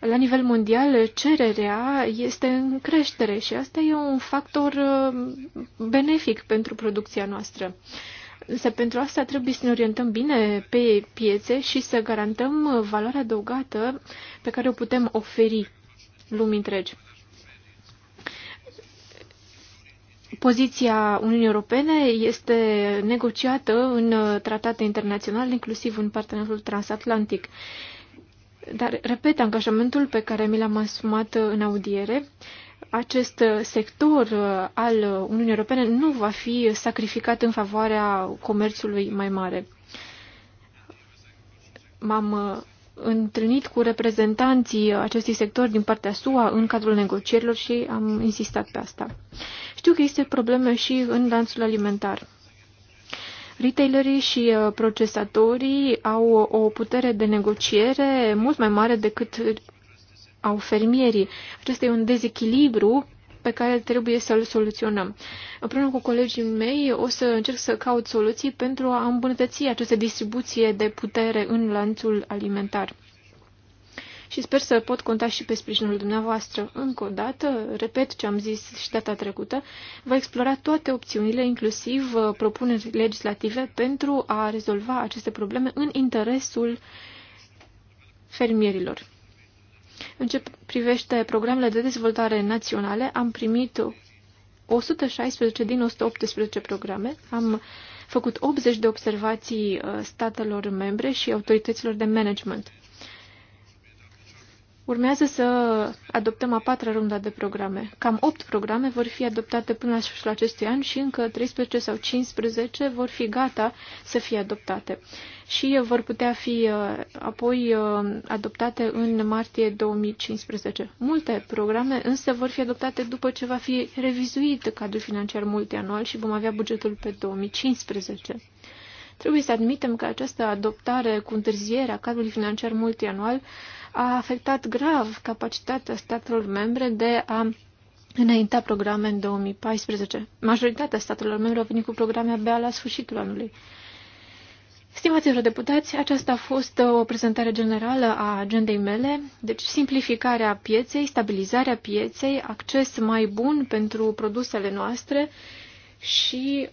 Speaker 7: la nivel mondial, cererea este în creștere și asta e un factor uh, benefic pentru producția noastră. Însă pentru asta trebuie să ne orientăm bine pe piețe și să garantăm valoarea adăugată pe care o putem oferi lumii întregi. Poziția Uniunii Europene este negociată în tratate internaționale, inclusiv în partenerul transatlantic. Dar, repet, angajamentul pe care mi l-am asumat uh, în audiere, acest uh, sector uh, al Uniunii Europene nu va fi sacrificat în favoarea comerțului mai mare. M-am întâlnit cu reprezentanții acestui sector din partea SUA în cadrul negocierilor și am insistat pe asta. Știu că există probleme și în lanțul alimentar. Retailerii și uh, procesatorii au o putere de negociere mult mai mare decât au fermierii. Acesta e un dezechilibru pe care trebuie să-l soluționăm. Împreună cu colegii mei o să încerc să caut soluții pentru a îmbunătăți această distribuție de putere în lanțul alimentar și sper să pot conta și pe sprijinul dumneavoastră. Încă o dată, repet ce am zis și data trecută, va explora toate opțiunile, inclusiv uh, propuneri legislative, pentru a rezolva aceste probleme în interesul fermierilor. În ce privește programele de dezvoltare naționale, am primit 116 din 118 programe, am făcut 80 de observații uh, statelor membre și autorităților de management. Urmează să adoptăm a patra rundă de programe. Cam 8 programe vor fi adoptate până la sfârșitul acestui an și încă 13 sau 15 vor fi gata să fie adoptate. Și vor putea fi uh, apoi uh, adoptate în martie 2015. Multe programe însă vor fi adoptate după ce va fi revizuit cadrul financiar multianual și vom avea bugetul pe 2015. Trebuie să admitem că această adoptare cu întârziere a cadrului financiar multianual uh, a afectat grav capacitatea statelor membre de a înainta programe în 2014. Majoritatea statelor membre au venit cu programe abia la sfârșitul anului. Stimați deputați, aceasta a fost o prezentare generală a agendei mele, deci simplificarea pieței, stabilizarea pieței, acces mai bun pentru produsele noastre și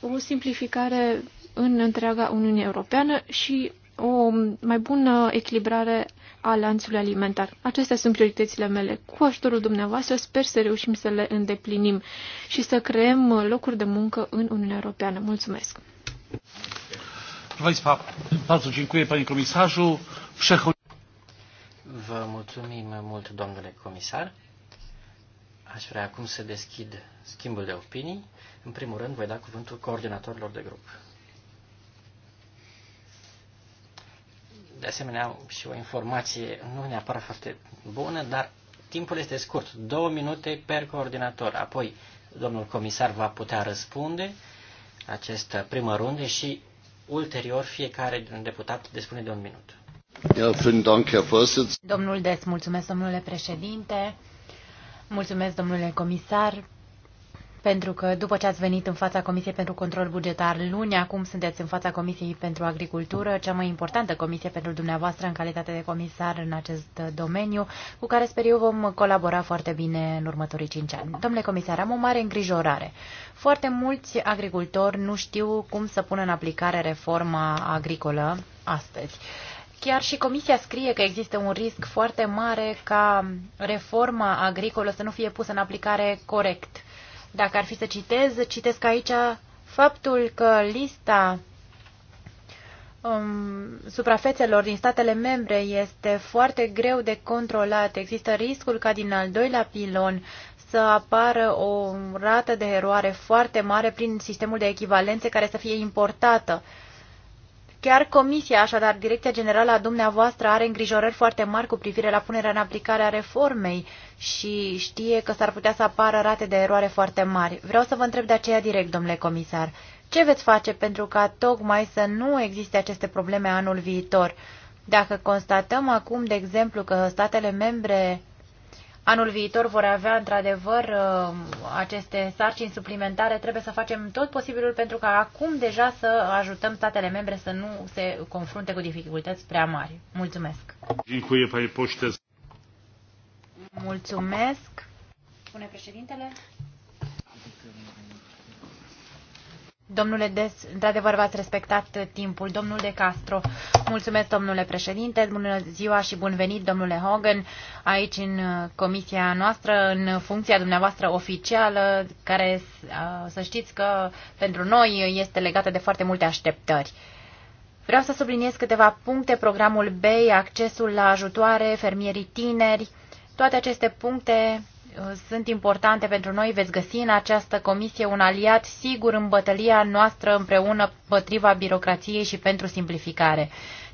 Speaker 7: o simplificare în întreaga Uniune Europeană și o mai bună echilibrare a lanțului alimentar. Acestea sunt prioritățile mele. Cu ajutorul dumneavoastră sper să reușim să le îndeplinim și să creăm locuri de muncă în Uniunea Europeană. Mulțumesc!
Speaker 3: Vă mulțumim mult, domnule comisar. Aș vrea acum să deschid schimbul de opinii. În primul rând, voi da cuvântul coordonatorilor de grup. de asemenea și o informație nu neapărat foarte bună, dar timpul este scurt, două minute per coordinator. Apoi domnul comisar va putea răspunde această primă runde și ulterior fiecare deputat dispune de un minut.
Speaker 2: Domnul Des, mulțumesc domnule președinte, mulțumesc domnule comisar pentru că după ce ați venit în fața Comisiei pentru Control Bugetar luni, acum sunteți în fața Comisiei pentru Agricultură, cea mai importantă comisie pentru dumneavoastră în calitate de comisar în acest uh, domeniu, cu care sper eu vom colabora foarte bine în următorii cinci ani. Domnule comisar, am o mare îngrijorare. Foarte mulți agricultori nu știu cum să pună în aplicare reforma agricolă astăzi. Chiar și Comisia scrie că există un risc foarte mare ca reforma agricolă să nu fie pusă în aplicare corect dacă ar fi să citez, citesc aici faptul că lista um, suprafețelor din statele membre este foarte greu de controlat. Există riscul ca din al doilea pilon să apară o rată de eroare foarte mare prin sistemul de echivalențe care să fie importată. Uh, Chiar Comisia, așadar Direcția Generală a dumneavoastră, are îngrijorări foarte mari cu privire la punerea în aplicare a reformei și știe că s-ar putea să apară rate de eroare foarte mari. Vreau să vă întreb de aceea direct, domnule comisar, ce veți face pentru ca tocmai să nu existe aceste probleme anul viitor? Dacă constatăm acum, de exemplu, că statele membre anul viitor vor avea într-adevăr uh, aceste sarcini suplimentare, trebuie să facem tot posibilul pentru ca acum deja să ajutăm statele membre să nu se confrunte cu dificultăți prea mari. Mulțumesc! Mulțumesc! Pune președintele. Domnule Des, într-adevăr v-ați respectat timpul. Domnul De Castro, mulțumesc domnule președinte, bună ziua și bun venit domnule Hogan aici în uh, comisia noastră, în funcția dumneavoastră oficială, care uh, să știți că pentru noi este legată de foarte multe așteptări. Vreau să subliniez câteva puncte, programul B, accesul la ajutoare, fermierii tineri, toate aceste puncte Uh, sunt importante pentru noi. Veți găsi în această comisie un aliat sigur în bătălia noastră împreună împotriva birocrației și pentru simplificare.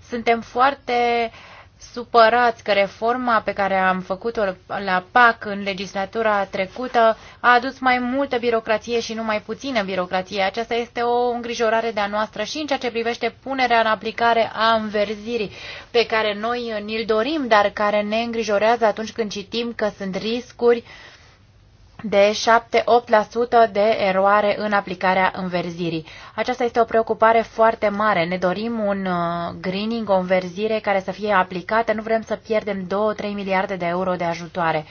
Speaker 2: Suntem foarte uh, supărați că reforma pe care am făcut-o la PAC în legislatura trecută a adus mai multă birocrație și nu mai puțină birocrație. Aceasta este o îngrijorare de-a noastră și în ceea ce privește punerea în aplicare a înverzirii pe care noi ni-l dorim, dar care ne îngrijorează atunci când citim că sunt riscuri uh, de 7-8% de eroare în aplicarea înverzirii. Aceasta este o preocupare foarte mare. Ne dorim un uh, greening, o înverzire care să fie aplicată. Nu vrem să pierdem 2-3 miliarde de euro de ajutoare.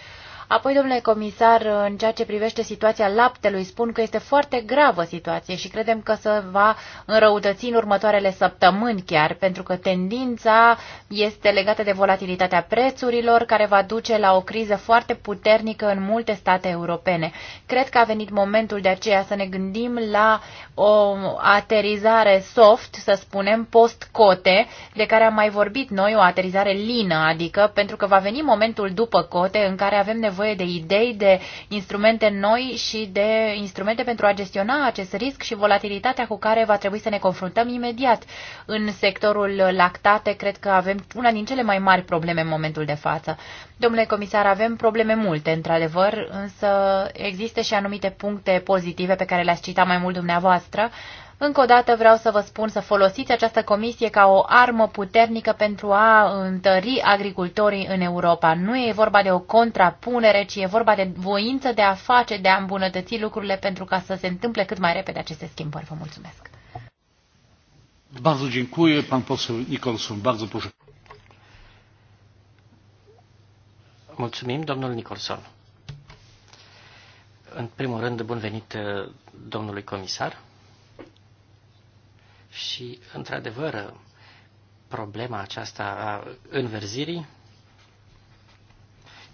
Speaker 2: Apoi, domnule comisar, în ceea ce privește situația laptelui, spun că este foarte gravă situație și credem că se va înrăutăți în următoarele săptămâni chiar, pentru că tendința este legată de volatilitatea prețurilor, care va duce la o criză foarte puternică în multe state europene. Cred că a venit momentul de aceea să ne gândim la o aterizare soft, să spunem, post-cote, de care am mai vorbit noi, o aterizare lină, adică pentru că va veni momentul după cote în care avem nevoie nevoie de idei, de instrumente noi și de instrumente pentru a gestiona acest risc și volatilitatea cu care va trebui să ne confruntăm imediat. În sectorul lactate, cred că avem una din cele mai mari probleme în momentul de față. Domnule comisar, avem probleme multe, într-adevăr, însă există și anumite puncte pozitive pe care le-ați citat mai mult dumneavoastră, încă o dată vreau să vă spun să folosiți această comisie ca o armă puternică pentru a întări agricultorii în Europa. Nu e vorba de o contrapunere, ci e vorba de voință de a face, de a îmbunătăți lucrurile pentru ca să se întâmple cât mai repede aceste schimbări. Vă mulțumesc.
Speaker 1: Bardzo dziękuję, pan poseł
Speaker 3: Nicholson. Bardzo proszę. Mulțumim, domnul Nicholson. În primul rând, bun venit domnului comisar. Și, într-adevăr, problema aceasta a înverzirii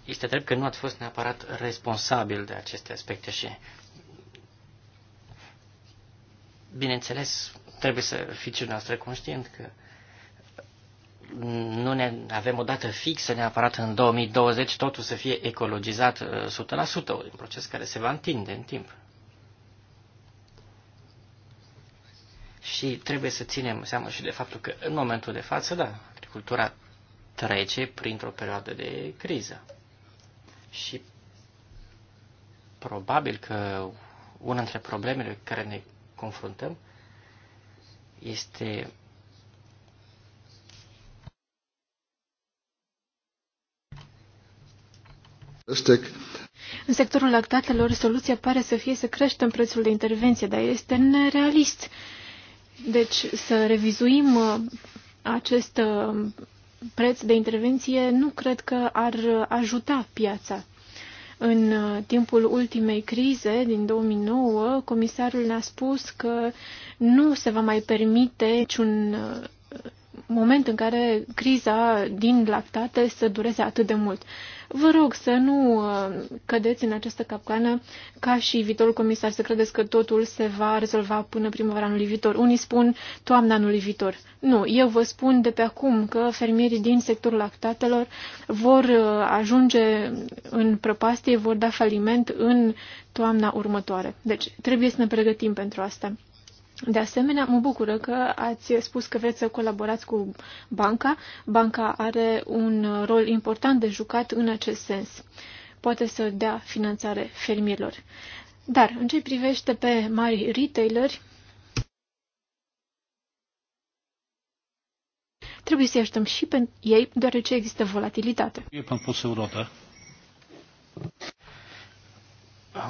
Speaker 3: este drept că nu ați fost neapărat responsabil de aceste aspecte și, bineînțeles, trebuie să fiți noastră conștient că nu ne avem o dată fixă neapărat în 2020 totul să fie ecologizat 100%, uh, un proces care se va întinde în timp. Și trebuie să ținem seama și de faptul că în momentul de față, da, agricultura trece printr-o perioadă de criză. Și probabil că una dintre problemele cu care ne confruntăm este
Speaker 7: În sectorul lactatelor, soluția pare să fie să creștem prețul de intervenție, dar este nerealist. Deci să revizuim uh, acest uh, preț de intervenție nu cred că ar ajuta piața. În uh, timpul ultimei crize din 2009, comisarul ne-a spus că nu se va mai permite niciun moment în care criza din lactate să dureze atât de mult. Vă rog să nu uh, cădeți în această capcană ca și viitorul comisar, să credeți că totul se va rezolva până primăvara anului viitor. Unii spun toamna anului viitor. Nu, eu vă spun de pe acum că fermierii din sectorul lactatelor vor uh, ajunge în prăpastie, vor da faliment în toamna următoare. Deci trebuie să ne pregătim pentru asta. De asemenea, mă bucură că ați spus că vreți să colaborați cu banca. Banca are un rol important de jucat în acest sens. Poate să dea finanțare fermierilor. Dar, în ce privește pe mari retaileri, trebuie să-i ajutăm și pe ei, deoarece există volatilitate.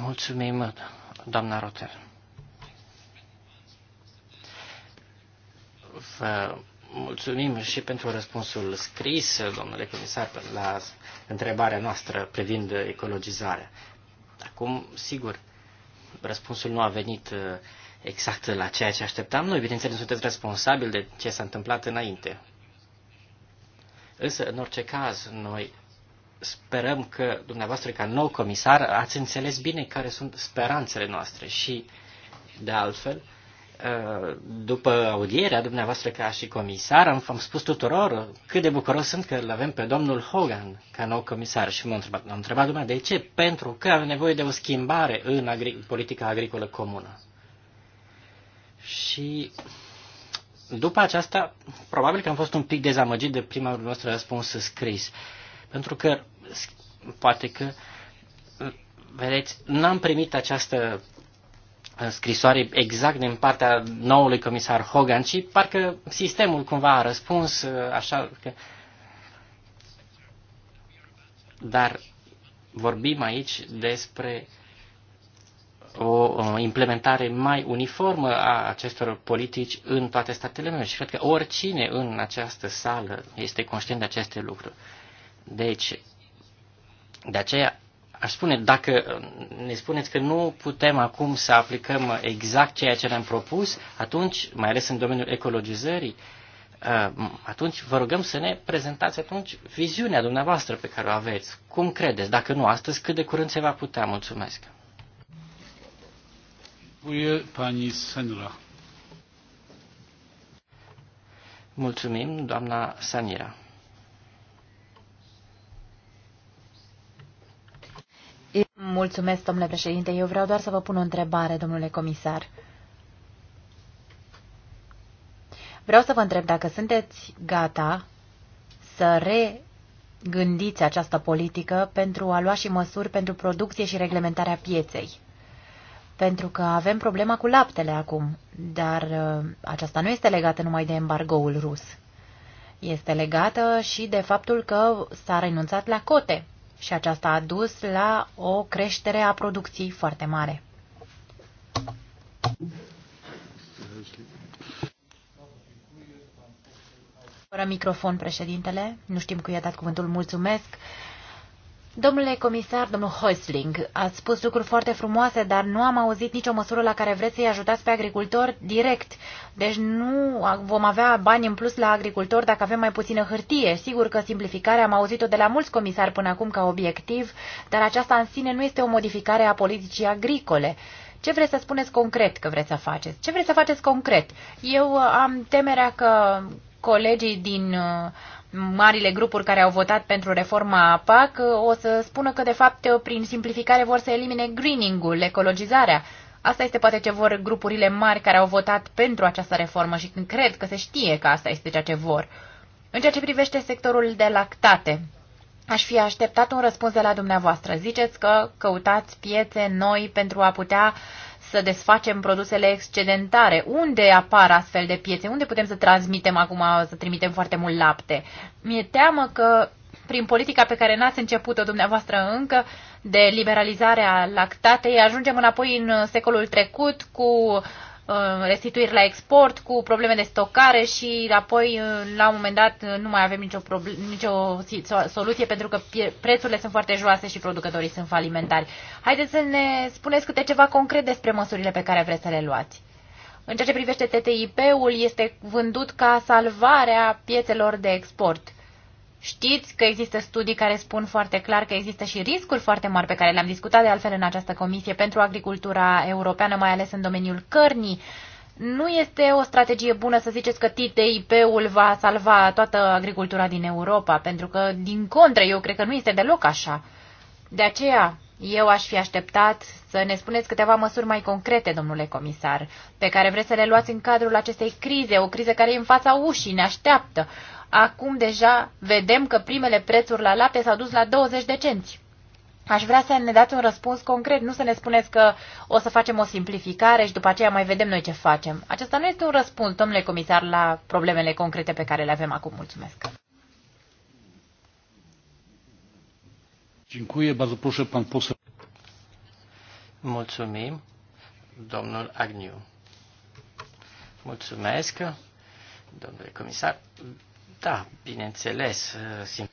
Speaker 3: Mulțumim, doamna Roter. Vă mulțumim și pentru răspunsul scris, domnule comisar, la întrebarea noastră privind ecologizarea. Acum, sigur, răspunsul nu a venit uh, exact la ceea ce așteptam noi. Bineînțeles, sunteți responsabil de ce s-a întâmplat înainte. Însă, în orice caz, noi sperăm că dumneavoastră, ca nou comisar, ați înțeles bine care sunt speranțele noastre și, de altfel, Eh, după audierea dumneavoastră ca și comisar, am, am spus tuturor cât de bucuros sunt că îl avem pe domnul Hogan ca nou comisar și m-am întrebat, m-am întrebat dumneavoastră de ce? Pentru că avem nevoie de o schimbare în agri- politica agricolă comună. Și după aceasta, probabil că am fost un pic dezamăgit de prima noastră răspuns scris. Pentru că poate că, vedeți, n-am primit această Uh, scrisoare exact din partea noului comisar Hogan, ci parcă sistemul cumva a răspuns uh, așa că... Dar vorbim aici despre o implementare mai uniformă a acestor politici în toate statele membre și cred că oricine în această sală este conștient de aceste lucruri. Deci, de aceea Aș spune, dacă ne spuneți că nu putem acum să aplicăm exact ceea ce ne-am propus, atunci, mai ales în domeniul ecologizării, uh, atunci vă rugăm să ne prezentați atunci viziunea dumneavoastră pe care o aveți. Cum credeți? Dacă nu astăzi, cât de curând se va putea? Mulțumesc. Pani Mulțumim, doamna Sanira.
Speaker 2: Mulțumesc, domnule președinte. Eu vreau doar să vă pun o întrebare, domnule comisar. Vreau să vă întreb dacă sunteți gata să regândiți această politică pentru a lua și măsuri pentru producție și reglementarea pieței. Pentru că avem problema cu laptele acum, dar uh, aceasta nu este legată numai de embargoul rus. Este legată și de faptul că s-a renunțat la cote și aceasta a dus la o creștere a producției foarte mare. Fără microfon, președintele, nu știm cui i-a dat cuvântul, mulțumesc. Domnule comisar, domnul Häusling, ați spus lucruri foarte frumoase, dar nu am auzit nicio măsură la care vreți să-i ajutați pe agricultori direct. Deci nu vom avea bani în plus la agricultori dacă avem mai puțină hârtie. Sigur că simplificarea am auzit-o de la mulți comisari până acum ca obiectiv, dar aceasta în sine nu este o modificare a politicii agricole. Ce vreți să spuneți concret că vreți să faceți? Ce vreți să faceți concret? Eu uh, am temerea că colegii din uh, marile grupuri care au votat pentru reforma PAC o să spună că, de fapt, prin simplificare vor să elimine greening-ul, ecologizarea. Asta este poate ce vor grupurile mari care au votat pentru această reformă și când cred că se știe că asta este ceea ce vor. În ceea ce privește sectorul de lactate, aș fi așteptat un răspuns de la dumneavoastră. Ziceți că căutați piețe noi pentru a putea să desfacem produsele excedentare? Unde apar astfel de piețe? Unde putem să transmitem acum, să trimitem foarte mult lapte? Mi-e teamă că prin politica pe care n-ați început-o dumneavoastră încă, de liberalizare a lactatei, ajungem înapoi în secolul trecut cu Uh, restituiri la export, cu probleme de stocare și apoi uh, la un moment dat uh, nu mai avem nicio, nicio soluție pentru că prețurile sunt foarte joase și producătorii sunt falimentari. Haideți să ne spuneți câte ceva concret despre măsurile pe care vreți să le luați. În ceea ce privește TTIP-ul, este vândut ca salvarea piețelor de export. Știți că există studii care spun foarte clar că există și riscuri foarte mari pe care le-am discutat de altfel în această comisie pentru agricultura europeană, mai ales în domeniul cărnii. Nu este o strategie bună să ziceți că TTIP-ul va salva toată agricultura din Europa, pentru că, din contră, eu cred că nu este deloc așa. De aceea, eu aș fi așteptat să ne spuneți câteva măsuri mai concrete, domnule comisar, pe care vreți să le luați în cadrul acestei crize, o criză care e în fața ușii, ne așteaptă. Acum deja vedem că primele prețuri la lapte s-au dus la 20 de cenți. Aș vrea să ne dați un răspuns concret, nu să ne spuneți că o să facem o simplificare și după aceea mai vedem noi ce facem. Acesta nu este un răspuns, domnule comisar, la problemele concrete pe care le avem acum. Mulțumesc.
Speaker 3: Mulțumim, domnul Agniu. Mulțumesc, domnule comisar. Da, bineînțeles, simt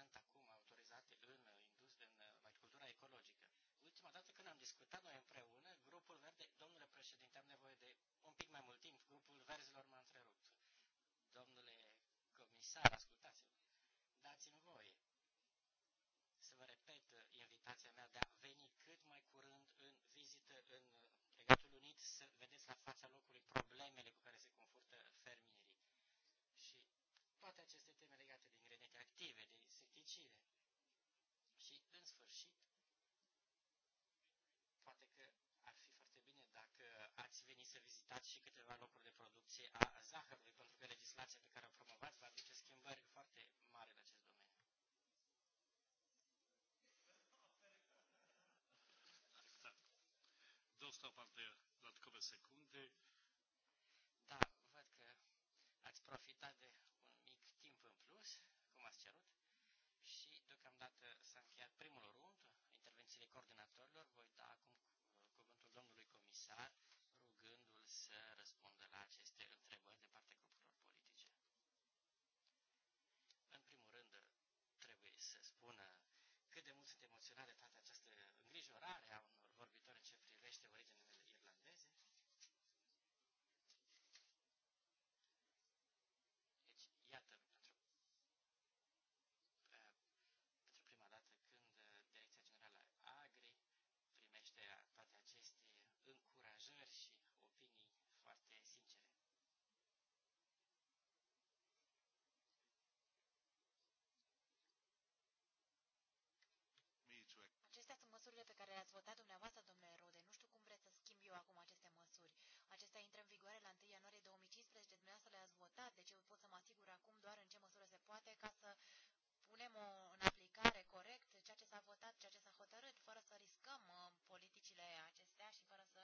Speaker 3: sunt acum autorizate în, în uh, agricultura uh, ecologică. Ultima dată când am discutat noi împreună, grupul verde, domnule președinte, am nevoie de un pic mai mult timp, grupul verzilor m-a întrerupt. Domnule comisar, ascultați-mă, dați-mi voie să vă repet uh, invitația mea de a veni cât mai curând în vizită în Regatul Unit să vedeți la fața locului problemele cu care se confruntă fermierii. Și toate aceste teme legate de ingrediente active, de fericire. Și, în sfârșit, poate că ar fi foarte bine dacă ați venit să vizitați și câteva locuri de producție a zahărului, pentru că legislația pe care o promovați va aduce schimbări foarte mari în acest domeniu. Dostał pan te dodatkowe secunde. Da, văd că ați profitat de un mic timp în plus, cum ați cerut. Am dat să încheiat primul rând, intervențiile coordonatorilor. Voi da acum uh, cuvântul domnului comisar, rugându-l să răspundă la aceste întrebări de partea grupurilor politice. În primul rând, uh, trebuie să spună cât de mult sunt emoționat de toată această îngrijorare a
Speaker 2: intre în vigoare la 1 ianuarie 2015, dumneavoastră le-ați votat, deci eu pot să mă asigur acum doar în ce măsură se poate ca să punem o, în aplicare corect ceea ce s-a votat, ceea ce s-a hotărât, fără să riscăm uh, politicile acestea și fără să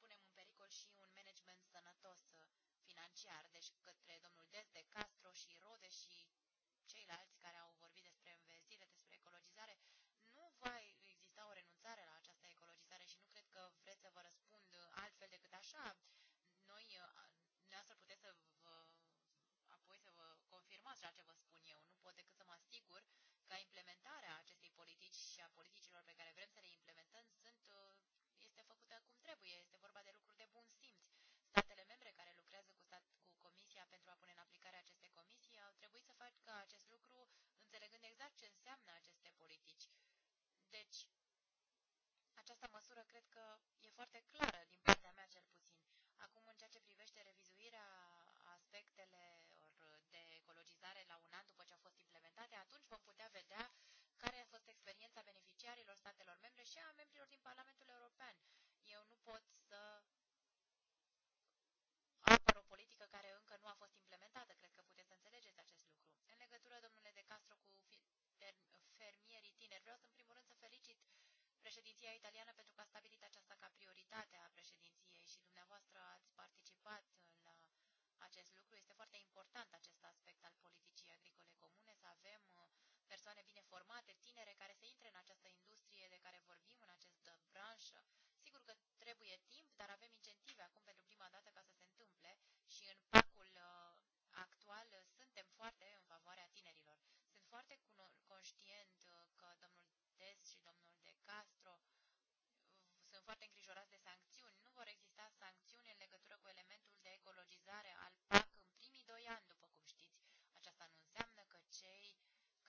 Speaker 2: punem în pericol și un management sănătos uh, financiar, deci către domnul Dez de Castro și Rode și ceilalți care au vorbit despre învezire, despre ecologizare, nu va exista o renunțare la această ecologizare și nu cred că vreți să vă răspund uh, altfel decât așa dumneavoastră puteți să vă, apoi să vă confirmați ceea ce vă spun eu. Nu pot decât să mă asigur că implementarea acestei politici și a politicilor pe care vrem să le implementăm sunt, uh, este făcută cum trebuie. Este vorba de lucruri de bun simț. Statele membre care lucrează cu, stat, cu Comisia pentru a pune în aplicare aceste comisii au trebuit să facă acest lucru înțelegând exact ce înseamnă aceste politici. Deci, această măsură cred că e foarte clară privește revizuirea aspectelor de ecologizare la un an după ce au fost implementate, atunci vom putea vedea care a fost experiența beneficiarilor statelor membre și a membrilor din Parlamentul European. Eu nu pot să apăr o politică care încă nu a fost implementată. Cred că puteți să înțelegeți acest lucru. În legătură, domnule De Castro, cu fermierii tineri, vreau să, în primul rând, să felicit președinția italiană pentru că a stabilit aceasta ca prioritate a președinției și dumneavoastră ați participat la uh, acest lucru. Este foarte important acest aspect al politicii agricole comune, să avem uh, persoane bine formate, tinere, care să intre în această industrie de care vorbim, în această branșă. Sigur că trebuie timp, dar avem incentive acum pentru prima dată ca să se întâmple și în pacul uh, actual suntem foarte în favoarea tinerilor. Sunt foarte conștient că domnul Cortés și domnul De Castro sunt foarte îngrijorați de sancțiuni. Nu vor exista sancțiuni în legătură cu elementul de ecologizare al PAC în primii doi ani, după cum știți. Aceasta nu înseamnă că cei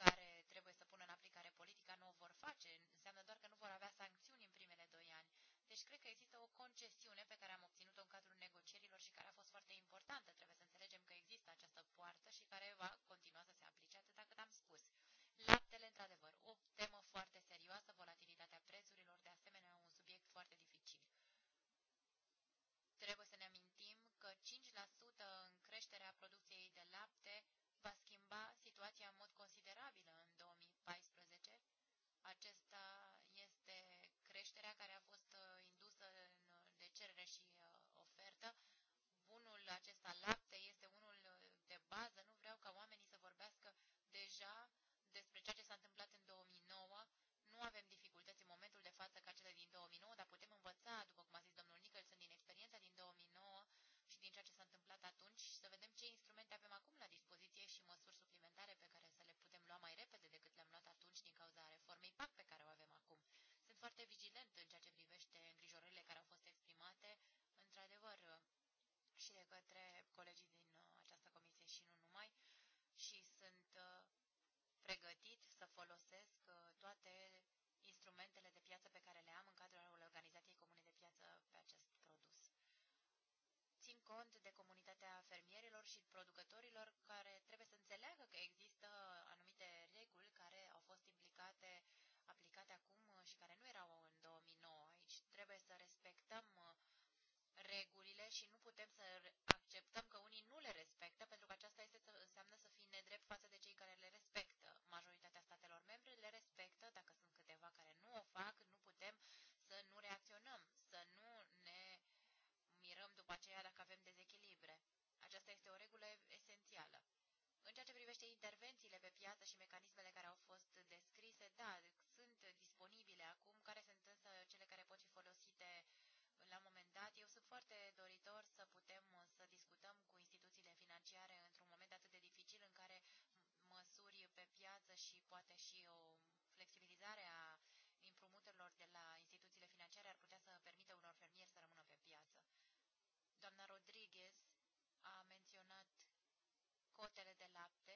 Speaker 2: care trebuie să pună în aplicare politica nu o vor face, înseamnă doar că nu vor avea sancțiuni în primele doi ani. Deci cred că există o concesiune pe care am obținut-o în cadrul negocierilor și care a fost foarte importantă. Trebuie să înțelegem că există această poartă și care va sucul acesta lapte este unul uh, de bază. Nu vreau ca oamenii să vorbească deja despre ceea ce s-a întâmplat în 2009. Nu avem dificultăți în momentul de față ca cele din 2009, dar putem învăța, după cum a zis domnul sunt din experiența din 2009 și din ceea ce s-a întâmplat atunci și să vedem ce instrumente avem acum la dispoziție și măsuri suplimentare pe care să le putem lua mai repede decât le-am luat atunci din cauza reformei PAC pe care o avem acum. Sunt foarte vigilent în ceea ce privește îngrijorările care au fost exprimate. Într-adevăr, și de către colegii din uh, această comisie și nu numai, și sunt uh, pregătit să folosesc uh, toate instrumentele de piață pe care le am în cadrul Organizației Comune de Piață pe acest produs. Țin cont de comunitatea fermierilor și producătorilor care trebuie să înțeleagă că există anumite reguli care au fost implicate, aplicate acum și care nu erau și nu putem să acceptăm că unii nu le respectă, pentru că aceasta este să, înseamnă să fii nedrept față de cei care le respectă. Majoritatea statelor membre le respectă, dacă sunt câteva care nu o fac, nu putem să nu reacționăm, să nu ne mirăm după aceea dacă avem dezechilibre. Aceasta este o regulă esențială. În ceea ce privește intervențiile pe piață și mecanismele care au fost descrise, da, foarte doritor să putem uh, să discutăm cu instituțiile financiare într-un moment atât de dificil în care măsuri pe piață și poate și o flexibilizare a împrumuturilor de la instituțiile financiare ar putea să permită unor fermieri să rămână pe piață. Doamna Rodriguez a menționat cotele de lapte.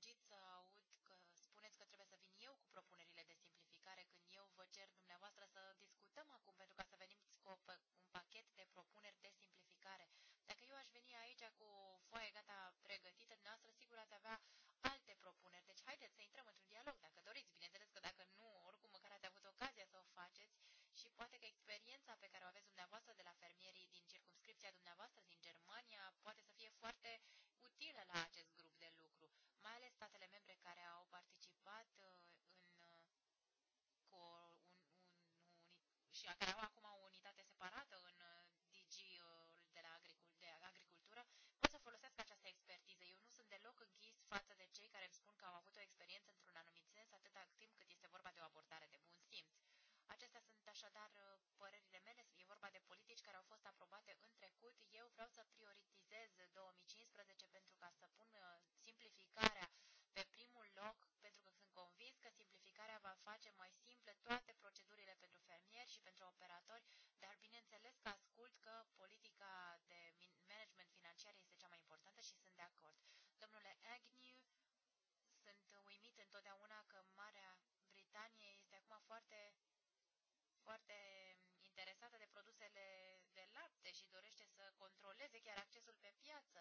Speaker 2: dezamăgit să aud că spuneți că trebuie să vin eu cu propunerile de simplificare când eu vă cer dumneavoastră să discutăm acum pentru ca să venim cu o, un pachet de propuneri de simplificare. Dacă eu aș veni aici cu o foaie gata pregătită, dumneavoastră sigur ați avea alte propuneri. Deci haideți să intrăm într-un dialog dacă doriți. Bineînțeles că dacă nu, oricum măcar ați avut ocazia să o faceți și poate că experiența pe care o aveți dumneavoastră de la fermierii din circumscripția dumneavoastră din Germania poate să fie foarte utilă la acest și care au acum o unitate separată în uh, dg uh, de la agricul, de agricultură, pot să folosească această expertiză. Eu nu sunt deloc închis față de cei care îmi spun că au avut o experiență într-un anumit sens atâta timp cât este vorba de o abordare de bun simț. Acestea sunt așadar uh, părerile mele, e vorba de politici care au fost aprobate în trecut. Eu vreau să priorizez. întotdeauna că Marea Britanie este acum foarte, foarte interesată de produsele de lapte și dorește să controleze chiar accesul pe piață.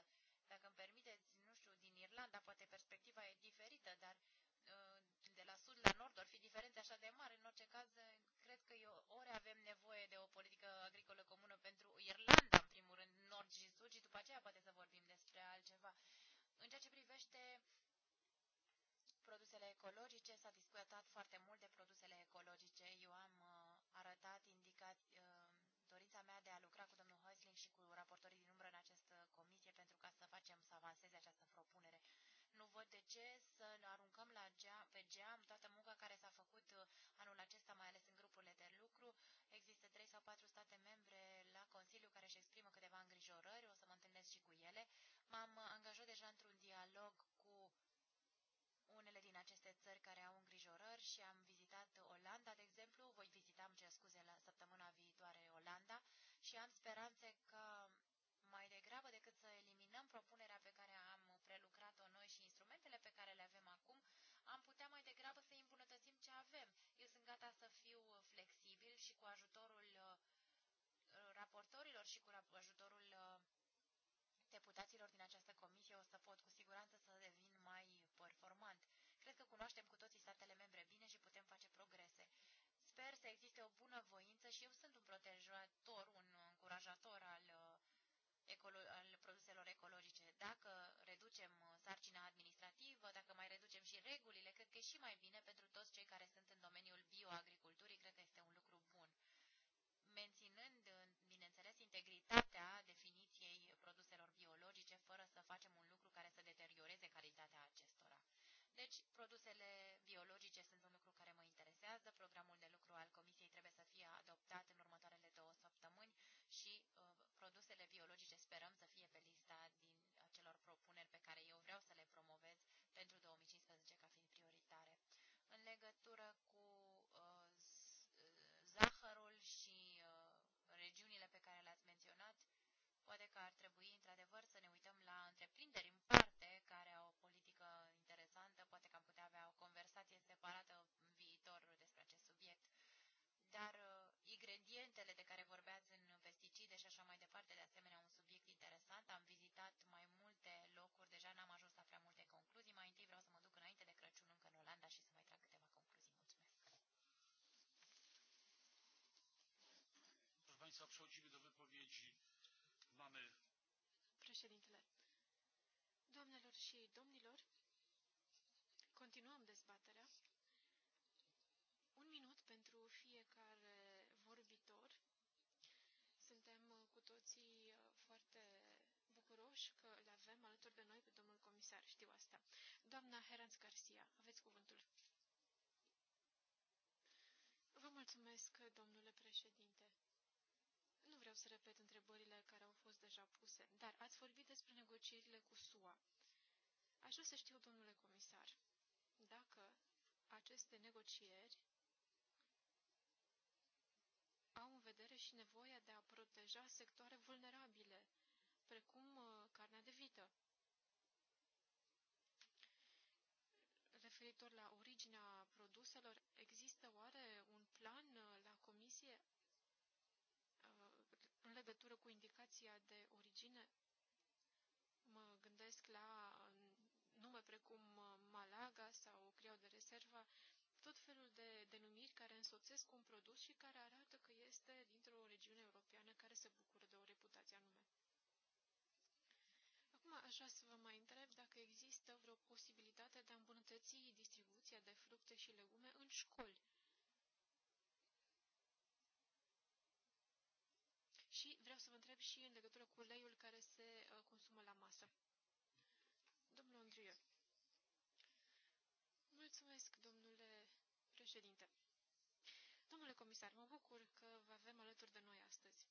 Speaker 2: Dacă îmi permiteți, nu știu, din Irlanda poate perspectiva e diferită, dar uh, de la sud la nord or fi diferențe așa de mari. În orice caz, uh, cred că eu, ori avem nevoie de o politică agricolă comună pentru Irlanda, în primul rând, nord și sud, și după aceea poate să vorbim despre altceva. În ceea ce privește produsele ecologice, s-a discutat foarte mult de produsele ecologice. Eu am uh, arătat indicat, uh, dorința mea de a lucra cu domnul Heusling și cu raportorii din umbră în această comisie pentru ca să facem să avanseze această propunere. Nu văd de ce să aruncăm la geam, pe geam toată munca care s-a făcut uh, anul acesta, mai ales în grupurile de lucru. Există trei sau patru state membre la Consiliu care își exprimă câteva îngrijorări, o să mă întâlnesc și cu ele. M-am uh, angajat deja într-un dialog alte țări care au îngrijorări și am vizitat Olanda, de exemplu, voi vizita, îmi cer scuze, la săptămâna viitoare Olanda și am speranțe că mai degrabă decât să eliminăm propunerea pe care am prelucrat-o noi și instrumentele pe care le avem acum, am putea mai degrabă să îmbunătățim ce avem. Eu sunt gata să fiu flexibil și cu ajutorul uh, raportorilor și cu ajutorul uh, deputaților din această comisie o să pot cu siguranță să devin mai performant cred că cunoaștem cu toții statele membre bine și putem face progrese. Sper să existe o bună voință și eu sunt un protejator, un încurajator al, uh, ecolo- al produselor ecologice. Dacă reducem uh, sarcina administrativă, dacă mai reducem și regulile, cred că e și mai bine pentru toți cei care sunt în domeniul bioagriculturii, cred că este un lucru bun. Menținând, bineînțeles, integritatea Deci, produsele biologice sunt un lucru care mă interesează. Programul de lucru al Comisiei trebuie să fie adoptat în următoarele două săptămâni și uh, produsele biologice sperăm să fie pe lista din acelor propuneri pe care eu vreau să le promovez pentru 2015 ca fiind prioritare. În legătură cu uh, zahărul și uh, regiunile pe care le-ați menționat, poate că ar trebui într-adevăr să ne uităm la întreprinderi
Speaker 1: Przewodnicząca, przechodzimy do wypowiedzi. Mamy...
Speaker 7: Președintele. Doamnelor și domnilor, continuăm dezbaterea. Un minut pentru fiecare vorbitor. Suntem cu toții foarte bucuroși că le avem alături de noi pe domnul comisar, știu asta. Doamna Heranz Garcia, aveți cuvântul. Vă mulțumesc, domnule președinte vreau să repet întrebările care au fost deja puse, dar ați vorbit despre negocierile cu SUA. Aș vrea să știu, domnule comisar, dacă aceste negocieri au în vedere și nevoia de a proteja sectoare vulnerabile, precum uh, carnea de vită. Referitor la originea produselor, există oare un plan uh, la comisie legătură cu indicația de origine, mă gândesc la uh, nume precum uh, Malaga sau Criau de Reserva, tot felul de denumiri care însoțesc un produs și care arată că este dintr-o regiune europeană care se bucură de o reputație anume. Acum aș vrea să vă mai întreb dacă există vreo posibilitate de a îmbunătăți distribuția de fructe și legume în școli, și în legătură cu uleiul care se uh, consumă la masă. Domnul Andrieu. Mulțumesc, domnule președinte. Domnule comisar, mă bucur că vă avem alături de noi astăzi.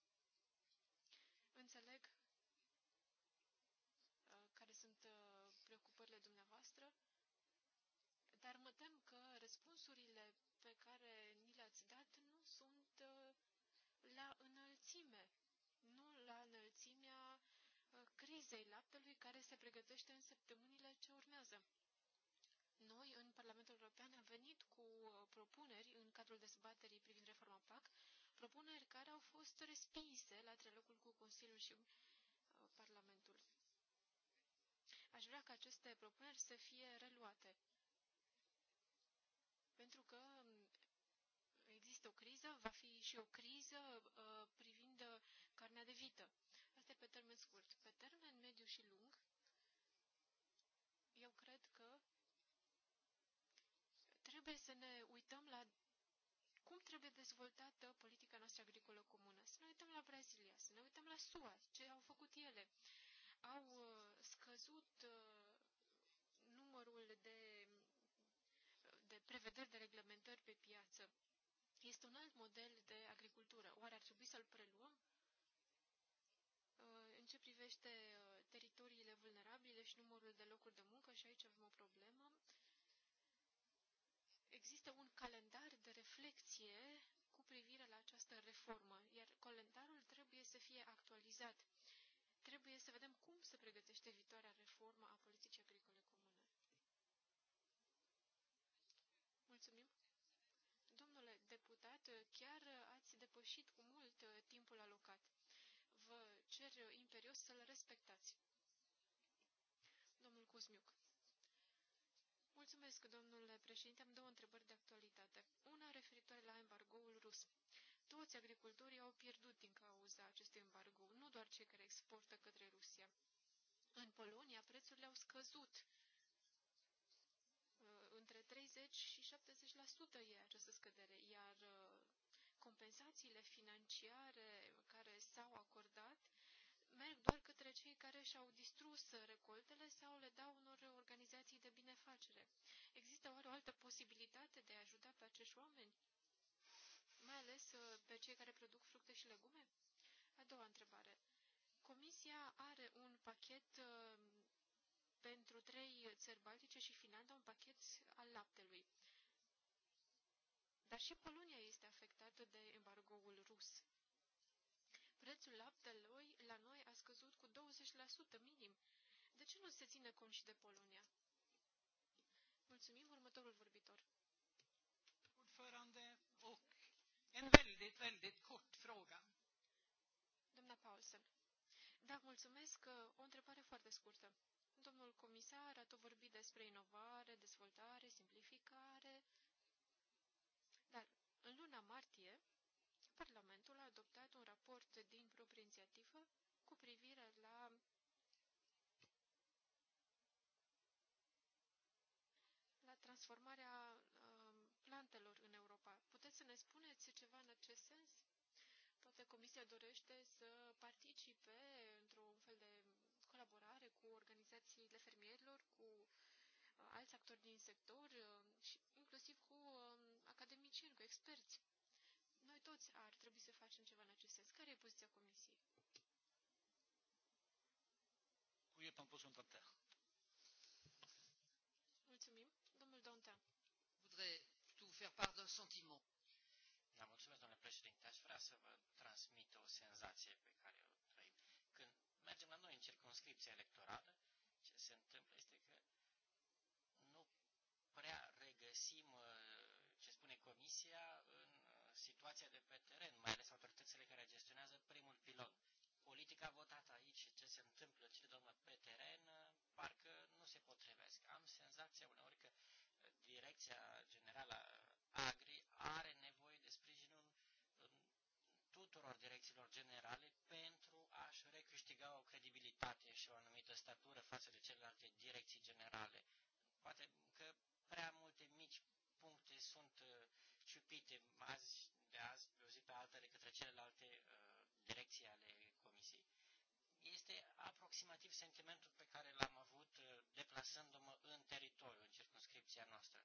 Speaker 7: Înțeleg uh, care sunt uh, preocupările dumneavoastră, dar mă tem că răspunsurile pe care ni le-ați dat nu sunt la înălțime mizei laptelui care se pregătește în săptămânile ce urmează. Noi, în Parlamentul European, am venit cu uh, propuneri în cadrul dezbaterii privind reforma PAC, propuneri care au fost respinse la trilogul cu Consiliul și uh, Parlamentul. Aș vrea ca aceste propuneri să fie reluate, pentru că um, există o criză, va fi și o criză uh, privind carnea de vită este pe termen scurt. Pe termen mediu și lung, eu cred că trebuie să ne uităm la cum trebuie dezvoltată politica noastră agricolă comună. Să ne uităm la Brazilia, să ne uităm la SUA, ce au făcut ele. Au uh, scăzut uh, numărul de, de prevederi de reglementări pe piață. Este un alt model de agricultură. Oare ar trebui să-l preluăm? privește uh, teritoriile vulnerabile și numărul de locuri de muncă, și aici avem o problemă, există un calendar de reflexie cu privire la această reformă, iar calendarul trebuie să fie actualizat. Trebuie să vedem cum se pregătește viitoarea reformă a politicii agricole comune. Mulțumim! Domnule deputat, chiar ați depășit cu mult uh, timpul alocat. Vă imperios să-l respectați. Domnul Cuzmiuc. Mulțumesc, domnule președinte. Am două întrebări de actualitate. Una referitoare la embargoul rus. Toți agricultorii au pierdut din cauza acestui embargo, nu doar cei care exportă către Rusia. În Polonia, prețurile au scăzut uh, între 30 și 70% e această scădere, iar uh, compensațiile financiare care s-au acordat merg doar către cei care și-au distrus recoltele sau le dau unor organizații de binefacere. Există oare o altă posibilitate de a ajuta pe acești oameni? Mai ales uh, pe cei care produc fructe și legume? A doua întrebare. Comisia are un pachet uh, pentru trei țări baltice și Finlanda, un pachet al laptelui. Dar și Polonia este afectată de embargoul rus prețul laptelui la noi a scăzut cu 20% minim. De ce nu se ține cont și de Polonia? Mulțumim, următorul vorbitor. Ordförande och en väldigt,
Speaker 3: väldigt kort fråga.
Speaker 7: Doamna Paulsen. Da, mulțumesc. Uh, o întrebare foarte scurtă. Domnul comisar a tot vorbit despre inovare, dezvoltare, simplificare. Dar în luna martie Parlamentul a adoptat un raport din proprie inițiativă cu privire la la transformarea um, plantelor în Europa. Puteți să ne spuneți ceva în acest sens? Poate Comisia dorește să participe într-un fel de colaborare cu organizațiile fermierilor, cu uh, alți actori din sector uh, și inclusiv cu um, academicieni, cu experți toți ar trebui să facem ceva în acest sens. Care e poziția Comisiei?
Speaker 4: Dziękuję. Pan poseł Dantin.
Speaker 7: Mulțumim. Domnul Dantin. Voudrais plutôt faire part d'un sentiment. Da,
Speaker 3: mulțumesc, domnule președinte. Aș vrea să vă transmit o senzație pe care o trăim. Când mergem la noi în circunscripția electorală, ce se întâmplă este că nu prea regăsim uh, ce spune comisia situația de pe teren, mai ales autoritățile care gestionează primul pilon. Politica votată aici și ce se întâmplă, ce domnă pe teren, parcă nu se potrivesc. Am senzația uneori că uh, Direcția Generală Agri are nevoie de sprijinul um, tuturor direcțiilor generale pentru a-și recâștiga o credibilitate și o anumită statură față de celelalte direcții generale. Poate că prea multe mici puncte sunt uh, ciupite azi de azi pe o zi pe alta de către celelalte uh, direcții ale comisiei. Este aproximativ sentimentul pe care l-am avut uh, deplasându-mă în teritoriu, în circunscripția noastră.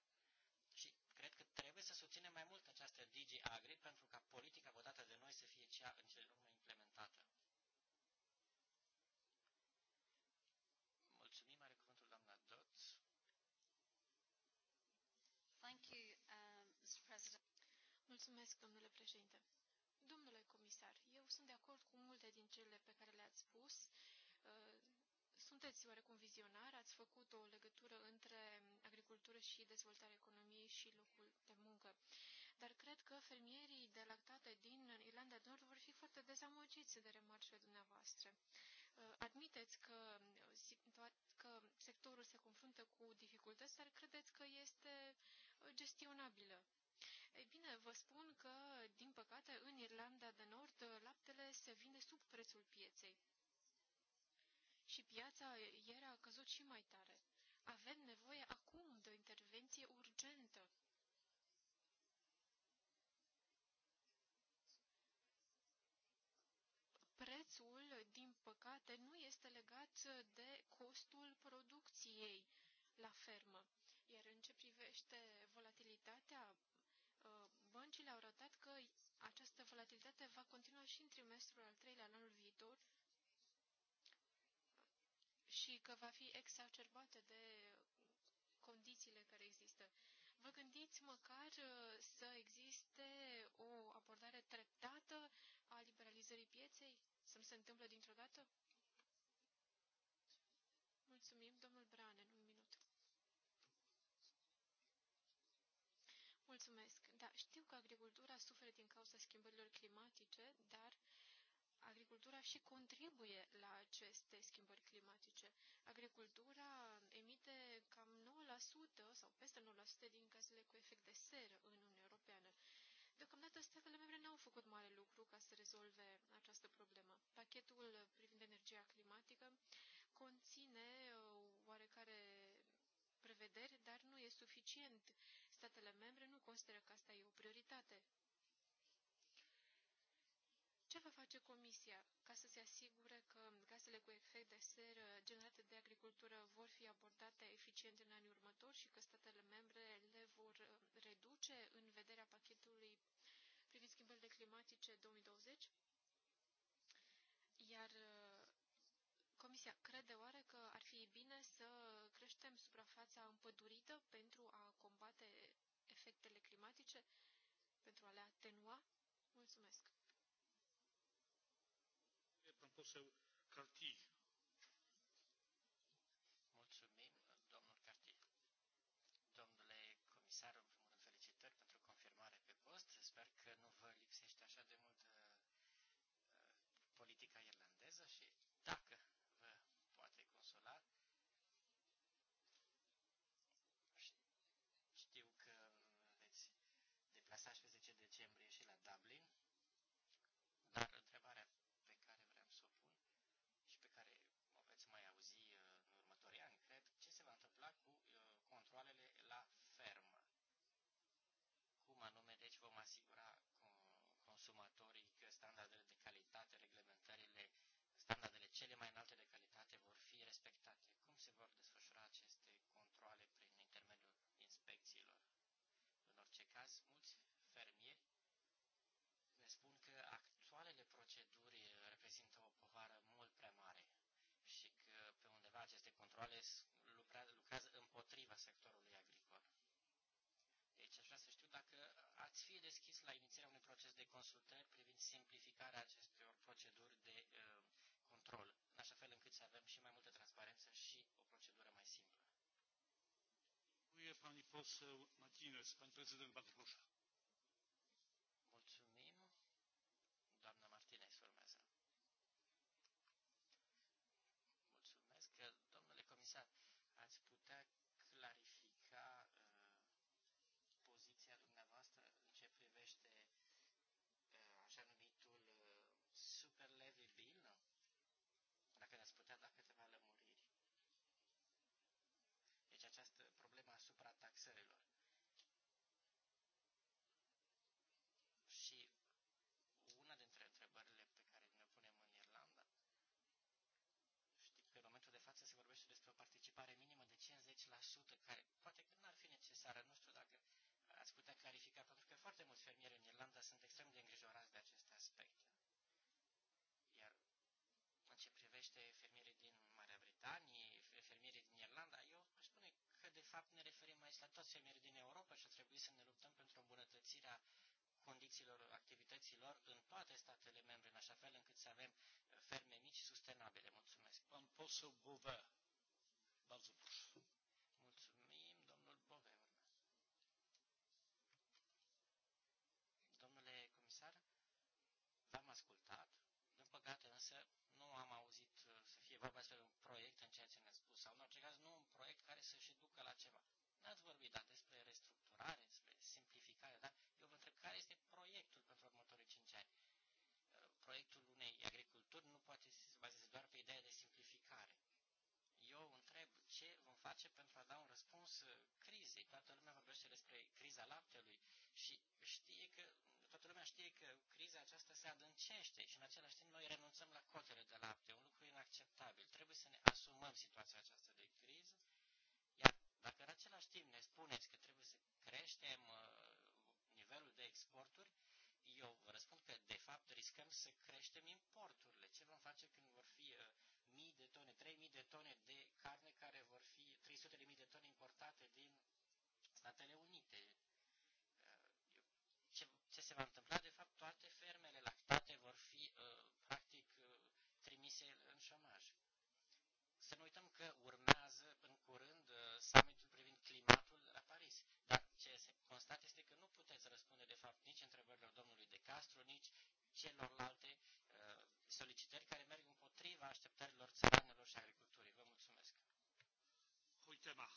Speaker 3: Și cred că trebuie să susținem mai mult această DG Agri pentru ca politica votată de noi să fie cea în cele urmă implementată.
Speaker 7: Mulțumesc, domnule președinte. Domnule comisar, eu sunt de acord cu multe din cele pe care le-ați spus. Uh, sunteți oarecum vizionar, ați făcut o legătură între agricultură și dezvoltarea economiei și locul de muncă. Dar cred că fermierii de lactate din Irlanda de Nord vor fi foarte dezamăgiți de remarcile dumneavoastră. Uh, admiteți că, că sectorul se confruntă cu dificultăți, dar credeți că este uh, gestionabilă ei bine, vă spun că, din păcate, în Irlanda de Nord, laptele se vinde sub prețul pieței. Și piața ieri a căzut și mai tare. Avem nevoie acum de o intervenție urgentă. Prețul, din păcate, nu este legat de costul producției la fermă. Iar în ce privește volatilitatea Băncile au arătat că această volatilitate va continua și în trimestrul al treilea al anului viitor și că va fi exacerbată de condițiile care există. Vă gândiți măcar uh, să existe o abordare treptată a liberalizării pieței? Să nu se întâmplă dintr-o dată? Mulțumim, domnul Bran. Mulțumesc. Da, știu că agricultura suferă din cauza schimbărilor climatice, dar agricultura și contribuie la aceste schimbări climatice. Agricultura emite cam 9% sau peste 9% din gazele cu efect de seră în Uniunea Europeană. Deocamdată statele membre n-au făcut mare lucru ca să rezolve această problemă. Pachetul privind energia climatică conține uh, oarecare prevederi, dar nu e suficient statele membre nu consideră că asta e o prioritate. Ce va face Comisia ca să se asigure că gazele cu efect de seră generate de agricultură vor fi abordate eficient în anii următori și că statele membre le vor uh, reduce în vederea pachetului privind schimbările climatice 2020? Iar uh, Comisia crede oare că ar fi bine să creștem suprafața împădurită pentru a combate efectele climatice, pentru a le atenua? Mulțumesc!
Speaker 1: Pan poseł Cartier.
Speaker 3: așa de mult uh, uh politica irlandeză și controlele la fermă. Cum anume, deci, vom asigura consumatorii că standardele de calitate, reglementările, standardele cele mai înalte de calitate vor fi respectate? Cum se vor desfășura aceste controle prin intermediul inspecțiilor? În orice caz, mulți fermieri ne spun că actualele proceduri reprezintă o povară mult prea mare și că pe undeva aceste controle ați fi deschis la inițierea unui proces de consultări privind simplificarea acestor proceduri de uh, control, în așa fel încât să avem și mai multă transparență și o procedură mai simplă?
Speaker 1: Pani poseł Martinez, pani prezydent, bardzo proszę.
Speaker 3: taxărilor. Și una dintre întrebările pe care ne punem în Irlanda, știi că în momentul de față se vorbește despre o participare minimă de 50%, care poate că n-ar fi necesară, nu știu dacă ați putea clarifica, pentru că foarte mulți fermieri în Irlanda sunt extrem de îngrijorați de aceste aspecte. Iar în ce privește fermierii din Marea Britanie, fapt ne referim aici la toți fermierii din Europa și trebuie să ne luptăm pentru îmbunătățirea condițiilor activităților în toate statele membre, în așa fel încât să avem ferme mici sustenabile. Mulțumesc. Pan poseł Bove. Bardzo Mulțumim, domnul Bove. Domnule comisar, v-am ascultat. Din păcate, însă, nu am auzit uh, să fie vorba despre un sau în orice caz nu un proiect care să și ducă la ceva. N-ați vorbit, dar despre restructurare, despre simplificare, dar eu vă întreb care este proiectul pentru următorii 5 ani. Uh, proiectul unei agriculturi nu poate să se bazeze doar pe ideea de simplificare. Eu întreb ce vom face pentru a da un răspuns uh, crizei. Toată lumea vorbește despre criza laptelui și știe că toată lumea știe că criza aceasta se adâncește și în același timp noi renunțăm la cotele de lapte, un lucru inacceptabil. Trebuie să ne asumăm situația aceasta de criză, iar dacă în același timp ne spuneți că trebuie să creștem uh, nivelul de exporturi, eu vă răspund că de fapt riscăm să creștem importurile. Ce vom face când vor fi uh, mii de tone, 3.000 de tone de carne care vor fi 300.000 de tone importate din Statele Unite, se va întâmpla? De fapt, toate fermele lactate vor fi, uh, practic, uh, trimise în șomaj. Să nu uităm că urmează în curând uh, summitul privind climatul la Paris. Dar ce se constată este că nu puteți răspunde, de fapt, nici întrebărilor domnului De Castro, nici celorlalte solicitări care merg împotriva așteptărilor țăranelor și agriculturii. Vă mulțumesc! Uitema!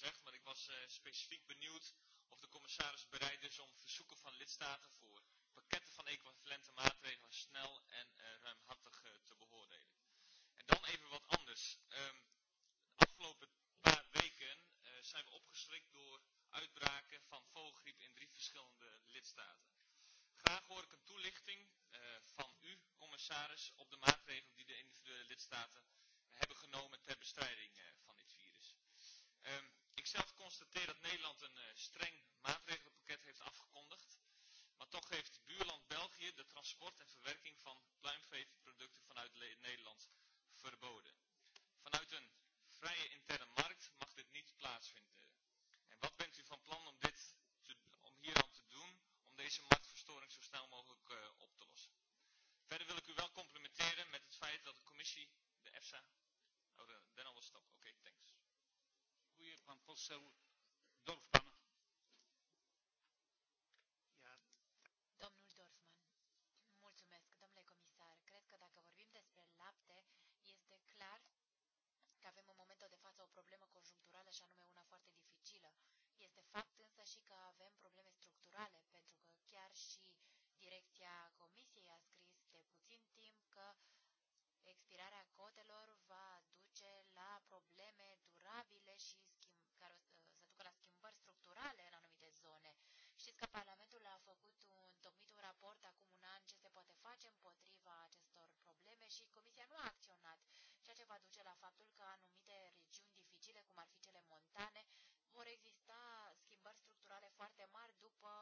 Speaker 1: gezegd, maar ik was uh, specifiek benieuwd of de commissaris bereid is om verzoeken van lidstaten voor pakketten van equivalente maatregelen snel en uh, ruimhartig uh, te beoordelen. En dan even wat anders. Um, de afgelopen paar weken uh, zijn we opgeschrikt door uitbraken van vogelgriep in drie verschillende lidstaten. Graag hoor ik een toelichting uh, van u, commissaris, op de maatregelen die de individuele lidstaten hebben genomen ter bestrijding uh, van dit virus. Um, Ik zelf constateer dat Nederland een uh, streng maatregelenpakket heeft afgekondigd. Maar toch heeft buurland België de transport en verwerking van pluimveeproducten vanuit Nederland verboden. Vanuit een vrije interne markt mag dit niet plaatsvinden. En wat bent u van plan om, dit te, om hier aan te doen om deze marktverstoring zo snel mogelijk uh, op te lossen? Verder wil ik u wel complimenteren met het feit dat de commissie, de EFSA... Oh, then I will stop. Oké, okay, thanks. Dziękuję. Pan poseł Dorfman.
Speaker 2: Domnul Dorfman, mulțumesc. Domnule comisar, cred că dacă vorbim despre lapte, este clar că avem în momentul de față o problemă conjuncturală și anume una foarte dificilă. Este fapt însă și că avem probleme structurale, pentru că chiar și direcția comisiei a scris de puțin timp că expirarea cotelor va și schimb, care o să, să ducă la schimbări structurale în anumite zone. Știți că Parlamentul a făcut un, tocmit un raport acum un an ce se poate face împotriva acestor probleme și Comisia nu a acționat, ceea ce va duce la faptul că anumite regiuni dificile, cum ar fi cele montane, vor exista schimbări structurale foarte mari după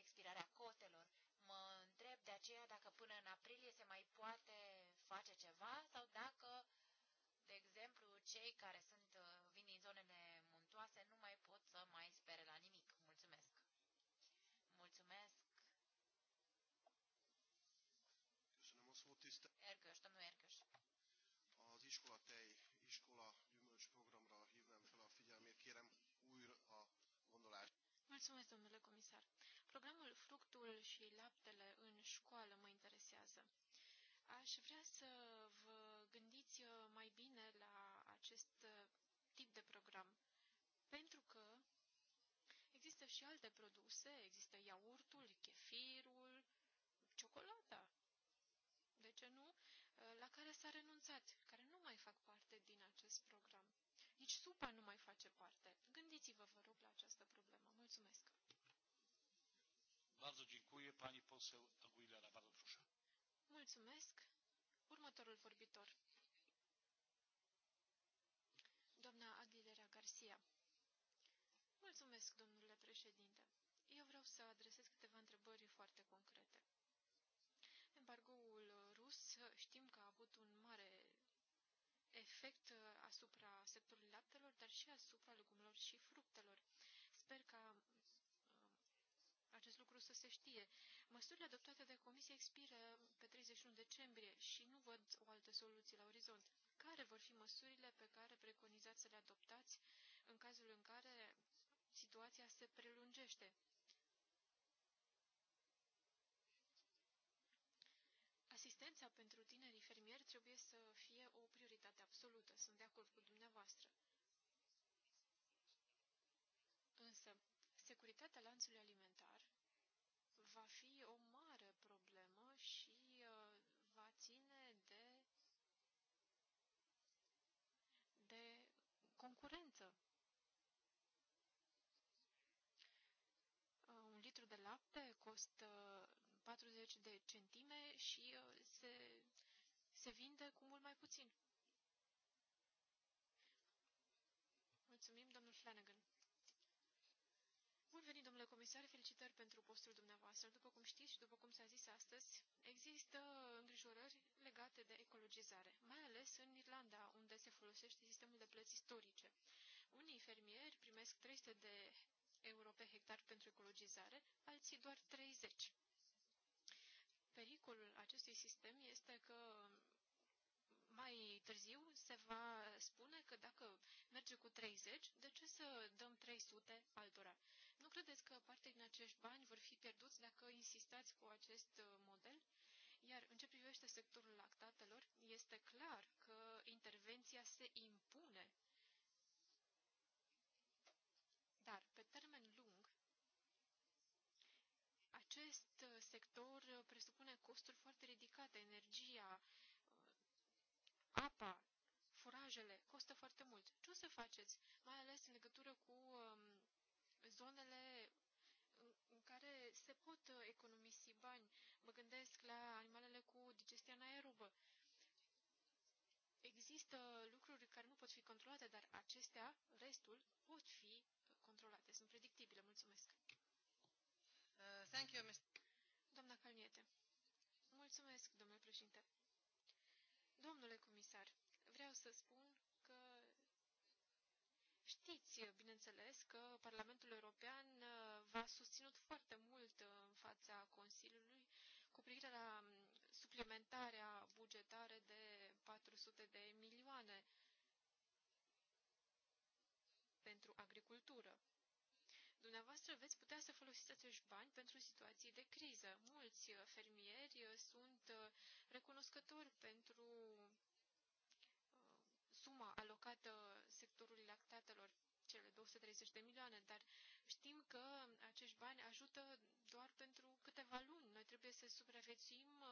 Speaker 2: expirarea cotelor. Mă întreb de aceea dacă până în aprilie se mai poate face ceva sau dacă, de exemplu, cei care sunt 6 nu mai pot să mai spere la nimic. Mulțumesc!
Speaker 6: Mulțumesc!
Speaker 2: Erkős, domnul Erkős!
Speaker 6: Az iskolatei, iskola gyümölcsprogramra hívnám fel a figyelmét, kérem újra a gondolást.
Speaker 7: Mulțumesc, domnule comisar! Programul Fructul și laptele în școală mă interesează. Aș vrea să vă gândiți uh, mai bine la acest uh, tip de program. Pentru că există și alte produse, există iaurtul, chefirul, ciocolata, de ce nu, eh, la care s-a renunțat, care nu mai fac parte din acest program. Nici supa nu mai face parte. Gândiți-vă, vă rog, la această problemă. Mulțumesc!
Speaker 1: Bardzo dziękuję, pani poseł Aguilera. Bardzo proszę.
Speaker 7: Mulțumesc. Următorul vorbitor. Mulțumesc, domnule președinte. Eu vreau să adresez câteva întrebări foarte concrete. Embargoul rus știm că a avut un mare efect asupra sectorului laptelor, dar și asupra legumelor și fructelor. Sper ca um, acest lucru să se știe. Măsurile adoptate de comisie expiră pe 31 decembrie și nu văd o altă soluție la orizont. Care vor fi măsurile pe care preconizați să le adoptați în cazul în care situația se prelungește. Asistența pentru tinerii fermieri trebuie să fie o prioritate absolută, sunt de acord cu dumneavoastră. Însă, securitatea lanțului alimentar va fi o Aceste costă 40 uh, de centime și uh, se, se vinde cu mult mai puțin. Mulțumim, domnul Flanagan. Bun venit, domnule comisar, felicitări pentru postul dumneavoastră. După cum știți și după cum s-a zis astăzi, există îngrijorări legate de ecologizare, mai ales în Irlanda, unde se folosește sistemul de plăți istorice. Unii fermieri primesc 300 de euro pe hectar pentru ecologizare, alții doar 30. Pericolul acestui sistem este că mai târziu se va spune că dacă merge cu 30, de ce să dăm 300 altora? Nu credeți că parte din acești bani vor fi pierduți dacă insistați cu acest uh, model? Iar în ce privește sectorul lactatelor, este clar că intervenția se impune sector uh, presupune costuri foarte ridicate, energia, uh, apa, furajele, costă foarte mult. Ce o să faceți, mai ales în legătură cu um, zonele în care se pot uh, economisi bani? Mă gândesc la animalele cu digestie anaerobă. Există lucruri care nu pot fi controlate, dar acestea, restul, pot fi controlate, sunt predictibile. Mulțumesc! Uh, thank you, Mr doamna Calniete. Mulțumesc, domnule președinte. Domnule comisar, vreau să spun că știți, bineînțeles, că Parlamentul European uh, v-a susținut foarte mult uh, în fața Consiliului cu privire la um, suplimentarea bugetară de 400 de milioane pentru agricultură. Dumneavoastră veți putea să folosiți acești bani pentru situații de criză. Mulți uh, fermieri uh, sunt uh, recunoscători pentru suma alocată sectorului lactatelor, cele 230 de milioane, dar știm că acești bani ajută doar pentru câteva luni. Noi trebuie să supraviețuim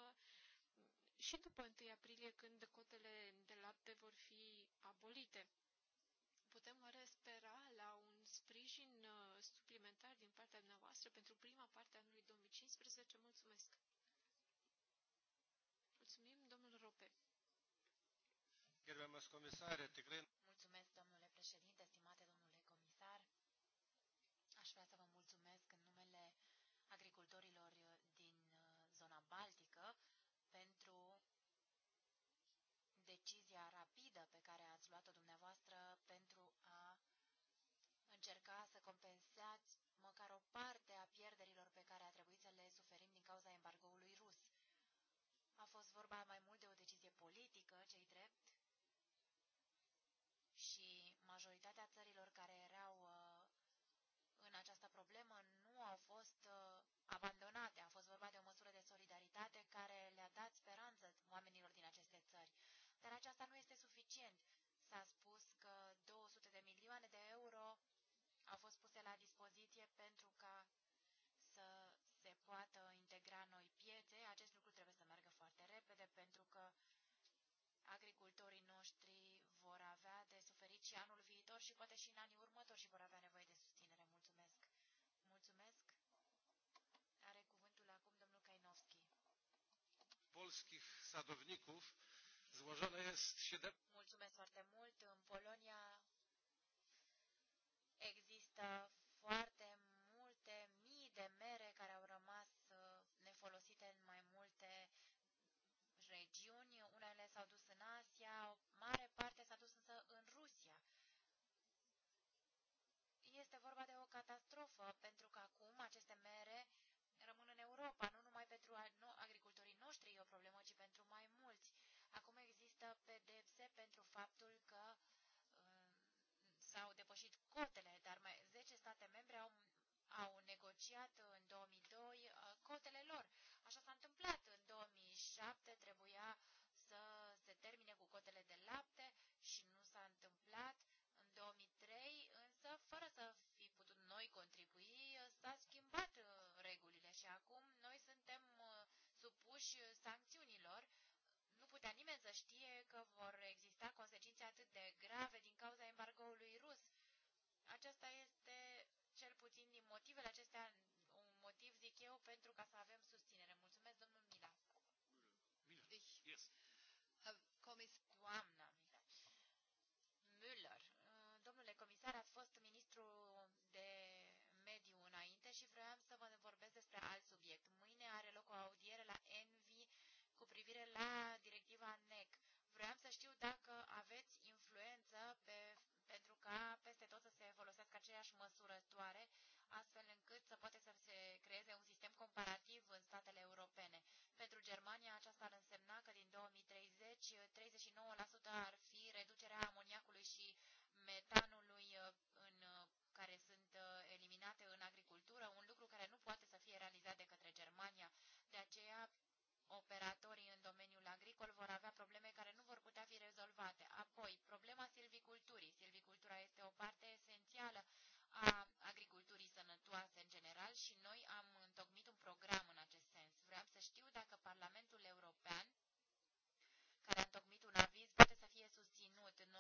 Speaker 7: și după 1 aprilie, când cotele de lapte vor fi abolite. Putem oare spera la un sprijin suplimentar din partea dumneavoastră pentru prima parte a anului 2015. Mulțumesc!
Speaker 2: Mulțumim, domnul Rope.
Speaker 8: Gerbiamas Mulțumesc, domnule președinte,
Speaker 2: stimate domnule comisar. Aș vrea să vă mulțumesc în numele agricultorilor din uh, zona Baltică, compensați măcar o parte a pierderilor pe care a trebuit să le suferim din cauza embargoului rus. A fost vorba mai mult de o decizie politică, cei drept, și majoritatea țărilor care erau uh, în această problemă nu au fost uh, abandonate. A fost vorba de o măsură de solidaritate care le-a dat speranță oamenilor din aceste țări. Dar aceasta nu este suficient. S-a spus că 200 de milioane de euro a fost puse la dispoziție pentru ca să se poată integra noi piețe. Acest lucru trebuie să meargă foarte repede pentru că agricultorii noștri vor avea de suferit și anul viitor și poate și în anii următori și vor avea nevoie de susținere. Mulțumesc! Mulțumesc! Are cuvântul acum domnul Kainovski.
Speaker 8: Polskich sadowników złożone jest
Speaker 2: Mulțumesc foarte mult! În Polonia Există foarte multe mii de mere care au rămas uh, nefolosite în mai multe regiuni. Unele s-au dus în Asia, o mare parte s-a dus însă în Rusia. Este vorba de o catastrofă, pentru că acum aceste mere rămân în Europa, nu numai pentru agricultorii noștri e o problemă, ci pentru mai mulți. Acum există pedepse pentru faptul că uh, s-au depășit cotele membre au, au negociat în 2002 uh, cotele lor. Așa s-a întâmplat. În 2007 trebuia să se termine cu cotele de lapte și nu s-a întâmplat. În 2003, însă, fără să fi putut noi contribui, s-a schimbat uh, regulile și acum noi suntem uh, supuși sancțiunilor Nu putea nimeni să știe că vor exista consecințe atât de grave din cauza embargoului rus. Aceasta este motivele acestea, un motiv, zic eu, pentru ca să avem susținere. Mulțumesc, domnul Mila. Mila. Deci, yes. Uh, comis Doamna Mila. Müller. Uh, domnule comisar, ați fost ministru de mediu înainte și vreau să vă vorbesc despre alt subiect. Mâine are loc o audiere la Envi cu privire la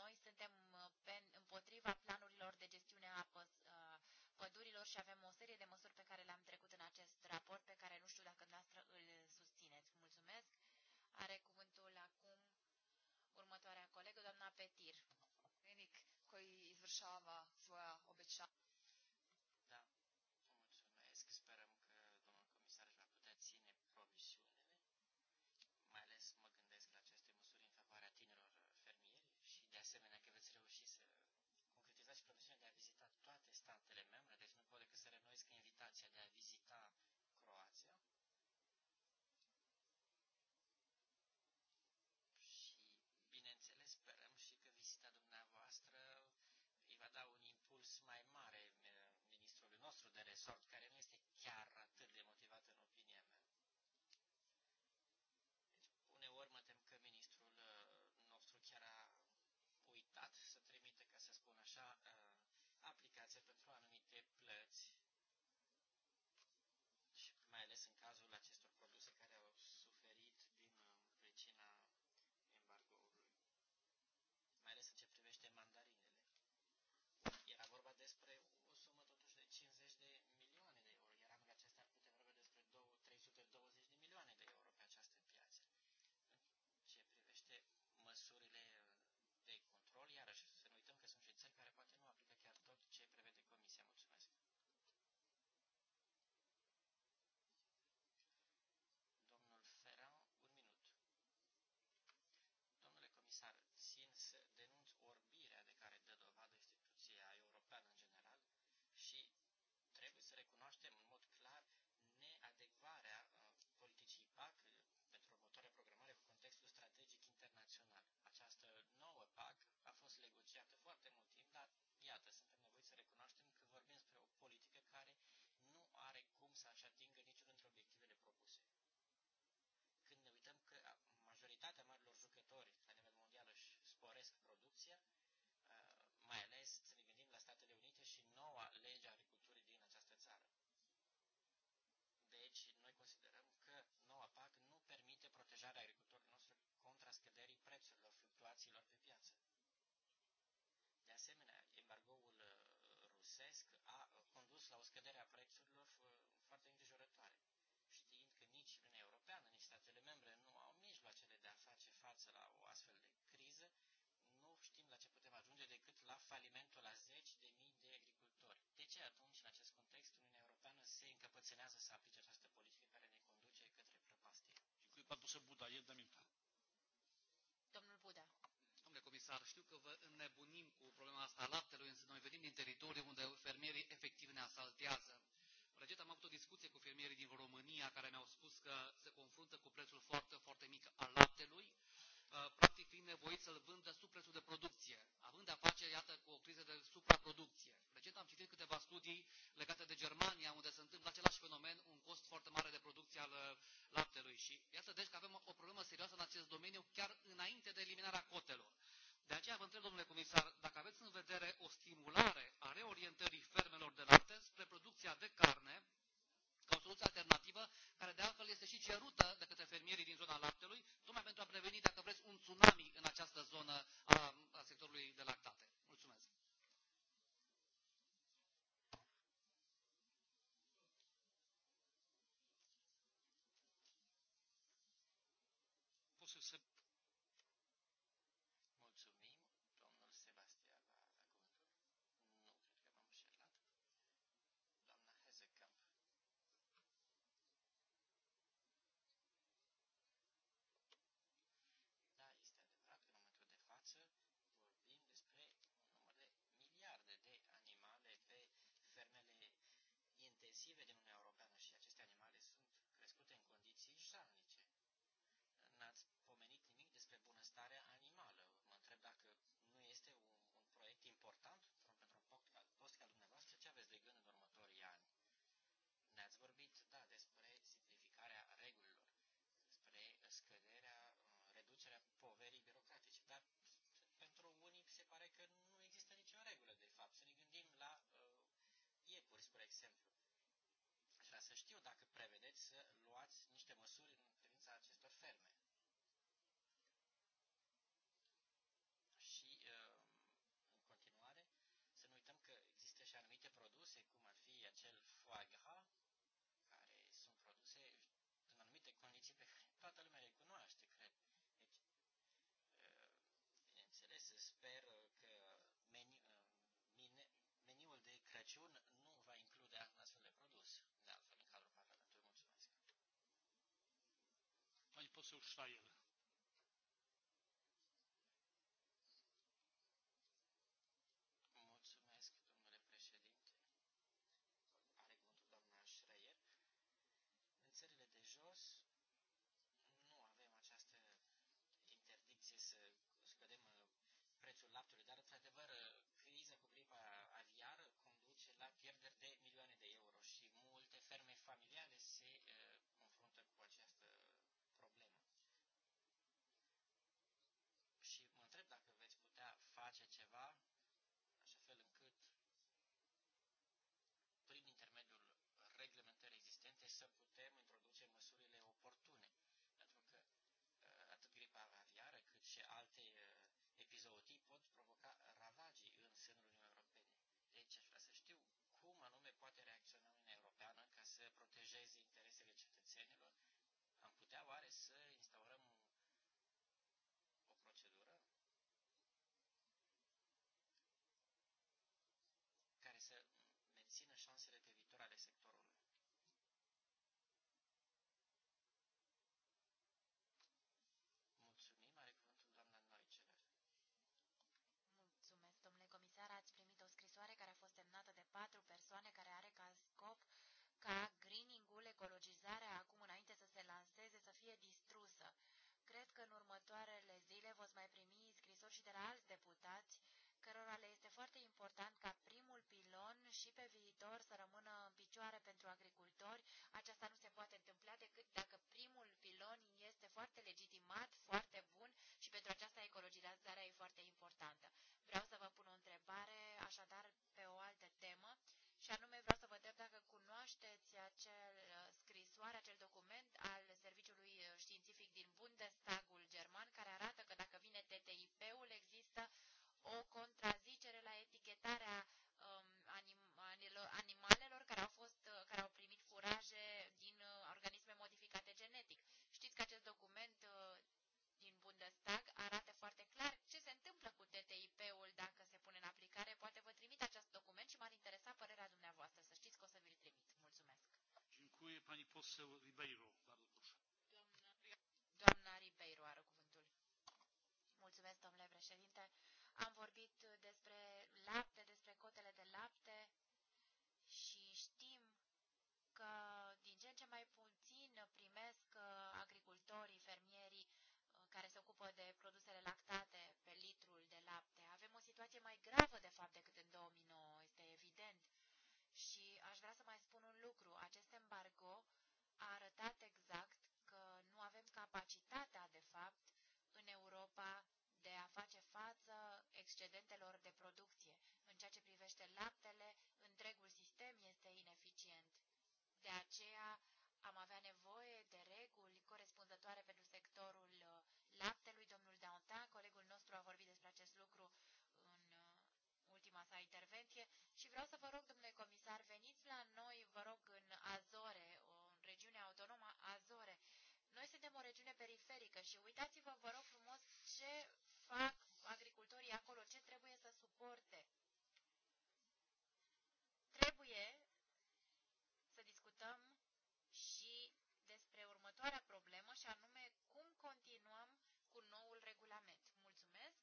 Speaker 2: noi suntem uh, împotriva planurilor de gestiune a uh, pădurilor și avem o serie de măsuri pe care le-am trecut în acest raport, pe care nu știu dacă noastră îl susțineți. Mulțumesc. Are cuvântul acum următoarea colegă, doamna Petir. Enik, coi izvršava svoja obećanja.
Speaker 3: toate statele membre, deci nu pot decât să renuiesc invitația de a vizita Croația. Și, bineînțeles, sperăm și că vizita dumneavoastră îi va da un impuls mai mare eh, ministrului nostru de resort, care nu este chiar atât foarte mult timp, dar iată, suntem nevoiți să recunoaștem că vorbim despre o politică care nu are cum să-și atingă niciunul dintre obiectivele propuse. Când ne uităm că majoritatea marilor jucători la nivel mondial își sporesc producția, uh, mai ales să ne gândim la Statele Unite și noua lege a agriculturii din această țară. Deci, noi considerăm că noua PAC nu permite protejarea agricultorilor noștri contra scăderii prețurilor, fluctuațiilor pe piață asemenea, embargoul uh, rusesc a uh, condus la o scădere a prețurilor uh, foarte îngrijorătoare, știind că nici Uniunea Europeană, nici statele membre nu au mijloacele de a face față la o astfel de criză, nu știm la ce putem ajunge decât la falimentul a zeci de mii de agricultori. De ce atunci, în acest context, Uniunea Europeană se încăpățânează să aplice această politică care ne conduce către prăpastie?
Speaker 4: Dziękuję panu Buda, jedna minuta comisar, știu că vă înnebunim cu problema asta a laptelui, însă noi venim din teritoriu unde fermierii efectiv ne asaltează. Recent am avut o discuție cu fermierii din România care mi-au spus că se confruntă cu prețul foarte, foarte mic al laptelui, ă, practic fiind nevoit să-l vândă sub prețul de producție, având de-a face, iată, cu o criză de supraproducție. Recent am citit câteva studii legate de Germania, unde se întâmplă același fenomen, un cost foarte mare de producție al ă, laptelui. Și iată, deci, că avem o problemă serioasă în acest domeniu, chiar înainte de eliminarea cotelor. De aceea vă întreb, domnule comisar, dacă aveți în vedere o stimulare a reorientării fermelor de lapte spre producția de carne, ca o soluție alternativă, care de altfel este și cerută de către fermierii din zona laptelui, tocmai pentru a preveni, dacă vreți, un tsunami în această zonă a, a sectorului de lactate. Mulțumesc!
Speaker 3: se masive din Uniunea Europeană și aceste animale sunt crescute în condiții jalnice. N-ați pomenit nimic despre bunăstarea animală. Mă întreb dacă nu este un, un proiect important pentru un post ca dumneavoastră, ce aveți de gând în următorii ani? Ne-ați vorbit, da, despre simplificarea regulilor, despre scăderea, reducerea poverii birocratice, dar pentru unii se pare că nu există nicio regulă, de fapt. Să ne gândim la uh, iepuri, spre exemplu să știu dacă prevedeți să luați niște măsuri în privința acestor ferme. Și, uh, în continuare, să nu uităm că există și anumite produse, cum ar fi acel foie gras, care sunt produse în anumite condiții pe care toată lumea le cunoaște, cred. Deci, uh, bineînțeles, sper că meni, uh, mine, meniul de Crăciun nu poseł el să putem introduce măsurile oportune, pentru că uh, atât gripa aviară cât și alte uh, epizootii pot provoca ravagii în sânul Uniunii Europene. Deci aș vrea să știu cum anume poate reacționa Uniunea Europeană ca să protejeze interesele cetățenilor. Am putea oare să
Speaker 2: că în următoarele zile voți mai primi scrisori și de la alți deputați, cărora le este foarte important ca primul pilon și pe viitor să rămână în picioare pentru agricultori. Aceasta nu se poate întâmpla decât dacă primul pilon este foarte legitimat, foarte bun și pentru aceasta ecologizarea e foarte importantă. Vreau să vă pun o întrebare, așadar, pe o altă temă și anume vreau să vă întreb dacă cunoașteți acel uh, scrisoare, acel document al Serviciului Științific din Bundestag poseł Ribeiro, bardzo proszę. Doamna Ribeiro are cuvântul. Mulțumesc, domnule președinte. Am vorbit despre lapte, despre cotele de lapte și știm că din ce în ce mai puțin primesc uh, agricultorii, fermierii uh, care se ocupă de produsele lactate pe litrul de lapte. Avem o situație mai gravă, de fapt, decât în 2009, este evident. Și aș vrea să mai spun un lucru. Acest embargo a arătat exact că nu avem capacitatea, de fapt, în Europa de a face față excedentelor de producție. În ceea ce privește laptele, întregul sistem este ineficient. De aceea am avea nevoie de reguli corespunzătoare pentru sectorul uh, laptelui. Domnul Dauntan, colegul nostru, a vorbit despre acest lucru în uh, ultima sa intervenție și vreau să vă rog, domnule comisar, veniți la noi, vă rog, Suntem o regiune periferică și uitați-vă, vă rog frumos, ce fac agricultorii acolo, ce trebuie să suporte. Trebuie să discutăm și despre următoarea problemă și anume cum continuăm cu noul regulament. Mulțumesc!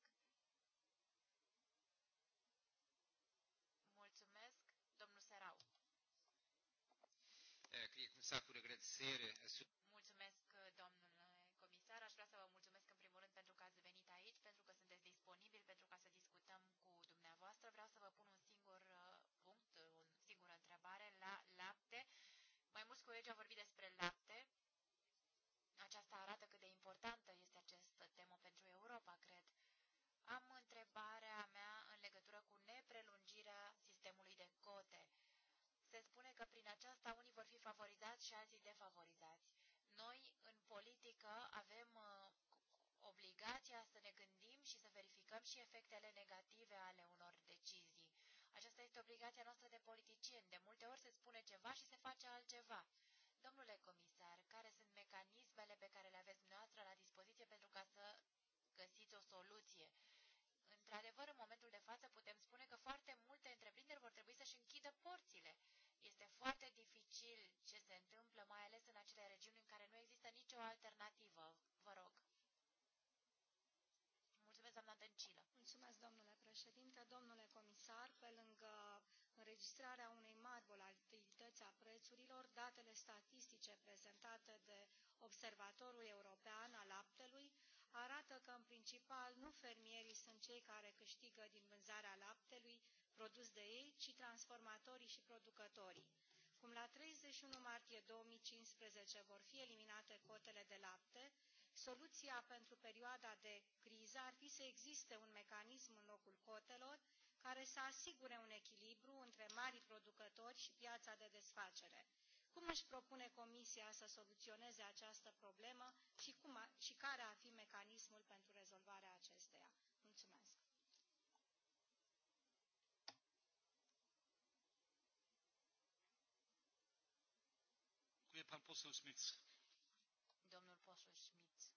Speaker 2: Mulțumesc, domnul Serau.
Speaker 8: Eh,
Speaker 2: Mulțumesc, domnule comisar. Aș vrea să vă mulțumesc în primul rând pentru că ați venit aici, pentru că sunteți disponibil, pentru ca să discutăm cu dumneavoastră. Vreau să vă pun un singur uh, punct, o singură întrebare la lapte. Mai mulți colegi au vorbit despre lapte. Aceasta arată cât de importantă este această temă pentru Europa, cred. Am întrebarea mea în legătură cu neprelungirea sistemului de cote. Se spune că prin aceasta unii vor fi favorizați și alții defavorizați. Noi, în politică, avem uh, obligația să ne gândim și să verificăm și efectele negative ale unor decizii. Aceasta este obligația noastră de politicieni. De multe ori se spune ceva și se face altceva. Domnule comisar, care sunt mecanismele pe care le aveți dumneavoastră la dispoziție pentru ca să găsiți o soluție? Într-adevăr, în momentul de față putem spune că foarte multe întreprinderi vor trebui să-și închidă porțile foarte dificil ce se întâmplă, mai ales în acele regiuni în care nu există nicio alternativă. Vă rog. Mulțumesc, doamna Dăncilă. Mulțumesc,
Speaker 5: domnule președinte, domnule comisar. Pe lângă înregistrarea unei mari volatilități a prețurilor, datele statistice prezentate de Observatorul European al Laptelui arată că, în principal, nu fermierii sunt cei care câștigă din vânzarea laptelui, produs de ei, ci transformatorii și producătorii. Cum la 31 martie 2015 vor fi eliminate cotele de lapte, soluția pentru perioada de criză ar fi să existe un mecanism în locul cotelor care să asigure un echilibru între marii producători și piața de desfacere. Cum își propune Comisia să soluționeze această problemă și, cum a, și care ar fi mecanismul pentru rezolvarea acesteia? Mulțumesc!
Speaker 1: Pan poseł Smith.
Speaker 2: Domnul Poseł Smith.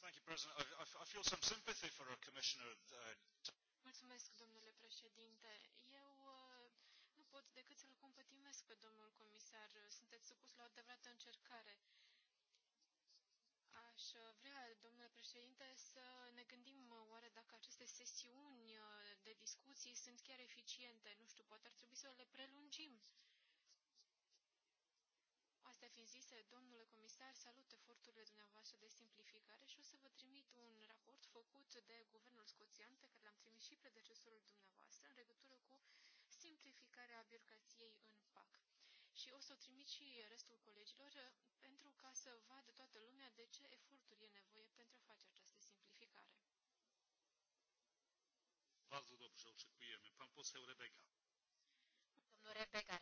Speaker 1: Thank you, President. I, I, feel some sympathy for Commissioner. Uh,
Speaker 7: Mulțumesc, domnule președinte. Eu uh, nu pot decât să-l compătimesc pe domnul comisar. Sunteți supus la o adevărată încercare. Aș uh, vrea, domnule președinte, să ne gândim uh, oare dacă aceste sesiuni uh, de discuții sunt chiar eficiente. Nu știu, poate ar trebui să le prelungim fi zise, domnule comisar, salut eforturile dumneavoastră de simplificare și o să vă trimit un raport făcut de guvernul scoțian, pe care l-am trimis și predecesorul dumneavoastră, în legătură cu simplificarea birocrației în PAC. Și o să o trimit și restul colegilor pentru ca să vadă toată lumea de ce eforturi e nevoie pentru a face această simplificare. Bardzo dobrze, oczekujemy. Pan poseł Rebeka. Domnul Rebeka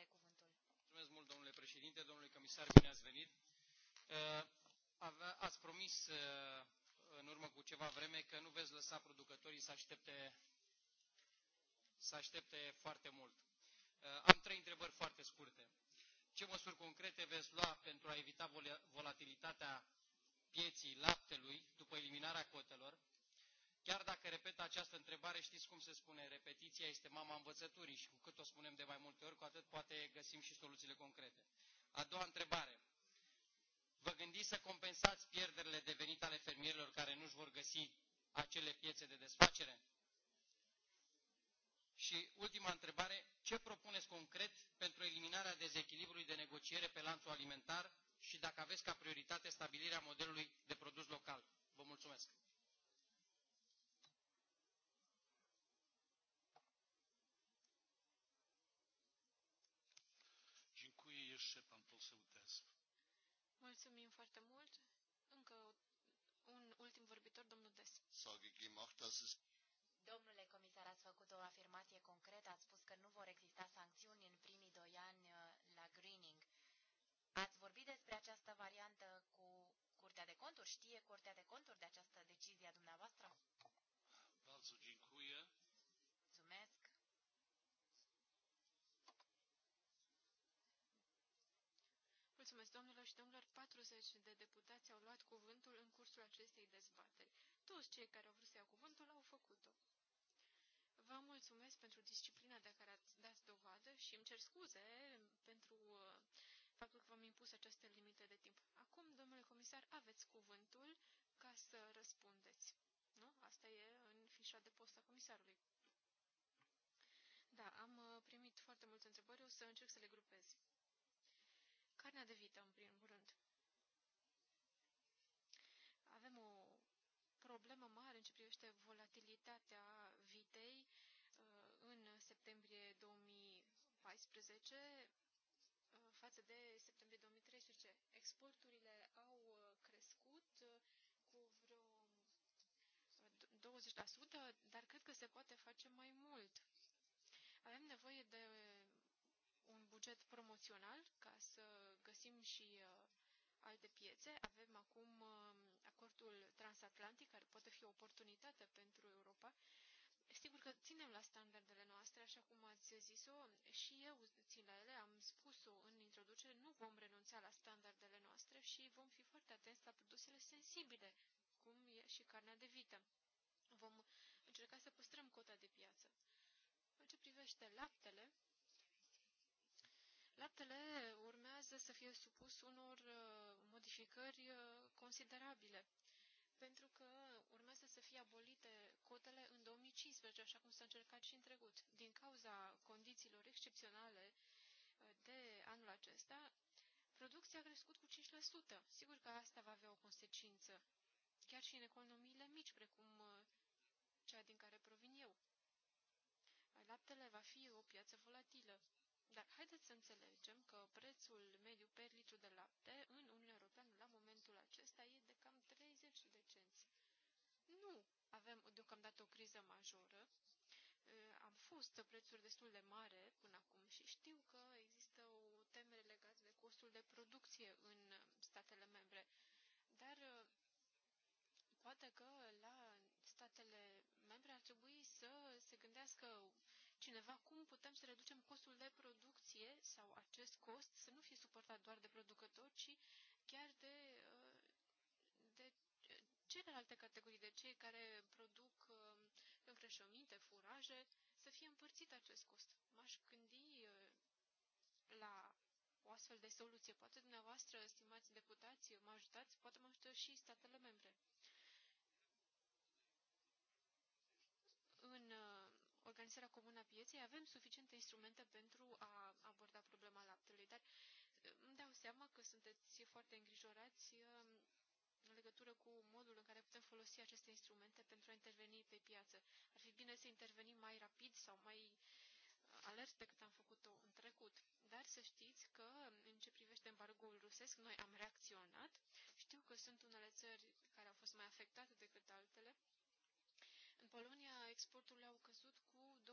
Speaker 7: Mulțumesc mult, domnule președinte, domnule comisar,
Speaker 6: bine ați venit. Uh, ați promis uh, în urmă cu ceva vreme că nu veți lăsa producătorii să aștepte, să aștepte foarte mult. Uh, am trei întrebări foarte scurte. Ce măsuri concrete veți lua pentru a evita volatilitatea pieții laptelui după eliminarea cotelor? Chiar dacă repet această întrebare, știți cum se spune, repetiția este mama învățăturii și cu cât o spunem de mai multe ori, cu atât poate găsim și soluțiile concrete. A doua întrebare. Vă gândiți să compensați pierderile de venit ale fermierilor care nu-și vor găsi acele piețe de desfacere? Și ultima întrebare, ce propuneți concret pentru eliminarea dezechilibrului de negociere pe lanțul alimentar și dacă aveți ca prioritate stabilirea modelului de produs local? Vă mulțumesc!
Speaker 1: gemacht, dass es
Speaker 2: Domnule comisar, ați făcut o afirmație concretă, ați spus că nu vor exista sancțiuni în primii doi ani uh, la greening. Ați vorbit despre această variantă cu Curtea de Conturi? Știe Curtea de Conturi de această decizie a dumneavoastră?
Speaker 1: Bardzo dziękuję.
Speaker 7: Mulțumesc, domnilor și domnilor, 40 de deputați au luat cuvântul în cursul acestei dezbateri. Toți cei care au vrut să ia cuvântul au făcut-o. Vă mulțumesc pentru disciplina de care ați dat dovadă și îmi cer scuze pentru uh, faptul că v-am impus aceste limite de timp. Acum, domnule comisar, aveți cuvântul ca să răspundeți. Nu? Asta e în fișa de post a comisarului. Da, am uh, primit foarte multe întrebări, o să încerc să le grupez carnea de vită, în primul rând. Avem o problemă mare în ce privește volatilitatea vitei. Uh, în septembrie 2014, uh, față de septembrie 2013, exporturile au uh, crescut cu vreo 20%, dar cred că se poate face mai mult. Avem nevoie de un buget promoțional ca să găsim și uh, alte piețe. Avem acum uh, acordul transatlantic, care poate fi o oportunitate pentru Europa. Sigur că ținem la standardele noastre, așa cum ați zis-o, și eu țin la ele, am spus-o în introducere, nu vom renunța la standardele noastre și vom fi foarte atenți la produsele sensibile, cum e și carnea de vită. Vom încerca să păstrăm cota de piață. În ce privește laptele, laptele urmează să fie supus unor uh, modificări uh, considerabile, pentru că urmează să fie abolite cotele în 2015, așa cum s-a încercat și în trecut. Din cauza condițiilor excepționale uh, de anul acesta, producția a crescut cu 5%. Sigur că asta va avea o consecință, chiar și în economiile mici, precum cea din care provin eu. Laptele va fi o piață volatilă dar haideți să înțelegem că prețul mediu per litru de lapte în Uniunea Europeană la momentul acesta e de cam 30 de cenți. Nu avem deocamdată o criză majoră. Ă, am fost prețuri destul de mare până acum și știu că există o temere legată de costul de producție în statele membre. Dar ă, poate că la statele membre ar trebui să se gândească cineva cum putem să reducem costul de producție sau acest cost să nu fie suportat doar de producători, ci chiar de, uh, de celelalte categorii, de cei care produc uh, îngrășăminte, furaje, să fie împărțit acest cost. M-aș gândi uh, la o astfel de soluție. Poate dumneavoastră, stimați deputați, mă ajutați, poate mă ajută și statele membre. Organizarea Comună a Pieței avem suficiente instrumente pentru a aborda problema laptelui, dar uh, îmi dau seama că sunteți foarte îngrijorați uh, în legătură cu modul în care putem folosi aceste instrumente pentru a interveni pe piață. Ar fi bine să intervenim mai rapid sau mai uh, alert pe cât am făcut-o în trecut. Dar să știți că, în ce privește embargoul rusesc, noi am reacționat. Știu că sunt unele țări care au fost mai afectate decât altele. În Polonia, exporturile au căzut cu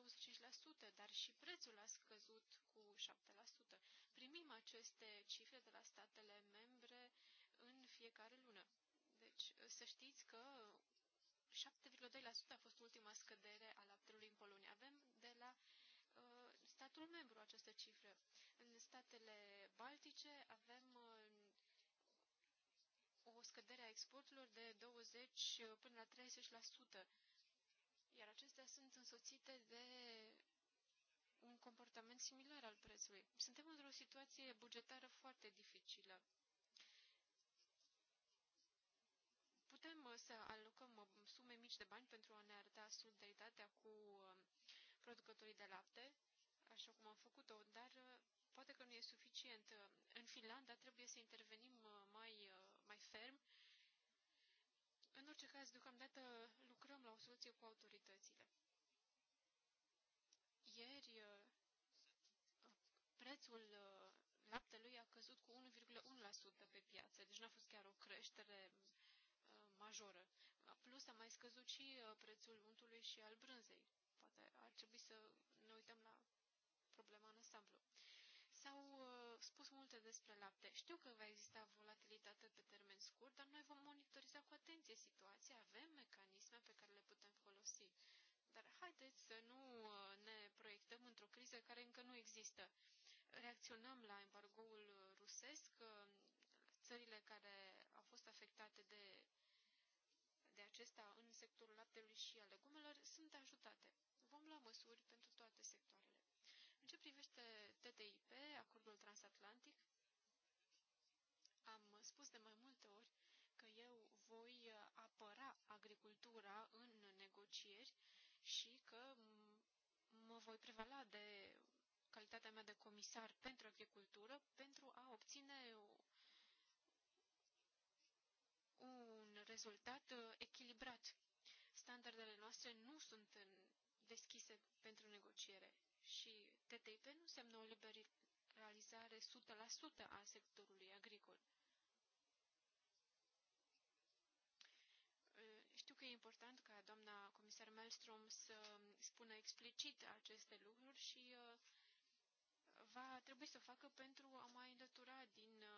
Speaker 7: 25%, dar și prețul a scăzut cu 7%. Primim aceste cifre de la statele membre în fiecare lună. Deci să știți că 7,2% a fost ultima scădere a laptelui în Polonia. Avem de la uh, statul membru aceste cifre. În statele baltice avem uh, o scădere a exporturilor de 20 până la 30% iar acestea sunt însoțite de un comportament similar al prețului. Suntem într-o situație bugetară foarte dificilă. Putem uh, să alocăm uh, sume mici de bani pentru a ne arăta solidaritatea cu uh, producătorii de lapte, așa cum am făcut-o, dar poate că nu e suficient. În Finlanda trebuie să intervenim mai, mai ferm orice caz, deocamdată lucrăm la o soluție cu autoritățile. Ieri, uh, prețul uh, laptelui a căzut cu 1,1% pe piață, deci n-a fost chiar o creștere uh, majoră. Plus a mai scăzut și prețul untului și al brânzei. Poate ar trebui să ne uităm la problema în ansamblu. Sau spus multe despre lapte. Știu că va exista volatilitate pe termen scurt, dar noi vom monitoriza cu atenție situația, avem mecanisme pe care le putem folosi. Dar haideți să nu uh, ne proiectăm într-o criză care încă nu există. Reacționăm la embargoul rusesc, uh, țările care au fost afectate de, de acesta în sectorul laptelui și al legumelor sunt ajutate. Vom lua măsuri pentru toate sectoarele ce privește TTIP, acordul transatlantic, am spus de mai multe ori că eu voi apăra agricultura în negocieri și că mă voi prevala de calitatea mea de comisar pentru agricultură pentru a obține un rezultat echilibrat. Standardele noastre nu sunt deschise pentru negociere și TTIP nu semnă o liberalizare 100% a sectorului agricol. Ă, știu că e important ca doamna comisar Malmström să spună explicit aceste lucruri și ă, va trebui să o facă pentru a mai înlătura din ă,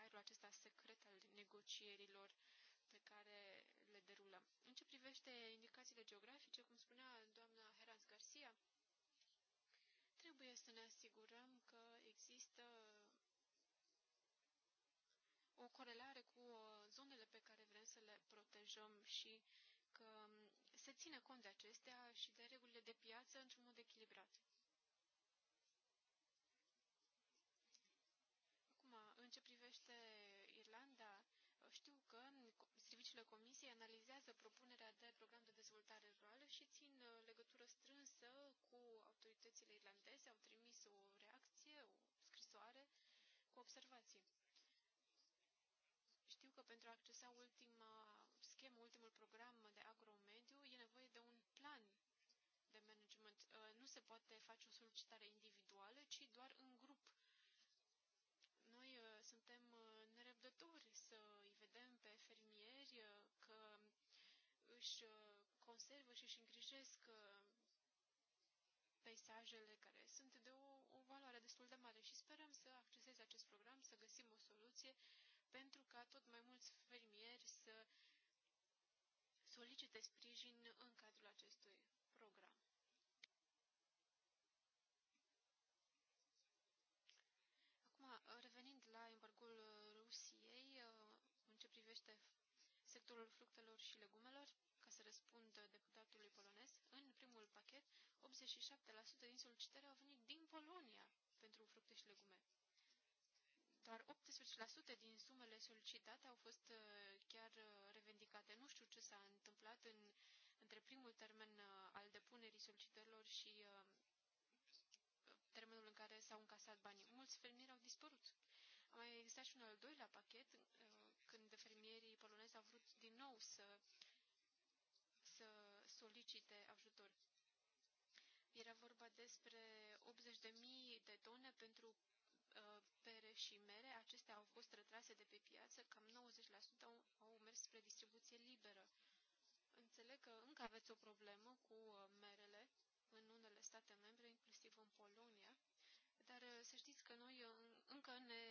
Speaker 7: aerul acesta secret al negocierilor pe care le derulăm. În ce privește indicațiile geografice, cum spunea doamna sărăcia. Trebuie să ne asigurăm că există o corelare cu uh, zonele pe care vrem să le protejăm și că se ține cont de acestea și de regulile de piață într-un mod echilibrat. comisie analizează propunerea de program de dezvoltare rurală și țin uh, legătură strânsă cu autoritățile irlandeze. Au trimis o reacție, o scrisoare cu observații. Știu că pentru a accesa ultima schemă, ultimul program de agromediu, e nevoie de un plan de management. Uh, nu se poate face o solicitare individuală, ci doar în grup. Noi uh, suntem nerăbdători să Uh, că își uh, conservă și își îngrijesc uh, peisajele care sunt de o, o valoare destul de mare și sperăm să acceseze acest program, să găsim o soluție pentru ca tot mai mulți fermieri să solicite sprijin în cadrul acestui sectorul fructelor și legumelor, ca să răspund deputatului polonez, în primul pachet, 87% din solicitări au venit din Polonia pentru fructe și legume. Doar 18% din sumele solicitate au fost uh, chiar uh, revendicate. Nu știu ce s-a întâmplat în, între primul termen uh, al depunerii solicitărilor și termenul în care s-au încasat banii. Mulți fermieri au dispărut. A mai existat și un al doilea pachet fermierii polonezi au vrut din nou să, să solicite ajutor. Era vorba despre 80.000 de tone pentru uh, pere și mere. Acestea au fost retrase de pe piață, cam 90% au, au mers spre distribuție liberă. Înțeleg că încă aveți o problemă cu uh, merele în unele state membre, inclusiv în Polonia, dar uh, să știți că noi uh, încă ne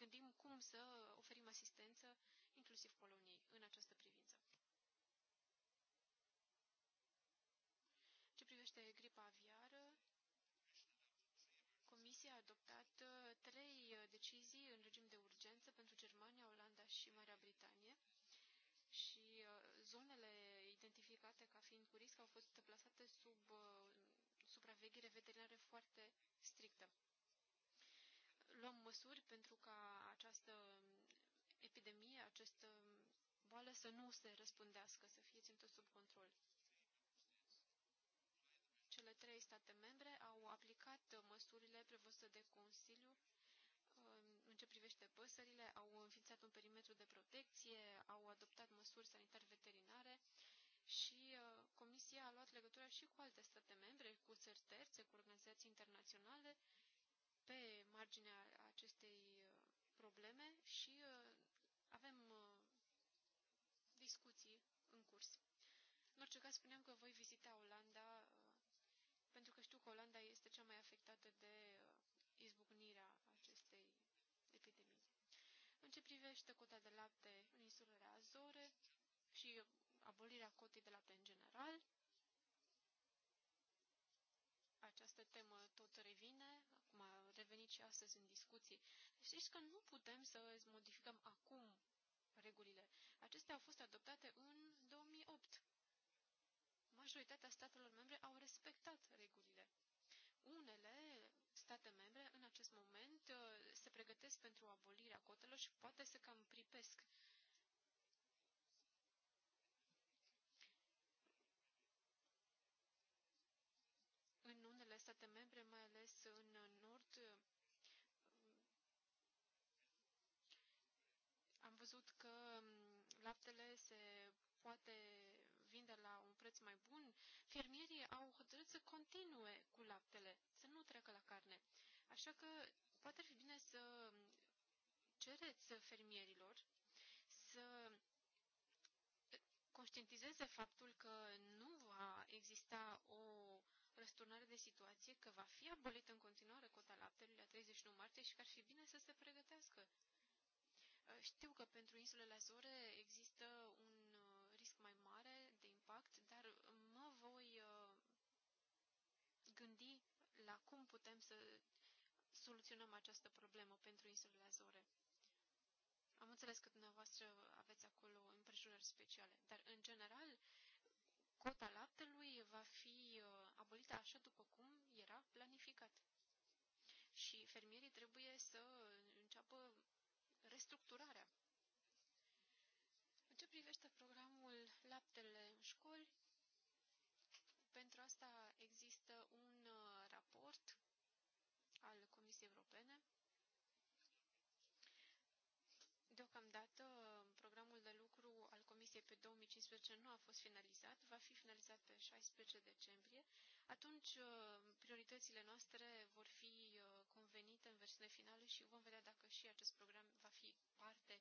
Speaker 7: ne gândim cum să oferim asistență, inclusiv Poloniei, în această privință. Ce privește gripa aviară, Comisia a adoptat uh, trei uh, decizii în regim de urgență pentru Germania, Olanda și Marea Britanie și uh, zonele identificate ca fiind cu risc au fost plasate sub supraveghere veterinară foarte strictă luăm măsuri pentru ca această epidemie, această boală să nu se răspândească, să fie ținută sub control. Cele trei state membre au aplicat măsurile prevăzute de Consiliu um, în ce privește păsările, au înființat un perimetru de protecție, au adoptat măsuri sanitar-veterinare și uh, Comisia a luat legătura și cu alte state membre, cu țări terțe, cu organizații internaționale pe marginea acestei uh, probleme și uh, avem uh, discuții în curs. În orice caz, spuneam că voi vizita Olanda, pentru că știu că Olanda este cea mai afectată de izbucnirea acestei epidemii. În ce privește cota de lapte în insulele Azore și abolirea cotei de lapte în general, această temă tot revine revenit și astăzi în discuții. Deci știți că nu putem să modificăm acum regulile. Acestea au fost adoptate în 2008. Majoritatea statelor membre au respectat regulile. Unele state membre în acest moment se pregătesc pentru abolirea cotelor și poate să cam pripesc laptele se poate vinde la un preț mai bun, fermierii au hotărât să continue cu laptele, să nu treacă la carne. Așa că poate ar fi bine să cereți fermierilor să conștientizeze faptul că nu va exista o răsturnare de situație, că va fi abolită în continuare cota laptelui la 31 martie și că ar fi bine să se pregătească știu că pentru insulele Azore există un uh, risc mai mare de impact, dar mă voi uh, gândi la cum putem să soluționăm această problemă pentru insulele Azore. Am înțeles că dumneavoastră aveți acolo împrejurări speciale, dar în general cota laptelui va fi uh, abolită așa după cum era planificat. Și fermierii trebuie să înceapă restructurarea. În ce privește programul Laptele în școli, pentru asta există un uh, raport al Comisiei Europene. Deocamdată, programul de lucru al Comisiei pe 2015 nu a fost finalizat, va fi finalizat pe 16 decembrie. Atunci, uh, prioritățile noastre vor fi uh, venit în versiune finală și vom vedea dacă și acest program va fi parte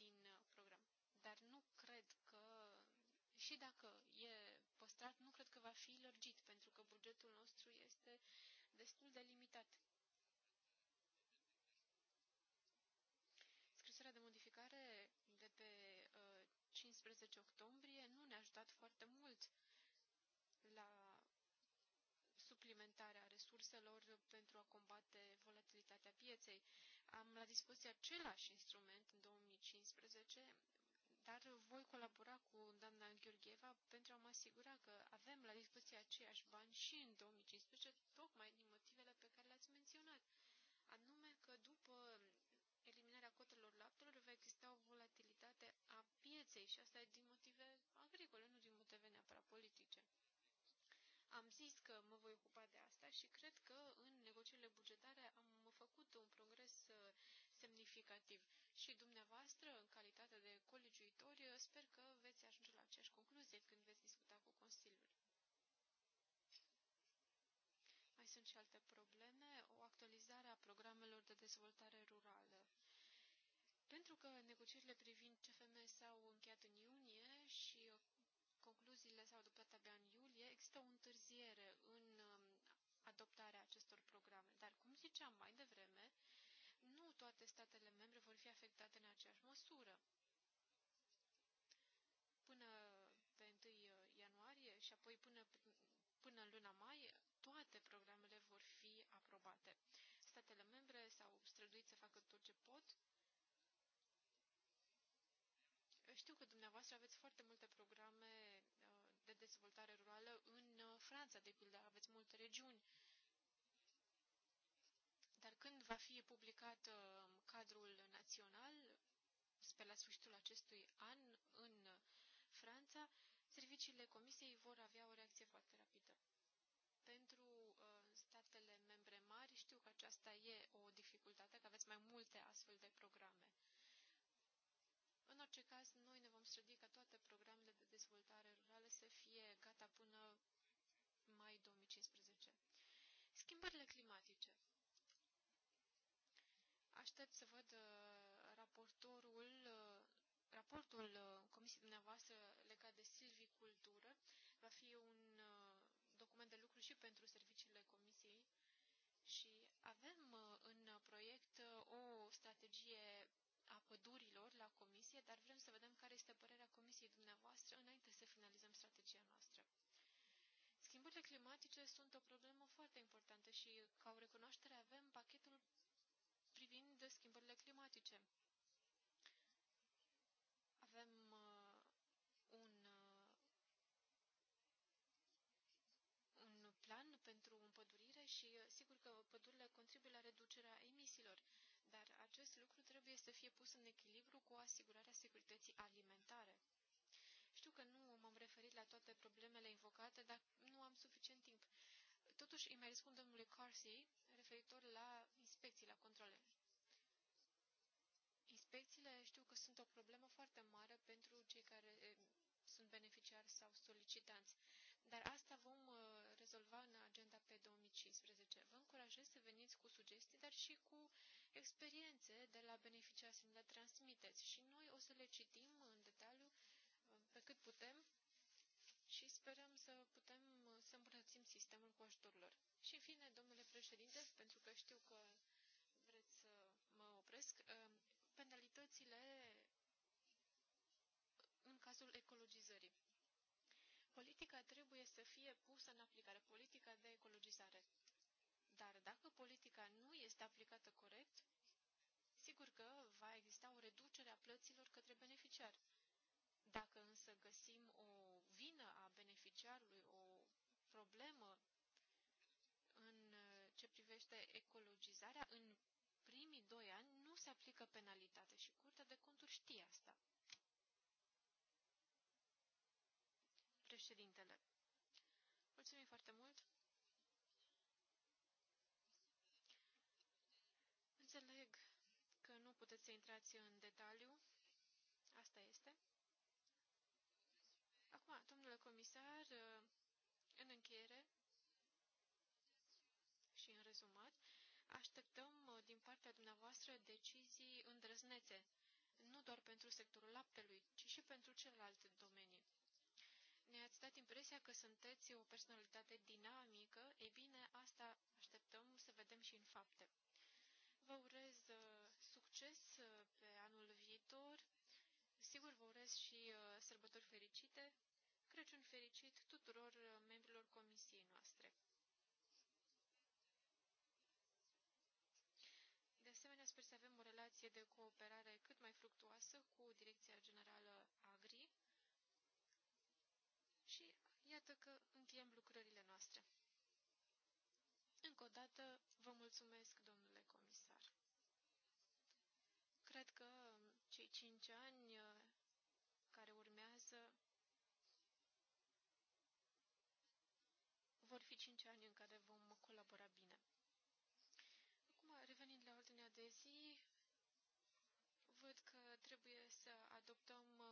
Speaker 7: din uh, program. Dar nu cred că, și dacă e păstrat, nu cred că va fi lărgit, pentru că bugetul nostru este destul de limitat. Scrisoarea de modificare de pe 15 uh, octombrie nu ne-a ajutat foarte mult la suplimentarea surselor pentru a combate volatilitatea pieței. Am la dispoziție același instrument în 2015, dar voi colabora cu doamna Gheorgheva pentru a mă asigura că avem la dispoziție aceiași bani și în 2015, tocmai din motivele pe care le-ați menționat, anume că după eliminarea cotelor laptelor va exista o volatilitate a pieței și asta e din motive agricole, nu din motive neapărat politice. Am zis că mă voi ocupa de asta și cred că în negocierile bugetare am făcut un progres uh, semnificativ. Și dumneavoastră, în calitate de colegiuitori, uh, sper că veți ajunge la aceeași concluzie când veți discuta cu Consiliul. Mai sunt și alte probleme, o actualizare a programelor de dezvoltare rurală. Pentru că negocierile privind CFM s-au încheiat în iunie și concluziile s-au adoptat abia în iulie, există o întârziere în um, adoptarea acestor programe. Dar, cum ziceam mai devreme, nu toate statele membre vor fi afectate în aceeași măsură. Până pe 1 uh, ianuarie și apoi până, până în luna mai, toate programele vor fi aprobate. Statele membre s-au străduit să facă tot ce pot știu că dumneavoastră aveți foarte multe programe uh, de dezvoltare rurală în uh, Franța, de pildă, aveți multe regiuni. Dar când va fi publicat uh, cadrul național, spre la sfârșitul acestui an, în Franța, serviciile Comisiei vor avea o reacție foarte rapidă. Pentru statele membre mari, știu că aceasta e o dificultate, că aveți mai multe astfel de programe orice caz, noi ne vom strădi ca toate programele de dezvoltare rurală să fie gata până mai 2015. Schimbările climatice. Aștept să văd uh, raportorul, uh, raportul uh, comisiei dumneavoastră legat de silvicultură. Va fi un document de lucru și pentru serviciile comisiei și avem în proiect o strategie a pădurilor la comisie, dar vrem să vedem care este părerea comisiei dumneavoastră înainte să finalizăm strategia noastră. Schimbările climatice sunt o problemă foarte importantă și, ca o recunoaștere, avem pachetul privind schimbările climatice. Avem uh, un, uh, un plan pentru împădurire și, uh, sigur că pădurile contribuie la reducerea emisiilor dar acest lucru trebuie să fie pus în echilibru cu asigurarea securității alimentare. Știu că nu m-am referit la toate problemele invocate, dar nu am suficient timp. Totuși îi mai răspund domnului Carsey referitor la inspecții, la controle. Inspecțiile știu că sunt o problemă foarte mare pentru cei care eh, sunt beneficiari sau solicitanți, dar asta vom eh, rezolva în agenda pe 2015. Vă încurajez să veniți cu sugestii, dar și cu experiențe de la beneficiați, ne le transmiteți și noi o să le citim în detaliu uh, pe cât putem și sperăm să putem uh, să îmbunătățim sistemul cu ajutorul lor. Și în fine, domnule președinte, pentru că știu că vreți să mă opresc, uh, penalitățile în cazul ecologizării. Politica trebuie să fie pusă în aplicare, politica de ecologizare. Dar dacă politica nu este aplicată corect, sigur că va exista o reducere a plăților către beneficiari. Dacă însă găsim o vină a beneficiarului, o problemă în uh, ce privește ecologizarea, în primii doi ani nu se aplică penalitate și Curtea de Conturi știe asta. Președintele, mulțumim foarte mult! să intrați în detaliu. Asta este. Acum, domnule comisar, în încheiere și în rezumat, așteptăm din partea dumneavoastră decizii îndrăznețe, nu doar pentru sectorul laptelui, ci și pentru celelalte domenii. Ne-ați dat impresia că sunteți o personalitate dinamică, e bine, asta așteptăm să vedem și în fapte. Vă urez succes uh, pe anul viitor. Sigur vă urez și uh, sărbători fericite. Crăciun fericit tuturor uh, membrilor comisiei noastre. De asemenea, sper să avem o relație de cooperare cât mai fructuoasă cu Direcția Generală Agri și iată că încheiem lucrările noastre. Încă o dată, vă mulțumesc, domnule cred că um, cei cinci ani uh, care urmează vor fi cinci ani în care vom colabora bine. Acum, revenind la ordinea de zi, văd că trebuie să adoptăm uh,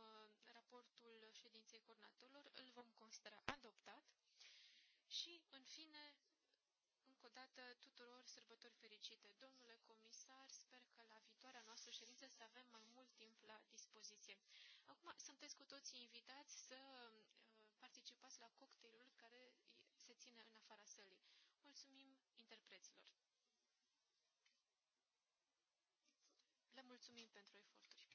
Speaker 7: raportul ședinței coordonatorilor, îl vom considera adoptat și, în fine, încă o dată tuturor sărbători fericite. Domnule comisar, sper că la viitoarea noastră ședință să avem mai mult timp la dispoziție. Acum sunteți cu toții invitați să uh, participați la cocktailul care se ține în afara sălii. Mulțumim interpreților. Le mulțumim pentru eforturi.